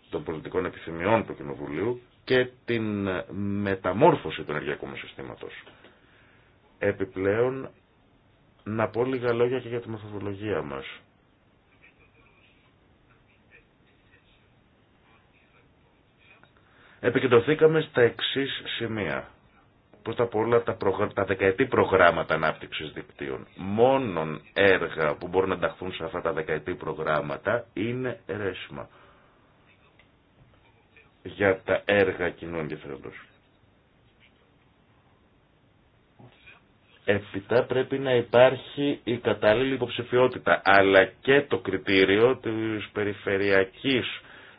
των πολιτικών επιθυμιών του Κοινοβουλίου και την ε, μεταμόρφωση του ενεργειακού μας συστήματος. Επιπλέον, να πω λίγα λόγια και για τη μεθοδολογία μας. Επικεντρωθήκαμε στα εξής σημεία πρώτα απ' όλα τα, τα δεκαετή προγράμματα ανάπτυξη δικτύων. Μόνον έργα που μπορούν να ενταχθούν σε αυτά τα δεκαετή προγράμματα είναι ρέσμα για τα έργα κοινού ενδιαφέροντος. Επίτα πρέπει να υπάρχει η κατάλληλη υποψηφιότητα, αλλά και το κριτήριο της περιφερειακής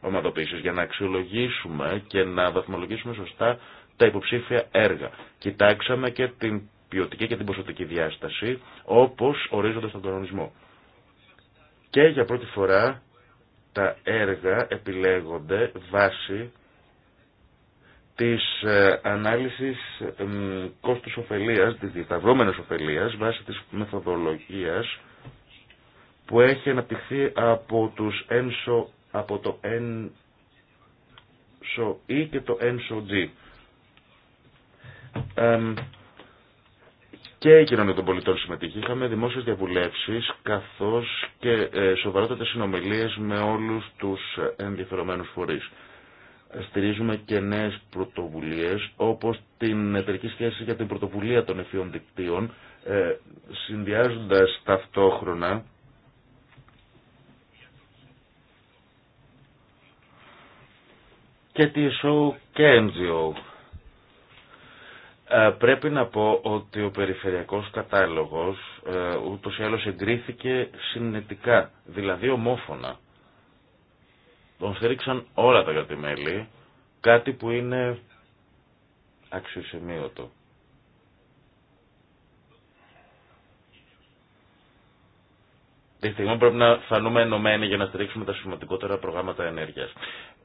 ομαδοποίησης για να αξιολογήσουμε και να βαθμολογήσουμε σωστά τα υποψήφια έργα. Κοιτάξαμε και την ποιοτική και την ποσοτική διάσταση, όπως ορίζονται στον κανονισμό. Και για πρώτη φορά τα έργα επιλέγονται βάσει της ε, ανάλυσης κόστους ωφελίας, της διεταυρώμενης ωφελίας, βάσει της μεθοδολογίας που έχει αναπτυχθεί από, τους NSO από το ένσο E και το nso G και η κοινωνία των πολιτών συμμετείχε. Είχαμε δημόσιες διαβουλεύσεις καθώς και ε, σοβαρότατες συνομιλίες με όλους τους ε, ενδιαφερομένους φορείς. Στηρίζουμε και νέες πρωτοβουλίες όπως την εταιρική σχέση για την πρωτοβουλία των εφείων δικτύων ε, συνδυάζοντας ταυτόχρονα και TSO και NGO ε, πρέπει να πω ότι ο περιφερειακός κατάλογος ε, ούτως ή άλλως εγκρίθηκε συνετικά, δηλαδή ομόφωνα. Τον στήριξαν όλα τα κρατημέλη, κάτι που είναι αξιοσημείωτο. Τη στιγμή πρέπει να φανούμε ενωμένοι για να στηρίξουμε τα σημαντικότερα προγράμματα ενέργειας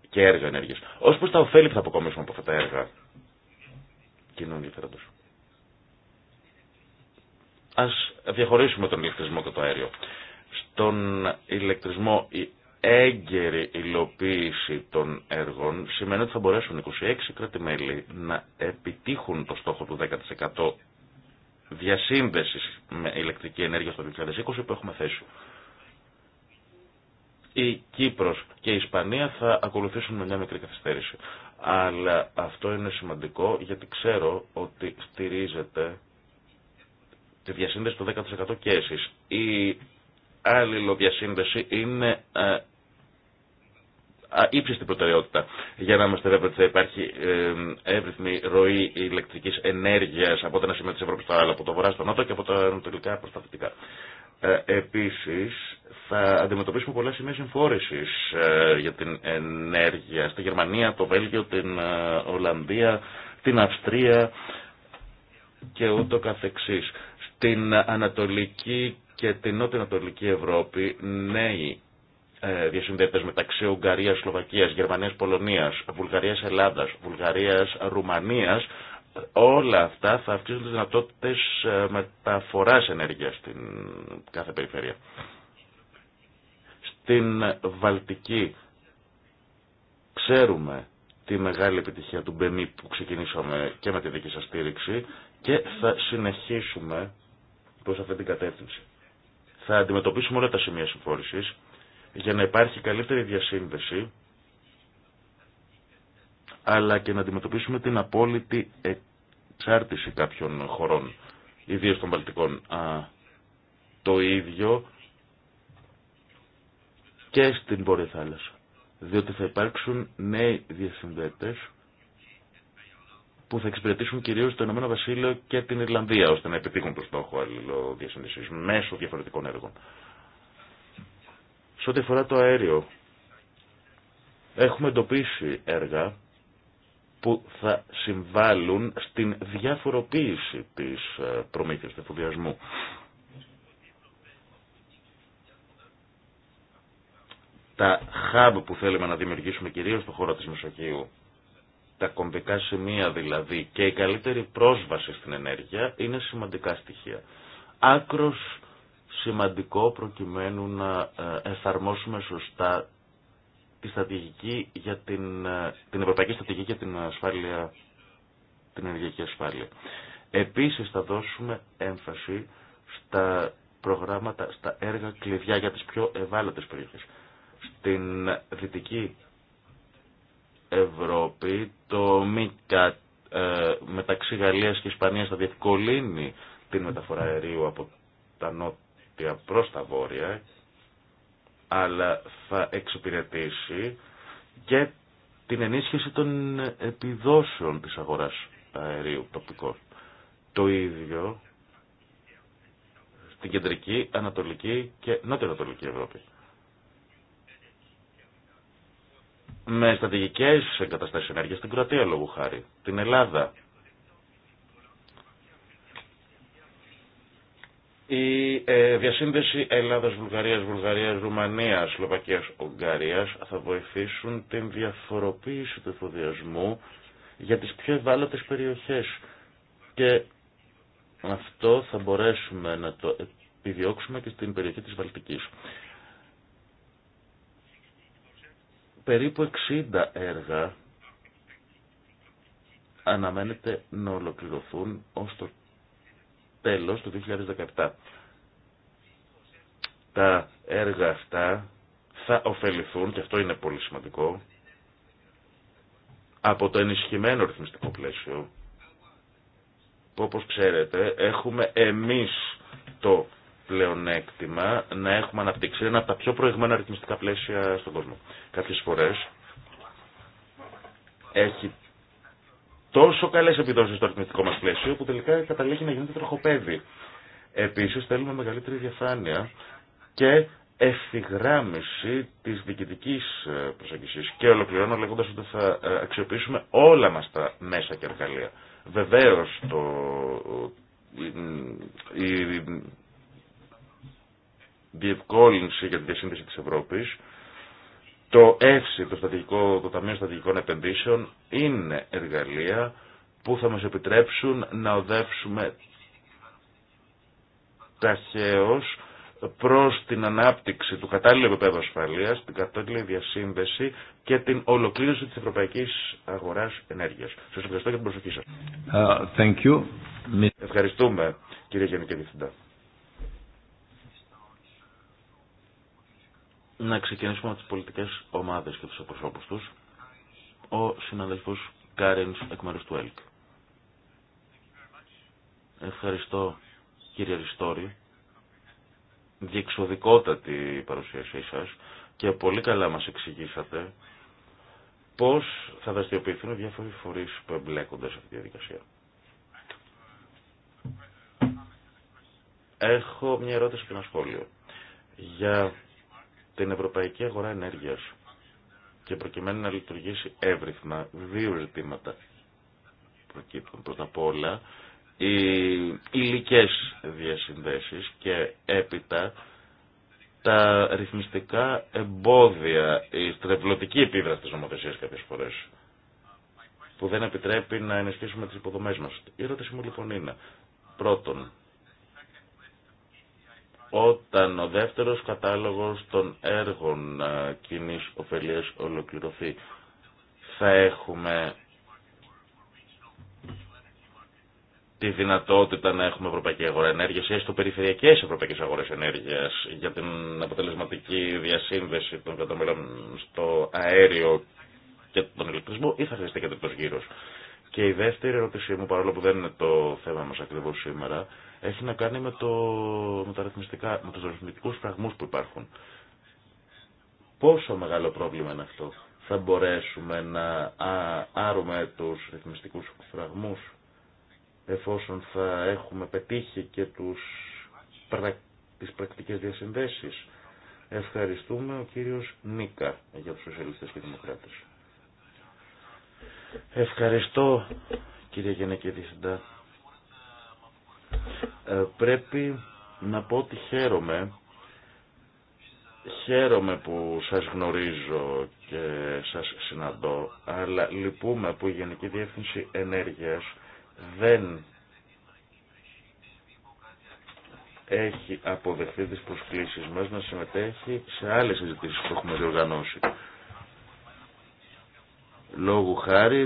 και έργα ενέργειας. Ως προς τα ωφέλη που θα αποκομίσουμε από αυτά τα έργα, κοινού ενδιαφέροντο. Ας διαχωρίσουμε τον ηλεκτρισμό και το αέριο. Στον ηλεκτρισμό η έγκαιρη υλοποίηση των έργων σημαίνει ότι θα μπορέσουν 26 κράτη-μέλη να επιτύχουν το στόχο του 10% διασύνδεσης με ηλεκτρική ενέργεια στο 2020 που έχουμε θέσει. Η Κύπρος και η Ισπανία θα ακολουθήσουν με μια μικρή καθυστέρηση αλλά αυτό είναι σημαντικό γιατί ξέρω ότι στηρίζετε τη διασύνδεση του 10% και εσείς. Η αλληλοδιασύνδεση είναι ύψιστη ε, προτεραιότητα για να είμαστε βέβαιοι ότι θα υπάρχει ε, εύρυθμη ροή ηλεκτρικής ενέργειας από το ένα σημείο τη Ευρώπη στο άλλο, από το βορρά στο νότο και από τα ανατολικά προς τα θετικά. Ε, επίσης, θα αντιμετωπίσουμε πολλά σημεία συμφόρησης ε, για την ενέργεια στη Γερμανία, το Βέλγιο, την ε, Ολλανδία, την Αυστρία και ούτω καθεξής. Στην Ανατολική και την Νότιο-Ανατολική Ευρώπη νέοι διασυνδέτες μεταξύ Ουγγαρίας, Σλοβακίας, Γερμανίας, Πολωνίας, Βουλγαρίας, Ελλάδας, Βουλγαρίας, Ρουμανίας Όλα αυτά θα αυξήσουν τις δυνατότητες ε, μεταφοράς ενέργειας στην κάθε περιφέρεια. Στην Βαλτική ξέρουμε τη μεγάλη επιτυχία του Μπενί που ξεκινήσαμε και με τη δική σας στήριξη και θα συνεχίσουμε προς αυτή την κατεύθυνση. Θα αντιμετωπίσουμε όλα τα σημεία συμφόρησης για να υπάρχει καλύτερη διασύνδεση αλλά και να αντιμετωπίσουμε την απόλυτη εξάρτηση κάποιων χωρών, ιδίω των Βαλτικών. το ίδιο και στην Βόρεια Θάλασσα. Διότι θα υπάρξουν νέοι διασυνδέτες που θα εξυπηρετήσουν κυρίως το Ηνωμένο Βασίλειο και την Ιρλανδία ώστε να επιτύχουν το στόχο αλληλοδιασύνδεσης μέσω διαφορετικών έργων. Σε ό,τι αφορά το αέριο, έχουμε εντοπίσει έργα που θα συμβάλλουν στην διαφοροποίηση της ε, προμήθειας του εφοδιασμού. Τα hub που θέλουμε να δημιουργήσουμε κυρίως στον χώρο της Μεσογείου, τα κομπικά σημεία δηλαδή και η καλύτερη πρόσβαση στην ενέργεια είναι σημαντικά στοιχεία. Άκρος σημαντικό προκειμένου να ε, εφαρμόσουμε σωστά τη στρατηγική για την, ε, την Ευρωπαϊκή Στρατηγική για την ασφάλεια, την ενεργειακή ασφάλεια. Επίσης θα δώσουμε έμφαση στα προγράμματα, στα έργα κλειδιά για τις πιο ευάλωτες περιοχές. Στην Δυτική Ευρώπη το ΜΙΚΑ ε, μεταξύ Γαλλίας και Ισπανίας θα διευκολύνει την μεταφορά αερίου από τα νότια προς τα βόρεια αλλά θα εξυπηρετήσει και την ενίσχυση των επιδόσεων της αγοράς αερίου τοπικών. Το ίδιο στην κεντρική, ανατολική και νότιο-ανατολική Ευρώπη. Με στρατηγικές εγκαταστάσεις ενέργειας στην Κροατία λόγου χάρη, την Ελλάδα, Η ε, διασύνδεση Ελλάδας-Βουλγαρίας, Βουλγαρίας-Ρουμανίας, Σλοβακίας-Ουγγαρίας θα βοηθήσουν την διαφοροποίηση του εφοδιασμού για τις πιο ευάλωτες περιοχές. Και αυτό θα μπορέσουμε να το επιδιώξουμε και στην περιοχή της Βαλτικής. Περίπου 60 έργα αναμένεται να ολοκληρωθούν ως το τέλος του 2017. Τα έργα αυτά θα ωφεληθούν, και αυτό είναι πολύ σημαντικό, από το ενισχυμένο ρυθμιστικό πλαίσιο, που όπως ξέρετε έχουμε εμείς το πλεονέκτημα να έχουμε αναπτύξει ένα από τα πιο προηγμένα ρυθμιστικά πλαίσια στον κόσμο. Κάποιες φορές έχει τόσο καλέ επιδόσει στο αριθμητικό μα πλαίσιο που τελικά καταλήγει να γίνεται τροχοπέδι. Επίση θέλουμε μεγαλύτερη διαφάνεια και ευθυγράμμιση τη διοικητική ε, προσέγγιση. Και ολοκληρώνω λέγοντα ότι θα ε, αξιοποιήσουμε όλα μα τα μέσα και εργαλεία. Βεβαίω το. Ε, η διευκόλυνση για τη διασύνδεση τη Ευρώπη. Το ΕΦΣΙ, το, το Ταμείο Στατικών Επενδύσεων, είναι εργαλεία που θα μας επιτρέψουν να οδεύσουμε ταχαίως προς την ανάπτυξη του κατάλληλου επίπεδου ασφαλείας, την κατάλληλη διασύνδεση και την ολοκλήρωση της ευρωπαϊκής αγοράς ενέργειας. Σας ευχαριστώ για την προσοχή σας. Uh, thank you. Ευχαριστούμε κύριε Γενική Διευθυντά. Να ξεκινήσουμε από τις πολιτικές ομάδες και τους εκπροσώπους τους. Ο συναδελφός Κάρινς εκ μέρους του ΕΛΚ. Ευχαριστώ κύριε Ριστόρη. Διεξοδικότατη η παρουσίασή σας και πολύ καλά μας εξηγήσατε πώς θα δραστηριοποιηθούν οι διάφοροι φορείς που εμπλέκονται σε αυτή τη διαδικασία. Έχω μια ερώτηση και ένα σχόλιο για την ευρωπαϊκή αγορά ενέργειας και προκειμένου να λειτουργήσει εύρυθμα δύο ζητήματα προκύπτουν πρώτα απ' όλα οι υλικέ διασυνδέσεις και έπειτα τα ρυθμιστικά εμπόδια, η στρεβλωτική επίδραση της νομοθεσίας κάποιες φορές που δεν επιτρέπει να ενισχύσουμε τις υποδομές μας. Η ερώτηση μου λοιπόν είναι πρώτον όταν ο δεύτερος κατάλογος των έργων ε, κοινή ωφελία ολοκληρωθεί. Θα έχουμε τη δυνατότητα να έχουμε ευρωπαϊκή αγορά ενέργειας έστω περιφερειακές ευρωπαϊκές αγορές ενέργειας για την αποτελεσματική διασύνδεση των κατομμύρων στο αέριο και τον ηλεκτρισμό ή θα χρειαστεί και τέτοιος γύρος. Και η δεύτερη ερώτησή μου, παρόλο που δεν είναι το θέμα μας ακριβώς σήμερα, έχει να κάνει με, το, με, τα με τους φραγμούς που υπάρχουν. Πόσο μεγάλο πρόβλημα είναι αυτό. Θα μπορέσουμε να άρουμε τους ρυθμιστικούς φραγμούς εφόσον θα έχουμε πετύχει και τους, τις πρακτικές διασυνδέσεις. Ευχαριστούμε ο κύριος Νίκα για τους σοσιαλιστές και δημοκράτες. Ευχαριστώ κύριε Γενική Διευθυντά. Ε, πρέπει να πω ότι χαίρομαι Χαίρομαι που σας γνωρίζω και σας συναντώ, αλλά λυπούμε που η Γενική Διεύθυνση Ενέργειας δεν έχει αποδεχθεί τις προσκλήσεις μας να συμμετέχει σε άλλες συζητήσεις που έχουμε διοργανώσει. Λόγου χάρη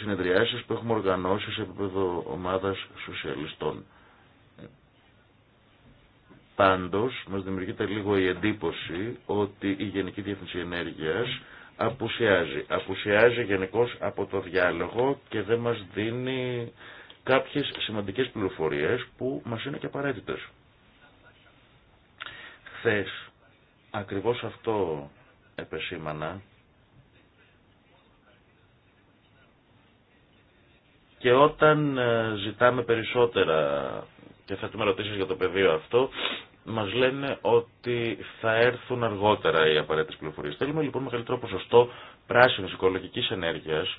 συνεδριάσεις που έχουμε οργανώσει σε επίπεδο ομάδας σοσιαλιστών. Πάντως, μας δημιουργείται λίγο η εντύπωση ότι η Γενική Διεύθυνση Ενέργειας απουσιάζει. Απουσιάζει γενικώ από το διάλογο και δεν μας δίνει κάποιες σημαντικές πληροφορίες που μας είναι και απαραίτητε. Χθε ακριβώς αυτό επεσήμανα Και όταν ε, ζητάμε περισσότερα, και θα με ρωτήσεις για το πεδίο αυτό, μας λένε ότι θα έρθουν αργότερα οι απαραίτητες πληροφορίες. Θέλουμε λοιπόν μεγαλύτερο ποσοστό πράσινης οικολογικής ενέργειας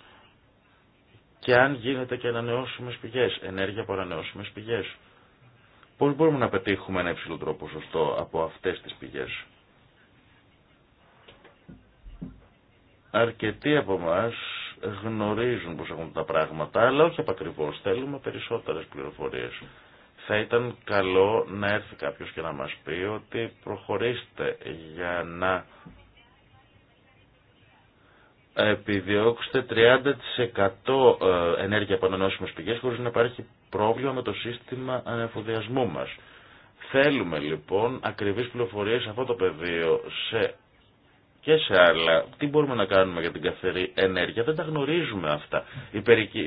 και αν γίνεται και ανανεώσιμες πηγές, ενέργεια από ανανεώσιμες πηγές. Πώς μπορούμε να πετύχουμε ένα υψηλότερο ποσοστό από αυτές τις πηγές. Αρκετοί από εμά γνωρίζουν πώς έχουν τα πράγματα, αλλά όχι απακριβώς, θέλουμε περισσότερες πληροφορίες. Θα ήταν καλό να έρθει κάποιος και να μας πει ότι προχωρήστε για να επιδιώξετε 30% ε, ενέργεια από ανανεώσιμες πηγές χωρίς να υπάρχει πρόβλημα με το σύστημα ανεφοδιασμού μας. Θέλουμε λοιπόν ακριβείς πληροφορίες σε αυτό το πεδίο σε και σε άλλα. Τι μπορούμε να κάνουμε για την καθαρή ενέργεια, δεν τα γνωρίζουμε αυτά. Η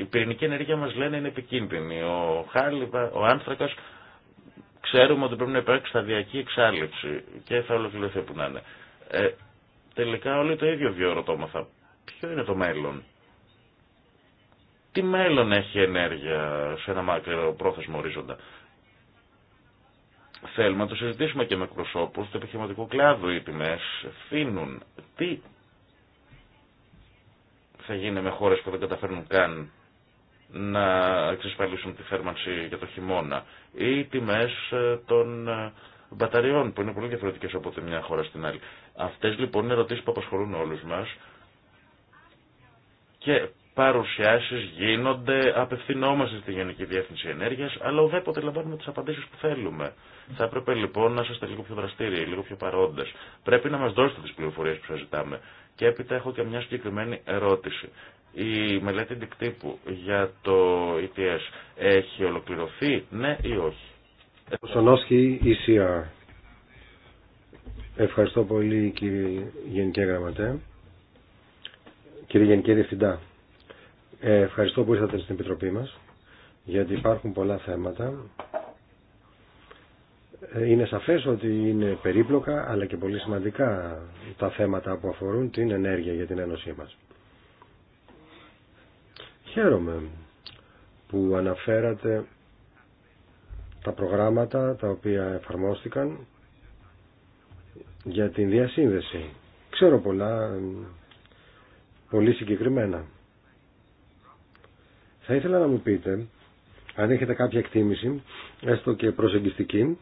πυρηνική ενέργεια μας λένε είναι επικίνδυνη. Ο χάλιβα, ο άνθρακας, ξέρουμε ότι πρέπει να υπάρξει σταδιακή εξάλληψη και θα ολοκληρωθεί που να είναι. Ε, τελικά όλοι το ίδιο ερωτώματα. Ποιο είναι το μέλλον. Τι μέλλον έχει ενέργεια σε ένα μακροπρόθεσμο ορίζοντα. Θέλουμε να το συζητήσουμε και με εκπροσώπους του επιχειρηματικού κλάδου. Οι τιμές φύνουν. Τι θα γίνει με χώρες που δεν καταφέρνουν καν να εξασφαλίσουν τη θέρμανση για το χειμώνα. Ή τιμές ε, των ε, μπαταριών που είναι πολύ διαφορετικές από τη μια χώρα στην άλλη. Αυτές λοιπόν είναι ερωτήσεις που απασχολούν όλους μας και παρουσιάσεις γίνονται, απευθυνόμαστε στη Γενική Διεύθυνση Ενέργειας, αλλά ουδέποτε λαμβάνουμε τις απαντήσεις που θέλουμε. Θα έπρεπε λοιπόν να είστε λίγο πιο δραστήριοι, λίγο πιο παρόντες. Πρέπει να μας δώσετε τις πληροφορίες που σας ζητάμε. Και έπειτα έχω και μια συγκεκριμένη ερώτηση. Η μελέτη δικτύπου για το ETS έχει ολοκληρωθεί, ναι ή όχι. E Ευχαριστώ πολύ κύριε Γενική Γραμματέ. Κύριε Γενική Διευθυντά. Ε, ευχαριστώ που ήρθατε στην Επιτροπή μας, γιατί υπάρχουν πολλά θέματα. Ε, είναι σαφές ότι είναι περίπλοκα, αλλά και πολύ σημαντικά τα θέματα που αφορούν την ενέργεια για την Ένωσή μας. Χαίρομαι που αναφέρατε τα προγράμματα τα οποία εφαρμόστηκαν για την διασύνδεση. Ξέρω πολλά, ε, πολύ συγκεκριμένα. Θα ήθελα να μου πείτε αν έχετε κάποια εκτίμηση, έστω και προσεγγιστική,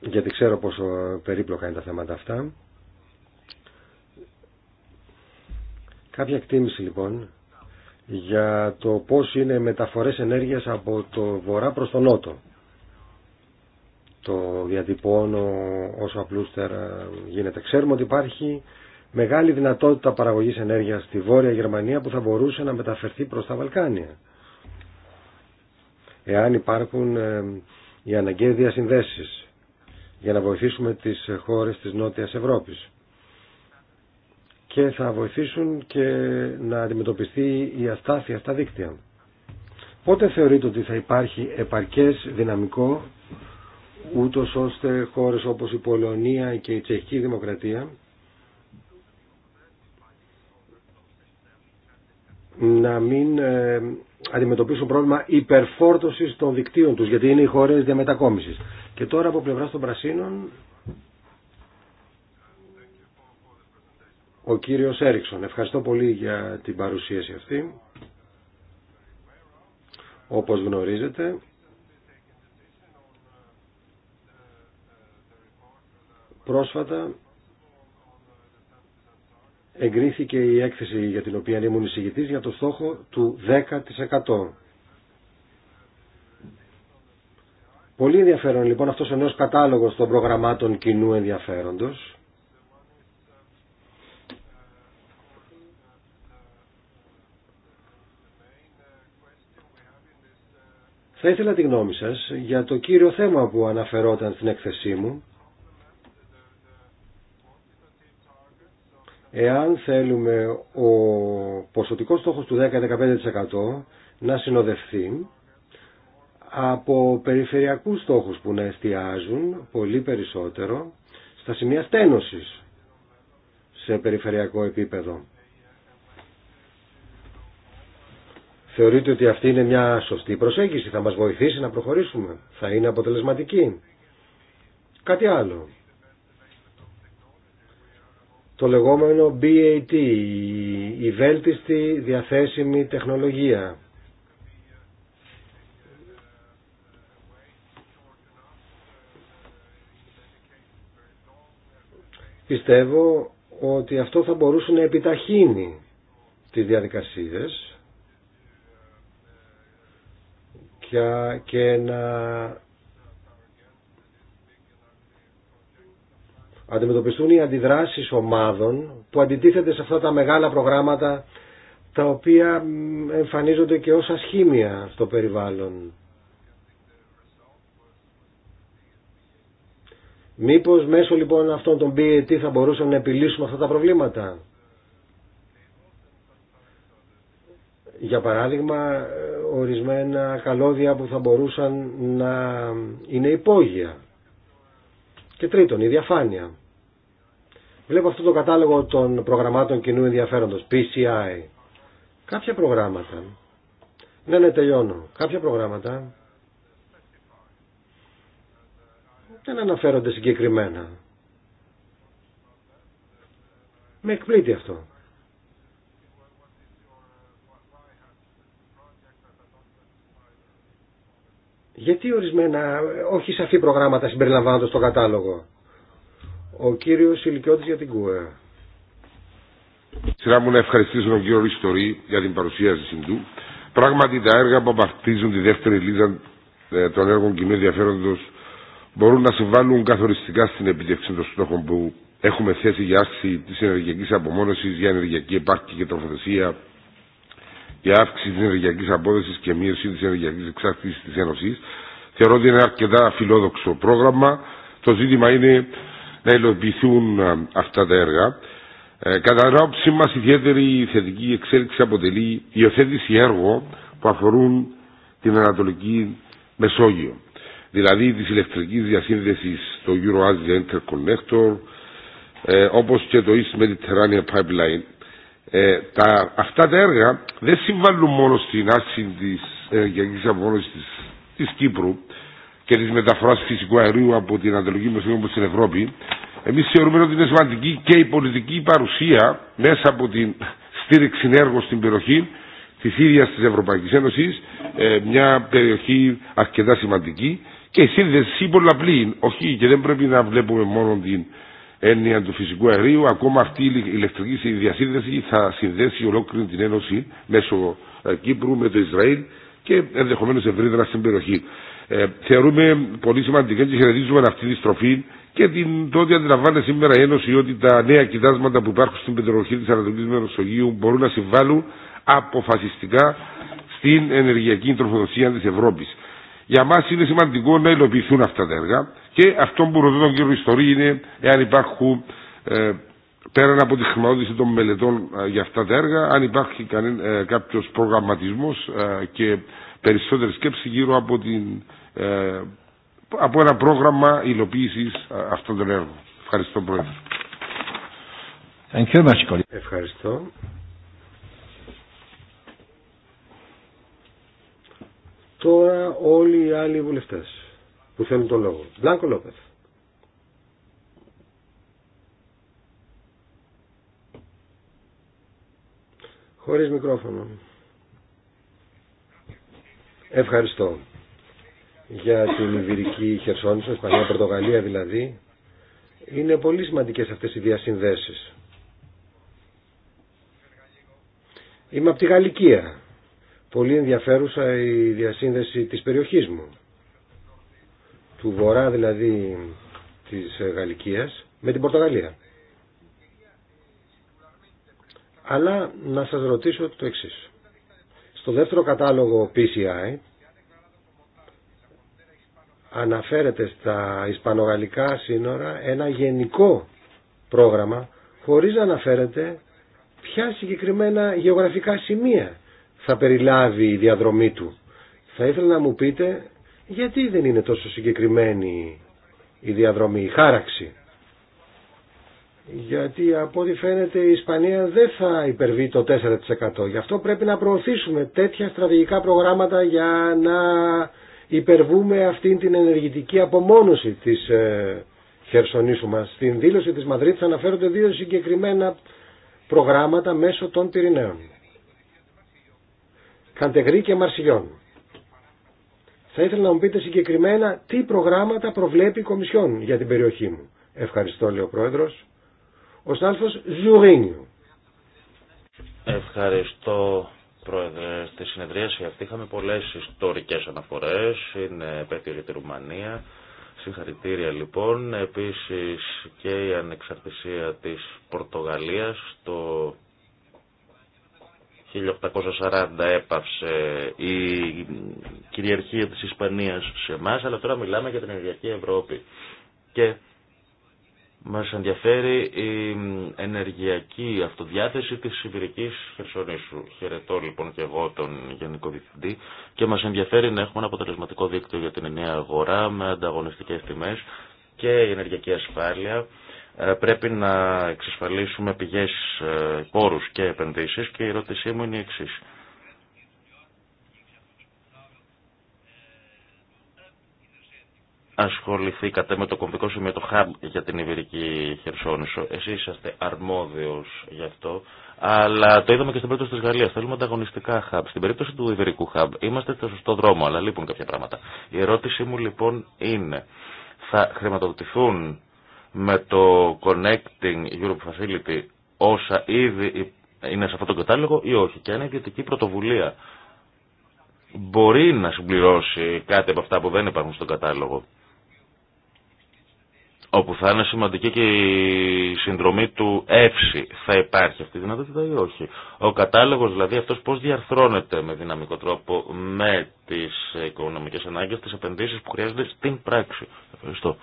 γιατί ξέρω πόσο περίπλοκα είναι τα θέματα αυτά. Κάποια εκτίμηση λοιπόν για το πώς είναι μεταφορές ενέργειας από το βορρά προς τον νότο. Το διατυπώνω όσο απλούστερα γίνεται. Ξέρουμε ότι υπάρχει μεγάλη δυνατότητα παραγωγής ενέργειας στη Βόρεια Γερμανία που θα μπορούσε να μεταφερθεί προς τα Βαλκάνια. Εάν υπάρχουν ε, οι αναγκαίες διασυνδέσεις για να βοηθήσουμε τις χώρες της Νότιας Ευρώπης και θα βοηθήσουν και να αντιμετωπιστεί η αστάθεια στα δίκτυα. Πότε θεωρείτε ότι θα υπάρχει επαρκές δυναμικό ούτως ώστε χώρες όπως η Πολωνία και η Τσεχική Δημοκρατία να μην ε, αντιμετωπίσουν πρόβλημα υπερφόρτωσης των δικτύων τους, γιατί είναι οι χώρες διαμετακόμισης. Και τώρα από πλευράς των Πρασίνων, ο κύριος Έριξον. Ευχαριστώ πολύ για την παρουσίαση αυτή. Όπως γνωρίζετε, πρόσφατα εγκρίθηκε η έκθεση για την οποία ήμουν εισηγητής για το στόχο του 10%. Πολύ ενδιαφέρον λοιπόν αυτός ο νέος κατάλογος των προγραμμάτων κοινού ενδιαφέροντος. Θα ήθελα τη γνώμη σας για το κύριο θέμα που αναφερόταν στην έκθεσή μου, Εάν θέλουμε ο ποσοτικός στόχος του 10-15% να συνοδευτεί από περιφερειακούς στόχους που να εστιάζουν πολύ περισσότερο στα σημεία στένωσης σε περιφερειακό επίπεδο. Θεωρείτε ότι αυτή είναι μια σωστή προσέγγιση, θα μας βοηθήσει να προχωρήσουμε, θα είναι αποτελεσματική. Κάτι άλλο το λεγόμενο BAT, η βέλτιστη διαθέσιμη τεχνολογία. Πιστεύω ότι αυτό θα μπορούσε να επιταχύνει τις διαδικασίες και να αντιμετωπιστούν οι αντιδράσεις ομάδων που αντιτίθεται σε αυτά τα μεγάλα προγράμματα τα οποία εμφανίζονται και ως ασχήμια στο περιβάλλον. Μήπως μέσω λοιπόν αυτών των BAT θα μπορούσαν να επιλύσουμε αυτά τα προβλήματα. Για παράδειγμα, ορισμένα καλώδια που θα μπορούσαν να είναι υπόγεια. Και τρίτον, η διαφάνεια. Βλέπω αυτό το κατάλογο των προγραμμάτων κοινού ενδιαφέροντος, PCI. Κάποια προγράμματα. Ναι, ναι, τελειώνω. Κάποια προγράμματα δεν αναφέρονται συγκεκριμένα. Με εκπλήττει αυτό. Γιατί ορισμένα, όχι σαφή προγράμματα συμπεριλαμβάνονται στο κατάλογο. Ο κύριο Ηλικιώτη για την ΚΟΕΑ. Σειρά μου να ευχαριστήσω τον κύριο Ριστορή για την παρουσίαση του. Πράγματι τα έργα που απαρτίζουν τη δεύτερη λίζα ε, των έργων κοινού ενδιαφέροντο μπορούν να συμβάλλουν καθοριστικά στην επιτεύξη των στόχων που έχουμε θέσει για αύξηση τη ενεργειακή απομόνωση, για ενεργειακή επάρκεια και τροφοδοσία, για αύξηση τη ενεργειακή απόδοση και μείωση τη ενεργειακή εξάρτηση τη Ένωση. Θεωρώ ότι είναι αρκετά φιλόδοξο πρόγραμμα. Το ζήτημα είναι να υλοποιηθούν ε, αυτά τα έργα. Ε, κατά ρόψη μα ιδιαίτερη θετική εξέλιξη αποτελεί η υιοθέτηση έργων που αφορούν την Ανατολική Μεσόγειο. Δηλαδή τη ηλεκτρική διασύνδεση στο Euro-Asia Interconnector ε, όπως και το East Mediterranean Pipeline. Ε, τα, αυτά τα έργα δεν συμβάλλουν μόνο στην άσκηση τη ενεργειακή απομόνωσης τη της Κύπρου και τη μεταφορά φυσικού αερίου από την Ανατολική Μεσόγειο στην Ευρώπη, εμεί θεωρούμε ότι είναι σημαντική και η πολιτική παρουσία μέσα από την στήριξη έργων στην περιοχή τη ίδια τη Ευρωπαϊκή Ένωση, ε, μια περιοχή αρκετά σημαντική και η σύνδεση πολλαπλή. Όχι, και δεν πρέπει να βλέπουμε μόνο την έννοια του φυσικού αερίου, ακόμα αυτή η ηλεκτρική διασύνδεση θα συνδέσει ολόκληρη την Ένωση μέσω ε, Κύπρου με το Ισραήλ και ενδεχομένω ευρύτερα στην περιοχή. Ε, θεωρούμε πολύ σημαντικές και χαιρετίζουμε αυτή τη στροφή και την, το ότι αντιλαμβάνεται σήμερα η Ένωση ότι τα νέα κοιτάσματα που υπάρχουν στην πετροχή της Ανατολική Μεροσογείου μπορούν να συμβάλλουν αποφασιστικά στην ενεργειακή τροφοδοσία της Ευρώπης. Για μα είναι σημαντικό να υλοποιηθούν αυτά τα έργα και αυτό που ρωτώ τον κύριο Ιστορή είναι εάν υπάρχουν ε, πέραν από τη χρηματοδότηση των μελετών ε, για αυτά τα έργα, αν υπάρχει ε, κάποιο προγραμματισμό ε, και περισσότερη σκέψη γύρω από την ε, από ένα πρόγραμμα υλοποίησης αυτών των έργων. Ευχαριστώ Πρόεδρε. Ευχαριστώ. Τώρα όλοι οι άλλοι βουλευτές που θέλουν τον λόγο. Μπλάνκο Λόπεθ. Χωρίς μικρόφωνο. Ευχαριστώ για την Ιβυρική Χερσόνησο, Ισπανία, Πορτογαλία δηλαδή, είναι πολύ σημαντικές αυτές οι διασυνδέσεις. Είμαι από τη Γαλλικία. Πολύ ενδιαφέρουσα η διασύνδεση της περιοχής μου. Του βορρά δηλαδή της ε, Γαλλικίας με την Πορτογαλία. Αλλά να σας ρωτήσω το εξής. Στο δεύτερο κατάλογο PCI αναφέρεται στα ισπανογαλλικά σύνορα ένα γενικό πρόγραμμα χωρίς να αναφέρεται ποια συγκεκριμένα γεωγραφικά σημεία θα περιλάβει η διαδρομή του. Θα ήθελα να μου πείτε γιατί δεν είναι τόσο συγκεκριμένη η διαδρομή, η χάραξη. Γιατί από ό,τι φαίνεται η Ισπανία δεν θα υπερβεί το 4%. Γι' αυτό πρέπει να προωθήσουμε τέτοια στρατηγικά προγράμματα για να υπερβούμε αυτήν την ενεργητική απομόνωση της ε, χερσονήσου μας. Στην δήλωση της Μαδρίτης αναφέρονται δύο συγκεκριμένα προγράμματα μέσω των Πυρηναίων. Καντεγρή και Μαρσιλιών. Θα ήθελα να μου πείτε συγκεκριμένα τι προγράμματα προβλέπει η Κομισιόν για την περιοχή μου. Ευχαριστώ, λέει ο Πρόεδρος. Ο Σάλφος Ζουρίνιου. Ευχαριστώ, Πρόεδρε, στη συνεδρίαση αυτή είχαμε πολλές ιστορικές αναφορές, είναι επέτειο για τη Ρουμανία, συγχαρητήρια λοιπόν, επίσης και η ανεξαρτησία της Πορτογαλίας το 1840 έπαυσε η κυριαρχία της Ισπανίας σε εμά, αλλά τώρα μιλάμε για την ενεργειακή Ευρώπη. Και μας ενδιαφέρει η ενεργειακή αυτοδιάθεση της Σιβηρικής Χερσονήσου. Χαιρετώ λοιπόν και εγώ τον Γενικό Διευθυντή και μας ενδιαφέρει να έχουμε ένα αποτελεσματικό δίκτυο για την νέα αγορά με ανταγωνιστικές τιμές και η ενεργειακή ασφάλεια. Ε, πρέπει να εξασφαλίσουμε πηγές ε, πόρους και επενδύσεις και η ερώτησή μου είναι η εξής. ασχοληθήκατε με το κομπικό σημείο, το hub για την Ιβηρική Χερσόνησο. Εσείς είσαστε αρμόδιος γι' αυτό. Αλλά το είδαμε και στην περίπτωση τη Γαλλία. Θέλουμε ανταγωνιστικά hub. Στην περίπτωση του Ιβηρικού hub είμαστε στο σωστό δρόμο, αλλά λείπουν κάποια πράγματα. Η ερώτησή μου λοιπόν είναι, θα χρηματοδοτηθούν με το Connecting Europe Facility όσα ήδη είναι σε αυτό τον κατάλογο ή όχι. Και αν η ιδιωτική πρωτοβουλία μπορεί να συμπληρώσει κάτι από αυτά που δεν υπάρχουν στον κατάλογο όπου θα είναι σημαντική και η συνδρομή του ΕΦΣΗ. Θα υπάρχει αυτή η δυνατότητα ή όχι. Ο κατάλογος δηλαδή αυτός πώς διαρθρώνεται με δυναμικό τρόπο με τις οικονομικές ανάγκες, τις επενδύσεις που χρειάζονται στην πράξη. Ευχαριστώ.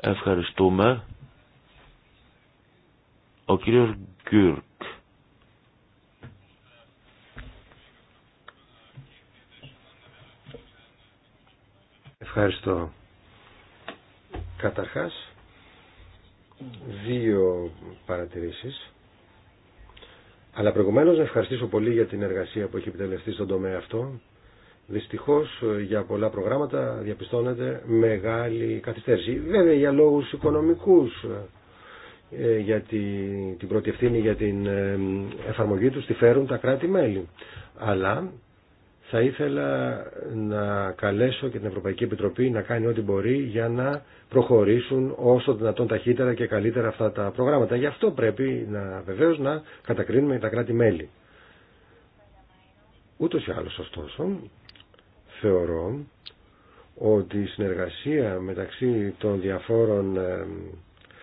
Ευχαριστούμε. Ο κύριος Γκύρκ. Ευχαριστώ. Καταρχάς, δύο παρατηρήσεις. Αλλά προηγουμένως να ευχαριστήσω πολύ για την εργασία που έχει επιτελεστεί στον τομέα αυτό. Δυστυχώς για πολλά προγράμματα διαπιστώνεται μεγάλη καθυστέρηση. Βέβαια για λόγους οικονομικούς, ε, Για την πρώτη ευθύνη για την ε, εφαρμογή τους τη φέρουν τα κράτη-μέλη. Αλλά θα ήθελα να καλέσω και την Ευρωπαϊκή Επιτροπή να κάνει ό,τι μπορεί για να προχωρήσουν όσο δυνατόν ταχύτερα και καλύτερα αυτά τα προγράμματα. Γι' αυτό πρέπει να, βεβαίως να κατακρίνουμε τα κράτη-μέλη. Ούτως ή άλλως ωστόσο θεωρώ ότι η συνεργασία μεταξύ των διαφόρων ε,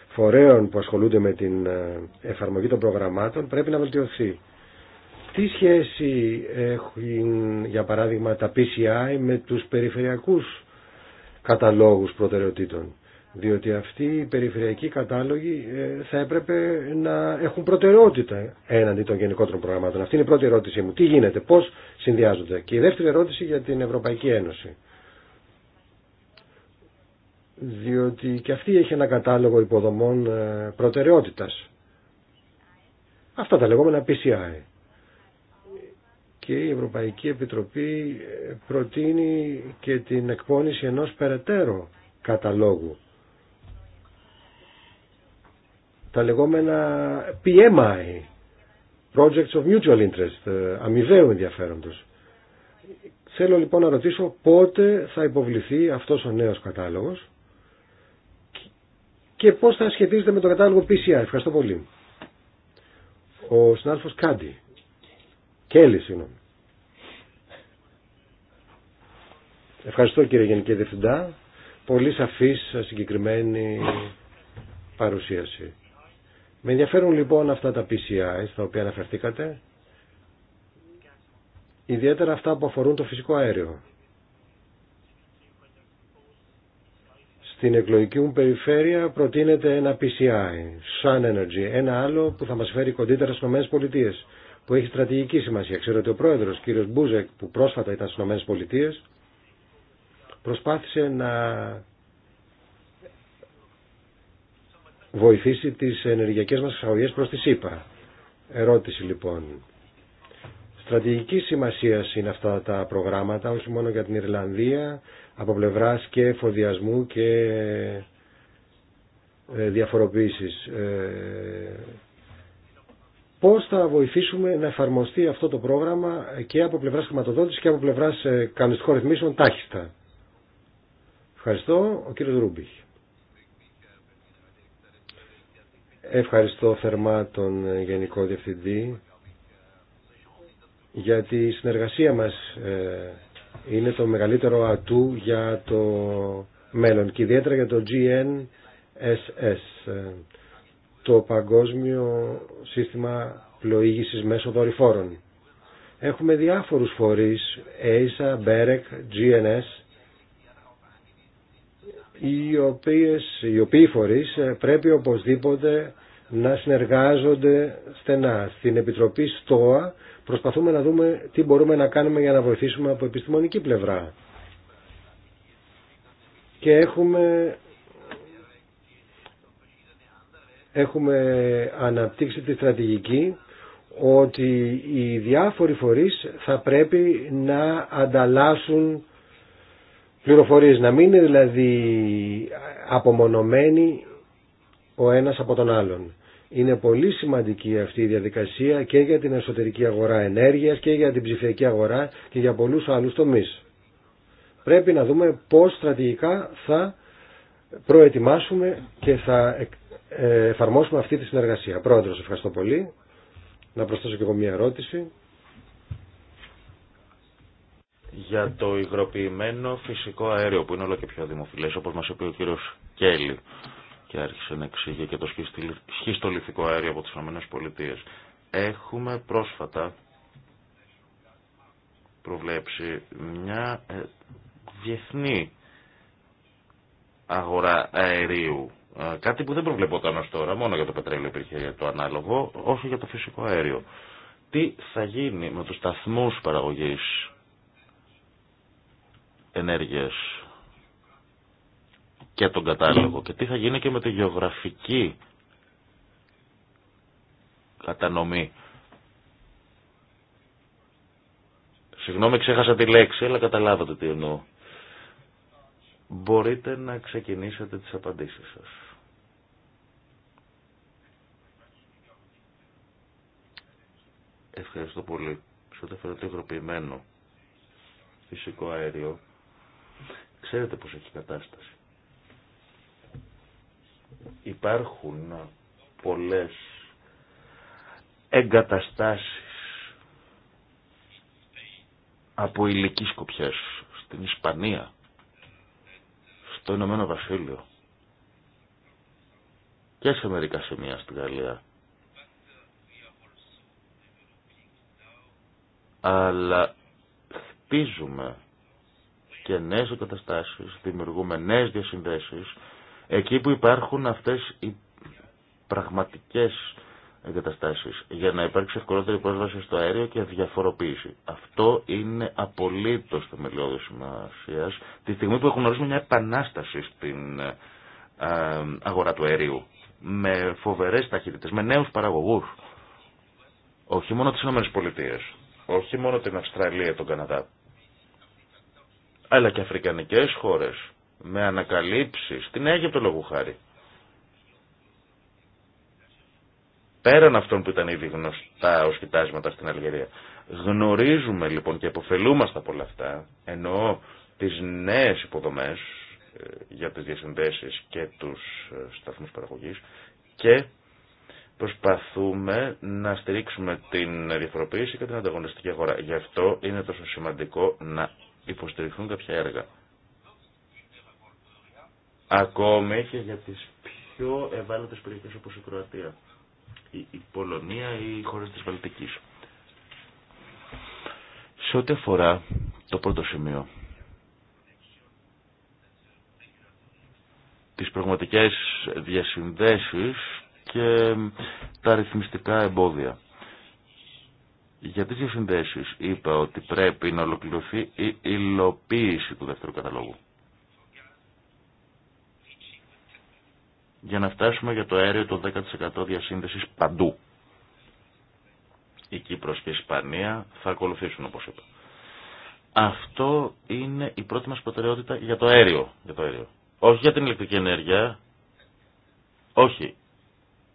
φορέων που ασχολούνται με την ε, εφαρμογή των προγραμμάτων πρέπει να βελτιωθεί. Τι σχέση έχουν για παράδειγμα τα PCI με τους περιφερειακούς καταλόγους προτεραιοτήτων. Διότι αυτοί οι περιφερειακοί κατάλογοι ε, θα έπρεπε να έχουν προτεραιότητα έναντι των γενικότερων προγραμμάτων. Αυτή είναι η πρώτη ερώτησή μου. Τι γίνεται, πώς συνδυάζονται. Και η δεύτερη ερώτηση για την Ευρωπαϊκή Ένωση. Διότι και αυτή έχει ένα κατάλογο υποδομών ε, προτεραιότητας. Αυτά τα λεγόμενα PCI και η Ευρωπαϊκή Επιτροπή ε, προτείνει και την εκπόνηση ενός περαιτέρω καταλόγου. Τα λεγόμενα PMI, Projects of Mutual Interest, ε, αμοιβαίου ενδιαφέροντος. Θέλω λοιπόν να ρωτήσω πότε θα υποβληθεί αυτός ο νέος κατάλογος και πώς θα σχετίζεται με το κατάλογο PCI. Ευχαριστώ πολύ. Ο συνάδελφος Κάντι. Κέλλη, συγγνώμη. Ευχαριστώ κύριε Γενική Διευθυντά. Πολύ σαφής, συγκεκριμένη παρουσίαση. Με ενδιαφέρουν λοιπόν αυτά τα PCI στα οποία αναφερθήκατε. Ιδιαίτερα αυτά που αφορούν το φυσικό αέριο. Στην εκλογική μου περιφέρεια προτείνεται ένα PCI, Sun Energy, ένα άλλο που θα μας φέρει κοντύτερα στις ΗΠΑ, που έχει στρατηγική σημασία. Ξέρω ότι ο πρόεδρος, κύριος Μπούζεκ, που πρόσφατα ήταν στις ΗΠΑ, προσπάθησε να βοηθήσει τις ενεργειακές μας εξαγωγές προς τη ΣΥΠΑ. Ερώτηση λοιπόν. Στρατηγική σημασία είναι αυτά τα προγράμματα, όχι μόνο για την Ιρλανδία, από πλευράς και εφοδιασμού και ε, διαφοροποίησης. Ε, πώς θα βοηθήσουμε να εφαρμοστεί αυτό το πρόγραμμα και από πλευράς χρηματοδότησης και από πλευράς ε, κανονιστικών ρυθμίσεων τάχιστα. Ευχαριστώ. Ο κύριος Ρούμπιχ. Ευχαριστώ θερμά τον Γενικό Διευθυντή για τη συνεργασία μας ε, είναι το μεγαλύτερο ατού για το μέλλον και ιδιαίτερα για το GNSS ε, το Παγκόσμιο Σύστημα Πλοήγησης Μέσω Δορυφόρων. Έχουμε διάφορους φορείς, ASA, BEREC, GNS οι, οποίες, οι οποίοι φορείς ε, πρέπει οπωσδήποτε να συνεργάζονται στενά. Στην Επιτροπή ΣΤΟΑ προσπαθούμε να δούμε τι μπορούμε να κάνουμε για να βοηθήσουμε από επιστημονική πλευρά. Και έχουμε, έχουμε αναπτύξει τη στρατηγική ότι οι διάφοροι φορείς θα πρέπει να ανταλλάσσουν πληροφορίες, να μην είναι δηλαδή απομονωμένοι ο ένας από τον άλλον. Είναι πολύ σημαντική αυτή η διαδικασία και για την εσωτερική αγορά ενέργειας και για την ψηφιακή αγορά και για πολλούς άλλους τομείς. Πρέπει να δούμε πώς στρατηγικά θα προετοιμάσουμε και θα ε, εφαρμόσουμε αυτή τη συνεργασία. Πρόεδρος, ευχαριστώ πολύ. Να προσθέσω και εγώ μια ερώτηση. για το υγροποιημένο φυσικό αέριο που είναι όλο και πιο δημοφιλές όπως μας είπε ο κύριος Κέλλη και άρχισε να εξήγει και το σχιστολιθικό αέριο από τις ΗΠΑ. Έχουμε πρόσφατα προβλέψει μια ε, διεθνή αγορά αερίου. Ε, κάτι που δεν προβλεπόταν ως τώρα, μόνο για το πετρέλαιο υπήρχε το ανάλογο, όχι για το φυσικό αέριο. Τι θα γίνει με τους σταθμούς παραγωγής ενέργειες και τον κατάλογο και τι θα γίνει και με τη γεωγραφική κατανομή. Συγγνώμη, ξέχασα τη λέξη, αλλά καταλάβατε τι εννοώ. Μπορείτε να ξεκινήσετε τις απαντήσεις σας. Ευχαριστώ πολύ. Σε ό,τι το υγροποιημένο φυσικό αέριο, Ξέρετε πώς έχει κατάσταση. Υπάρχουν πολλές εγκαταστάσεις από ηλική σκοπιές στην Ισπανία, στο Ηνωμένο Βασίλειο και σε μερικά σημεία στην Γαλλία. Αλλά χτίζουμε και νέε εγκαταστάσει, δημιουργούμε νέε διασυνδέσει εκεί που υπάρχουν αυτές οι πραγματικέ εγκαταστάσει, για να υπάρξει ευκολότερη πρόσβαση στο αέριο και διαφοροποίηση. Αυτό είναι απολύτως το σημασία τη στιγμή που έχουν γνωρίσει μια επανάσταση στην ε, αγορά του αερίου, με φοβερέ ταχύτητε, με νέου παραγωγού, Όχι μόνο τι ΗΠΑ, όχι μόνο την Αυστραλία, τον Καναδά, αλλά και αφρικανικές χώρες με ανακαλύψεις, την Αίγυπτο λόγου χάρη. Πέραν αυτών που ήταν ήδη γνωστά ως κοιτάσματα στην Αλγερία. Γνωρίζουμε λοιπόν και αποφελούμαστε από όλα αυτά, εννοώ τις νέες υποδομές ε, για τις διασυνδέσεις και τους ε, σταθμούς παραγωγής και προσπαθούμε να στηρίξουμε την διαφοροποίηση και την ανταγωνιστική αγορά. Γι' αυτό είναι τόσο σημαντικό να υποστηριχθούν κάποια έργα. Ακόμη και για τις πιο ευάλωτες περιοχές όπως η Κροατία, η Πολωνία ή οι χώρες της Βαλτικής. Σε ό,τι αφορά το πρώτο σημείο, τις πραγματικές διασυνδέσεις και τα ρυθμιστικά εμπόδια. Για τις διασυνδέσεις είπα ότι πρέπει να ολοκληρωθεί η υλοποίηση του δεύτερου καταλόγου. Για να φτάσουμε για το αέριο το 10% διασύνδεσης παντού. Η Κύπρος και η Ισπανία θα ακολουθήσουν όπως είπα. Αυτό είναι η πρώτη μας προτεραιότητα για το αέριο. Για το αέριο. Όχι για την ηλεκτρική ενέργεια. Όχι.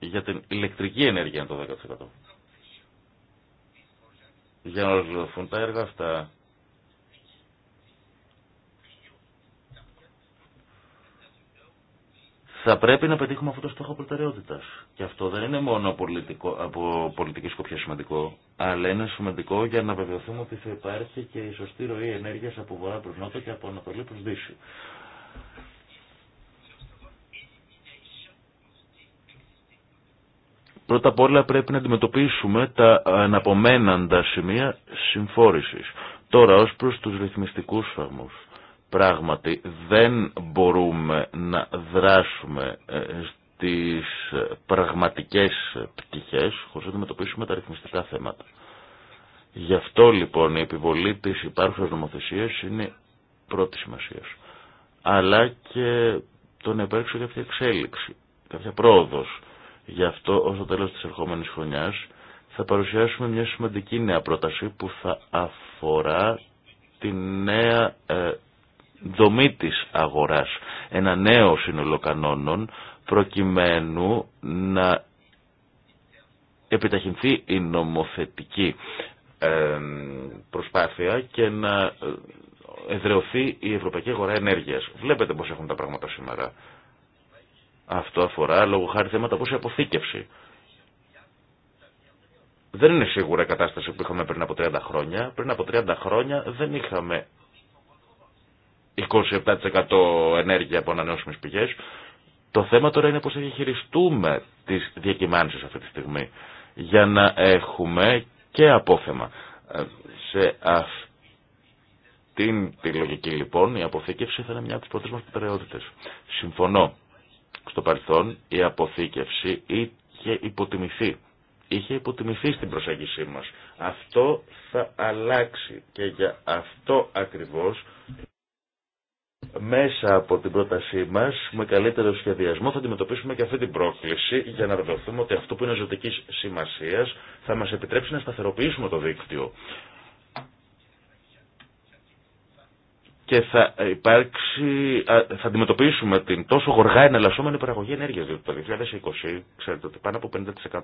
Για την ηλεκτρική ενέργεια είναι το 10% για να ολοκληρωθούν τα έργα αυτά. Θα πρέπει να πετύχουμε αυτό το στόχο προτεραιότητα. Και αυτό δεν είναι μόνο πολιτικό, από πολιτική σκοπιά σημαντικό, αλλά είναι σημαντικό για να βεβαιωθούμε ότι θα υπάρχει και η σωστή ροή ενέργεια από βορρά προ νότο και από ανατολή προ δύση. Πρώτα απ' όλα πρέπει να αντιμετωπίσουμε τα αναπομέναντα σημεία συμφόρησης. Τώρα ως προς τους ρυθμιστικούς φαγμούς. Πράγματι δεν μπορούμε να δράσουμε ε, στις πραγματικές πτυχές χωρίς να αντιμετωπίσουμε τα ρυθμιστικά θέματα. Γι' αυτό λοιπόν η επιβολή της υπάρχουσας νομοθεσίας είναι πρώτη σημασία. Αλλά και το να υπάρξει κάποια εξέλιξη, κάποια πρόοδος Γι' αυτό ως το τέλος της ερχόμενης χρονιάς θα παρουσιάσουμε μια σημαντική νέα πρόταση που θα αφορά τη νέα ε, δομή της αγοράς. Ένα νέο σύνολο κανόνων προκειμένου να επιταχυνθεί η νομοθετική ε, προσπάθεια και να ε, εδρεωθεί η ευρωπαϊκή αγορά ενέργειας. Βλέπετε πώς έχουν τα πράγματα σήμερα. Αυτό αφορά λόγω χάρη θέματα όπω η αποθήκευση. Δεν είναι σίγουρα η κατάσταση που είχαμε πριν από 30 χρόνια. Πριν από 30 χρόνια δεν είχαμε 27% ενέργεια από ανανεώσιμες πηγές. Το θέμα τώρα είναι πώς θα διαχειριστούμε τις διακυμάνσεις αυτή τη στιγμή για να έχουμε και απόθεμα. Ε, σε αυτήν τη λογική λοιπόν η αποθήκευση θα είναι μια από τις πρώτες μας προτεραιότητες. Συμφωνώ στο παρελθόν η αποθήκευση είχε υποτιμηθεί. Είχε υποτιμηθεί στην προσέγγιση μας. Αυτό θα αλλάξει και για αυτό ακριβώς μέσα από την πρότασή μας με καλύτερο σχεδιασμό θα αντιμετωπίσουμε και αυτή την πρόκληση για να βεβαιωθούμε ότι αυτό που είναι ζωτικής σημασίας θα μας επιτρέψει να σταθεροποιήσουμε το δίκτυο. και θα υπάρξει, θα αντιμετωπίσουμε την τόσο γοργά εναλλασσόμενη παραγωγή ενέργειας, διότι το 2020, ξέρετε ότι πάνω από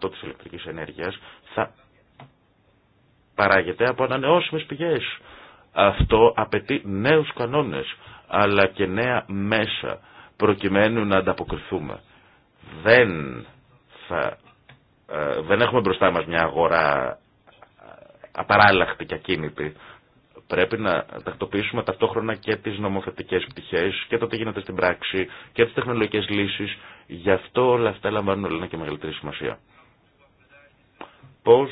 50% της ηλεκτρικής ενέργειας θα παράγεται από ανανεώσιμες πηγές. Αυτό απαιτεί νέους κανόνες, αλλά και νέα μέσα, προκειμένου να ανταποκριθούμε. Δεν, θα, ε, δεν έχουμε μπροστά μας μια αγορά ε, απαράλλαχτη και ακίνητη. Πρέπει να τακτοποιήσουμε ταυτόχρονα και τις νομοθετικές πτυχές και το τι γίνεται στην πράξη και τις τεχνολογικές λύσεις. Γι' αυτό όλα αυτά λαμβάνουν όλο και μεγαλύτερη σημασία. Πώς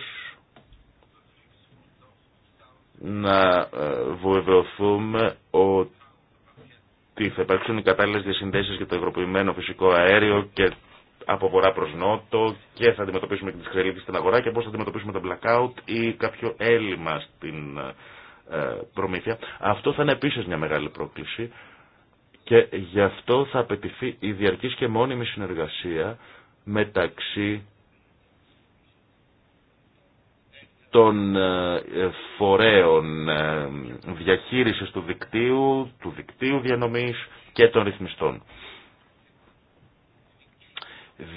να ε, βεβαιωθούμε ότι θα υπάρξουν οι κατάλληλες διασυνδέσεις για το ευρωποιημένο φυσικό αέριο και από βορρά προς νότο και θα αντιμετωπίσουμε και τις χρελίδες στην αγορά και πώς θα αντιμετωπίσουμε το blackout ή κάποιο έλλειμμα στην ε, ε, προμήθεια. Αυτό θα είναι επίσης μια μεγάλη πρόκληση και γι' αυτό θα απαιτηθεί η διαρκής και μόνιμη συνεργασία μεταξύ των ε, φορέων ε, διαχείρισης του δικτύου, του δικτύου διανομής και των ρυθμιστών.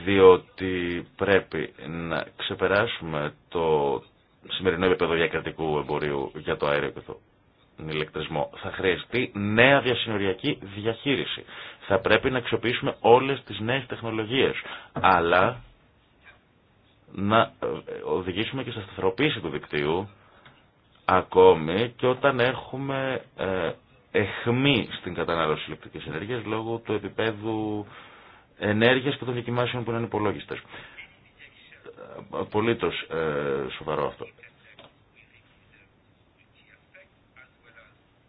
Διότι πρέπει να ξεπεράσουμε το σημερινό επίπεδο διακρατικού εμπορίου για το αέριο και τον ηλεκτρισμό. Θα χρειαστεί νέα διασυνοριακή διαχείριση. Θα πρέπει να αξιοποιήσουμε όλες τις νέες τεχνολογίες. Αλλά να ε, οδηγήσουμε και στα σταθεροποίηση του δικτύου ακόμη και όταν έχουμε ε, εχμή στην κατανάλωση ηλεκτρικής ενέργειας λόγω του επίπεδου ενέργειας και των δοκιμάσεων που είναι υπολόγιστες απολύτως ε, σοβαρό αυτό.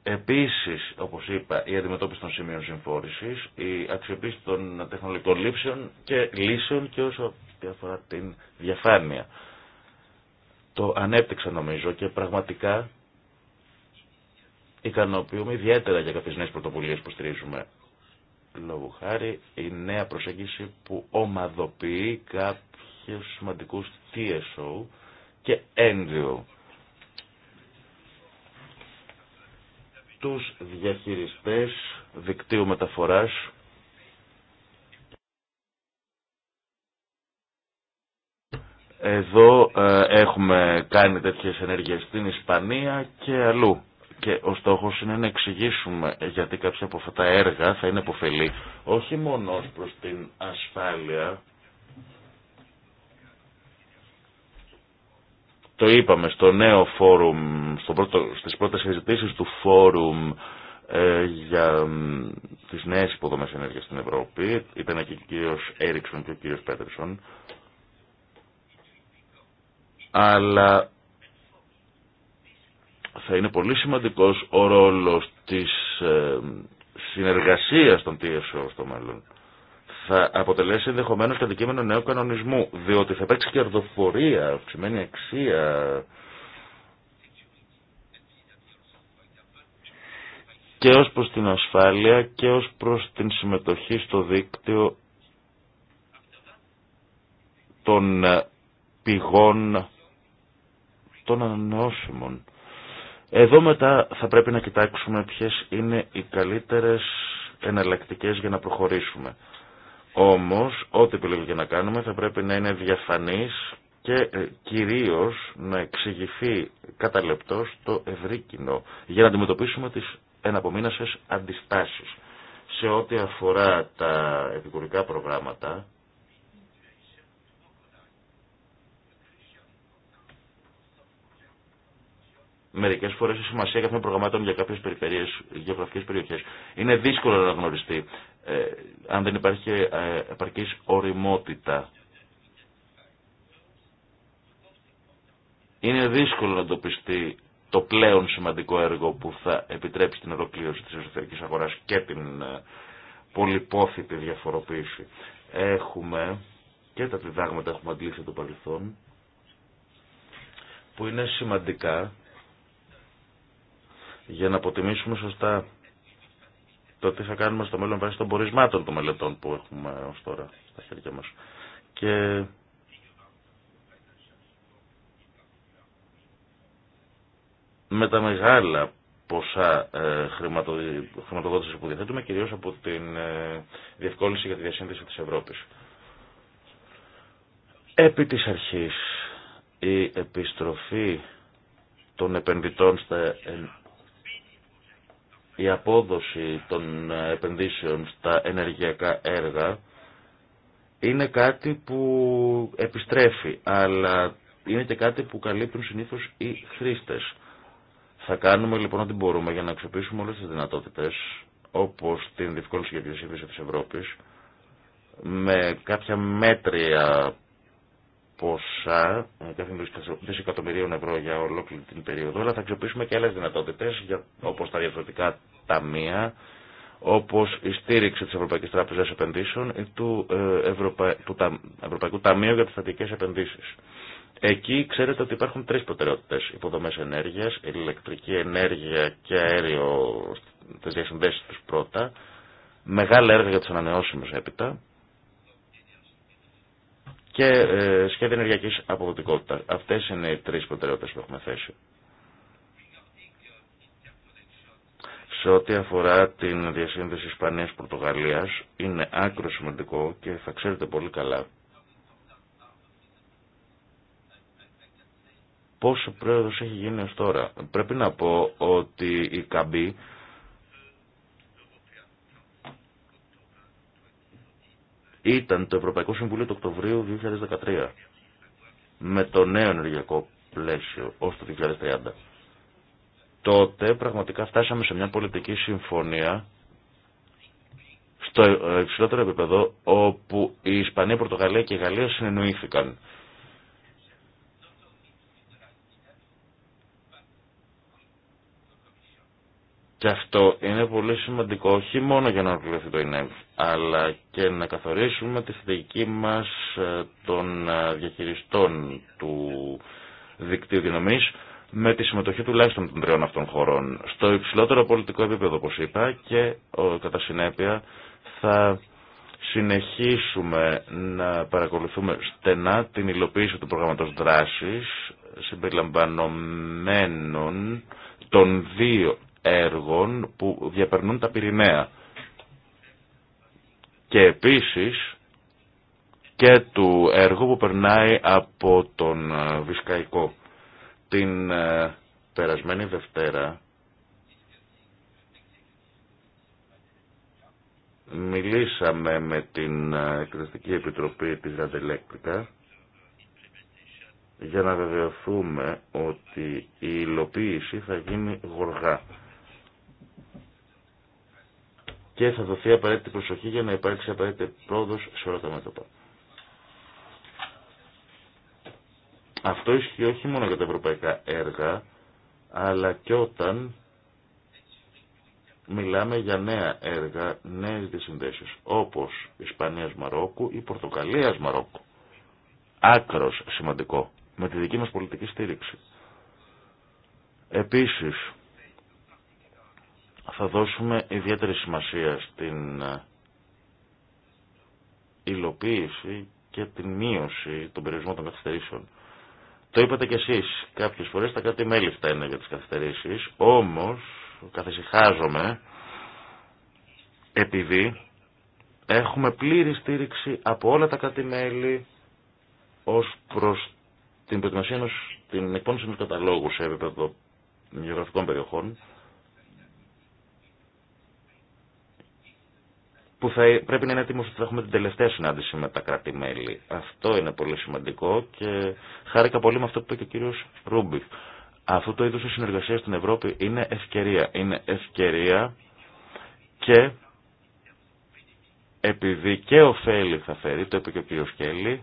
Επίσης, όπως είπα, η αντιμετώπιση των σημείων συμφόρηση, η αξιοποίηση των τεχνολογικών λήψεων και λύσεων και όσο αφορά την διαφάνεια. Το ανέπτυξα νομίζω και πραγματικά ικανοποιούμε ιδιαίτερα για κάποιε νέε πρωτοβουλίε που στηρίζουμε. Λόγω χάρη η νέα προσέγγιση που ομαδοποιεί κάποιο στοιχείους σημαντικούς TSO και NGO. Τους διαχειριστές δικτύου μεταφοράς Εδώ ε, έχουμε κάνει τέτοιες ενέργειες στην Ισπανία και αλλού. Και ο στόχος είναι να εξηγήσουμε γιατί κάποια από αυτά τα έργα θα είναι υποφελή όχι μόνο προς την ασφάλεια Το είπαμε στο νέο φόρουμ, στο πρώτο, στις πρώτες συζητήσεις του φόρουμ ε, για τις νέες υποδομές ενέργειας στην Ευρώπη. Ήταν και ο κύριος Έριξον και ο κύριος Πέτερσον. Αλλά θα είναι πολύ σημαντικός ο ρόλος της ε, συνεργασίας των TSO στο μέλλον θα αποτελέσει ενδεχομένω το αντικείμενο νέου κανονισμού, διότι θα υπάρξει κερδοφορία, αυξημένη αξία. και ως προς την ασφάλεια και ως προς την συμμετοχή στο δίκτυο των ε, πηγών των ανανεώσιμων. Εδώ μετά θα πρέπει να κοιτάξουμε ποιες είναι οι καλύτερες εναλλακτικές για να προχωρήσουμε. Όμως, ό,τι επιλογή και να κάνουμε θα πρέπει να είναι διαφανής και ε, κυρίως να εξηγηθεί κατά το στο ευρύ κοινό για να αντιμετωπίσουμε τις εναπομείνασες αντιστάσεις. Σε ό,τι αφορά τα επικουρικά προγράμματα, Μερικέ φορέ η σημασία κάποιων προγραμμάτων για κάποιε περιφερειέ, γεωγραφικέ περιοχέ είναι δύσκολο να γνωριστεί ε, αν δεν υπάρχει ε, επαρκής οριμότητα. Είναι δύσκολο να το πιστεί το πλέον σημαντικό έργο που θα επιτρέψει την ολοκλήρωση της εσωτερικής αγοράς και την ε, πολυπόθητη διαφοροποίηση. Έχουμε και τα διδάγματα έχουμε αντλήσει το παρελθόν που είναι σημαντικά για να αποτιμήσουμε σωστά το τι θα κάνουμε στο μέλλον βάσει των πορισμάτων των μελετών που έχουμε ως τώρα στα χέρια μας. Και με τα μεγάλα ποσά ε, χρηματοδότηση που διαθέτουμε, κυρίως από την ε, διευκόλυνση για τη διασύνδεση της Ευρώπης. Επί της αρχής, η επιστροφή των επενδυτών στα η απόδοση των επενδύσεων στα ενεργειακά έργα είναι κάτι που επιστρέφει, αλλά είναι και κάτι που καλύπτουν συνήθως οι χρήστες. Θα κάνουμε λοιπόν ό,τι μπορούμε για να αξιοποιήσουμε όλες τις δυνατότητες, όπως την διευκόλυνση για τη της Ευρώπης, με κάποια μέτρια ποσά, ε, κάθε δισεκατομμυρίων ευρώ για ολόκληρη την περίοδο, αλλά θα αξιοποιήσουμε και άλλε δυνατότητε όπω τα διαφορετικά ταμεία, όπω η στήριξη τη Ευρωπαϊκή Τράπεζα Επενδύσεων ή του, ε, Ευρωπα... του τα... Ευρωπαϊκού Ταμείου για τι Στατικέ επενδύσει. Εκεί ξέρετε ότι υπάρχουν τρει προτεραιότητε: υποδομέ ενέργεια, ηλεκτρική ενέργεια και αέριο, τι διασυνδέσει του πρώτα, μεγάλα έργα για του ανανεώσιμε έπειτα και ε, σχέδια ενεργειακής αποδοτικότητα. Αυτέ είναι οι τρει προτεραιότητε που έχουμε θέσει. σε ό,τι αφορά την διασύνδεση Πορτογαλία. είναι άκρο σημαντικό και θα ξέρετε πολύ καλά πόσο πρόεδρος έχει γίνει ως τώρα. Πρέπει να πω ότι η Καμπή ήταν το Ευρωπαϊκό Συμβούλιο του Οκτωβρίου 2013 με το νέο ενεργειακό πλαίσιο ως το 2030. Τότε πραγματικά φτάσαμε σε μια πολιτική συμφωνία στο υψηλότερο επίπεδο όπου η Ισπανία, η Πορτογαλία και η Γαλλία συνεννοήθηκαν Και αυτό είναι πολύ σημαντικό όχι μόνο για να ολοκληρωθεί το ΙΝΕΒ, αλλά και να καθορίσουμε τη θετική μας ε, των ε, διαχειριστών του δικτύου δυναμής με τη συμμετοχή τουλάχιστον των τριών αυτών χωρών στο υψηλότερο πολιτικό επίπεδο όπως είπα και κατά συνέπεια θα συνεχίσουμε να παρακολουθούμε στενά την υλοποίηση του προγράμματος δράσης συμπεριλαμβανομένων των δύο έργων που διαπερνούν τα Πυρηναία. Και επίσης και του έργου που περνάει από τον ε, Βυσκαϊκό. Την ε, περασμένη Δευτέρα μιλήσαμε με την ε, Εκδοστική Επιτροπή της Ραντελέκτρικα για να βεβαιωθούμε ότι η υλοποίηση θα γίνει γοργά και θα δοθεί απαραίτητη προσοχή για να υπάρξει απαραίτητη πρόοδος σε όλα τα μέτωπα. Αυτό ισχύει όχι μόνο για τα ευρωπαϊκά έργα, αλλά και όταν μιλάμε για νέα έργα, νέες δυσυνδέσεις, όπως Ισπανίας Μαρόκου ή Πορτοκαλίας Μαρόκου. Άκρος σημαντικό, με τη δική μας πολιτική στήριξη. Επίσης, θα δώσουμε ιδιαίτερη σημασία στην ε, υλοποίηση και την μείωση των περιορισμών των καθυστερήσεων. Το είπατε κι εσείς, κάποιες φορές τα κάτι μέλη φταίνουν για τις καθυστερήσεις, όμως καθησυχάζομαι επειδή έχουμε πλήρη στήριξη από όλα τα κάτι μέλη ως προς την προετοιμασία ενός, την εκπόνηση ενός καταλόγου σε επίπεδο γεωγραφικών περιοχών που θα πρέπει να είναι έτοιμο ότι θα έχουμε την τελευταία συνάντηση με τα κράτη-μέλη. Αυτό είναι πολύ σημαντικό και χάρηκα πολύ με αυτό που είπε και ο κύριο Ρούμπιχ. Αυτό το είδου συνεργασία στην Ευρώπη είναι ευκαιρία. Είναι ευκαιρία και επειδή και ωφέλη θα φέρει, το είπε και ο κύριο Κέλλη,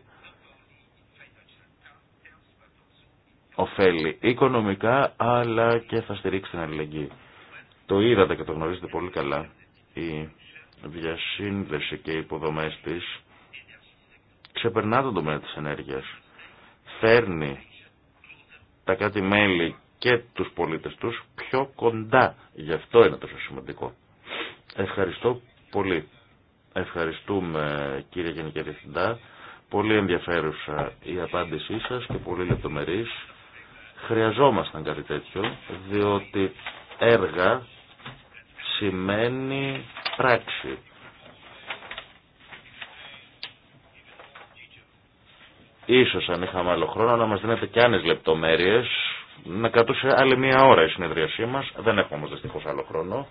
ωφέλη οικονομικά αλλά και θα στηρίξει την αλληλεγγύη. Το είδατε και το γνωρίζετε πολύ καλά. Η διασύνδεση και υποδομές της ξεπερνά τον τομέα της ενέργειας. Φέρνει τα κάτι μέλη και τους πολίτες τους πιο κοντά. Γι' αυτό είναι τόσο σημαντικό. Ευχαριστώ πολύ. Ευχαριστούμε κύριε Γενική Διευθυντά. Πολύ ενδιαφέρουσα η απάντησή σας και πολύ λεπτομερής. Χρειαζόμασταν κάτι τέτοιο, διότι έργα σημαίνει πράξη. Ίσως αν είχαμε άλλο χρόνο να μας δίνετε και άλλες λεπτομέρειες, να κρατούσε άλλη μία ώρα η συνεδρίασή μας, δεν έχουμε όμως δυστυχώς άλλο χρόνο.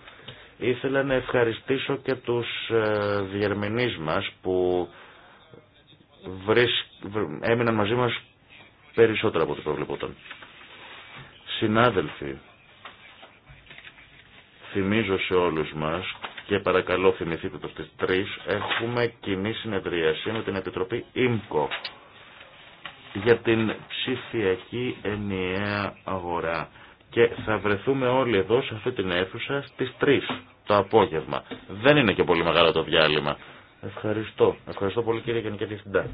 Ήθελα να ευχαριστήσω και τους ε, διερμηνείς μας που βρισ... έμειναν μαζί μας περισσότερα από ό,τι προβλεπόταν. Συνάδελφοι, θυμίζω σε όλους μας και παρακαλώ θυμηθείτε το στις 3, έχουμε κοινή συνεδρίαση με την Επιτροπή ΙΜΚΟ για την ψηφιακή ενιαία αγορά. Και θα βρεθούμε όλοι εδώ σε αυτή την αίθουσα στις 3 το απόγευμα. Δεν είναι και πολύ μεγάλο το διάλειμμα. Ευχαριστώ. Ευχαριστώ πολύ κύριε Γενική Διευθυντά.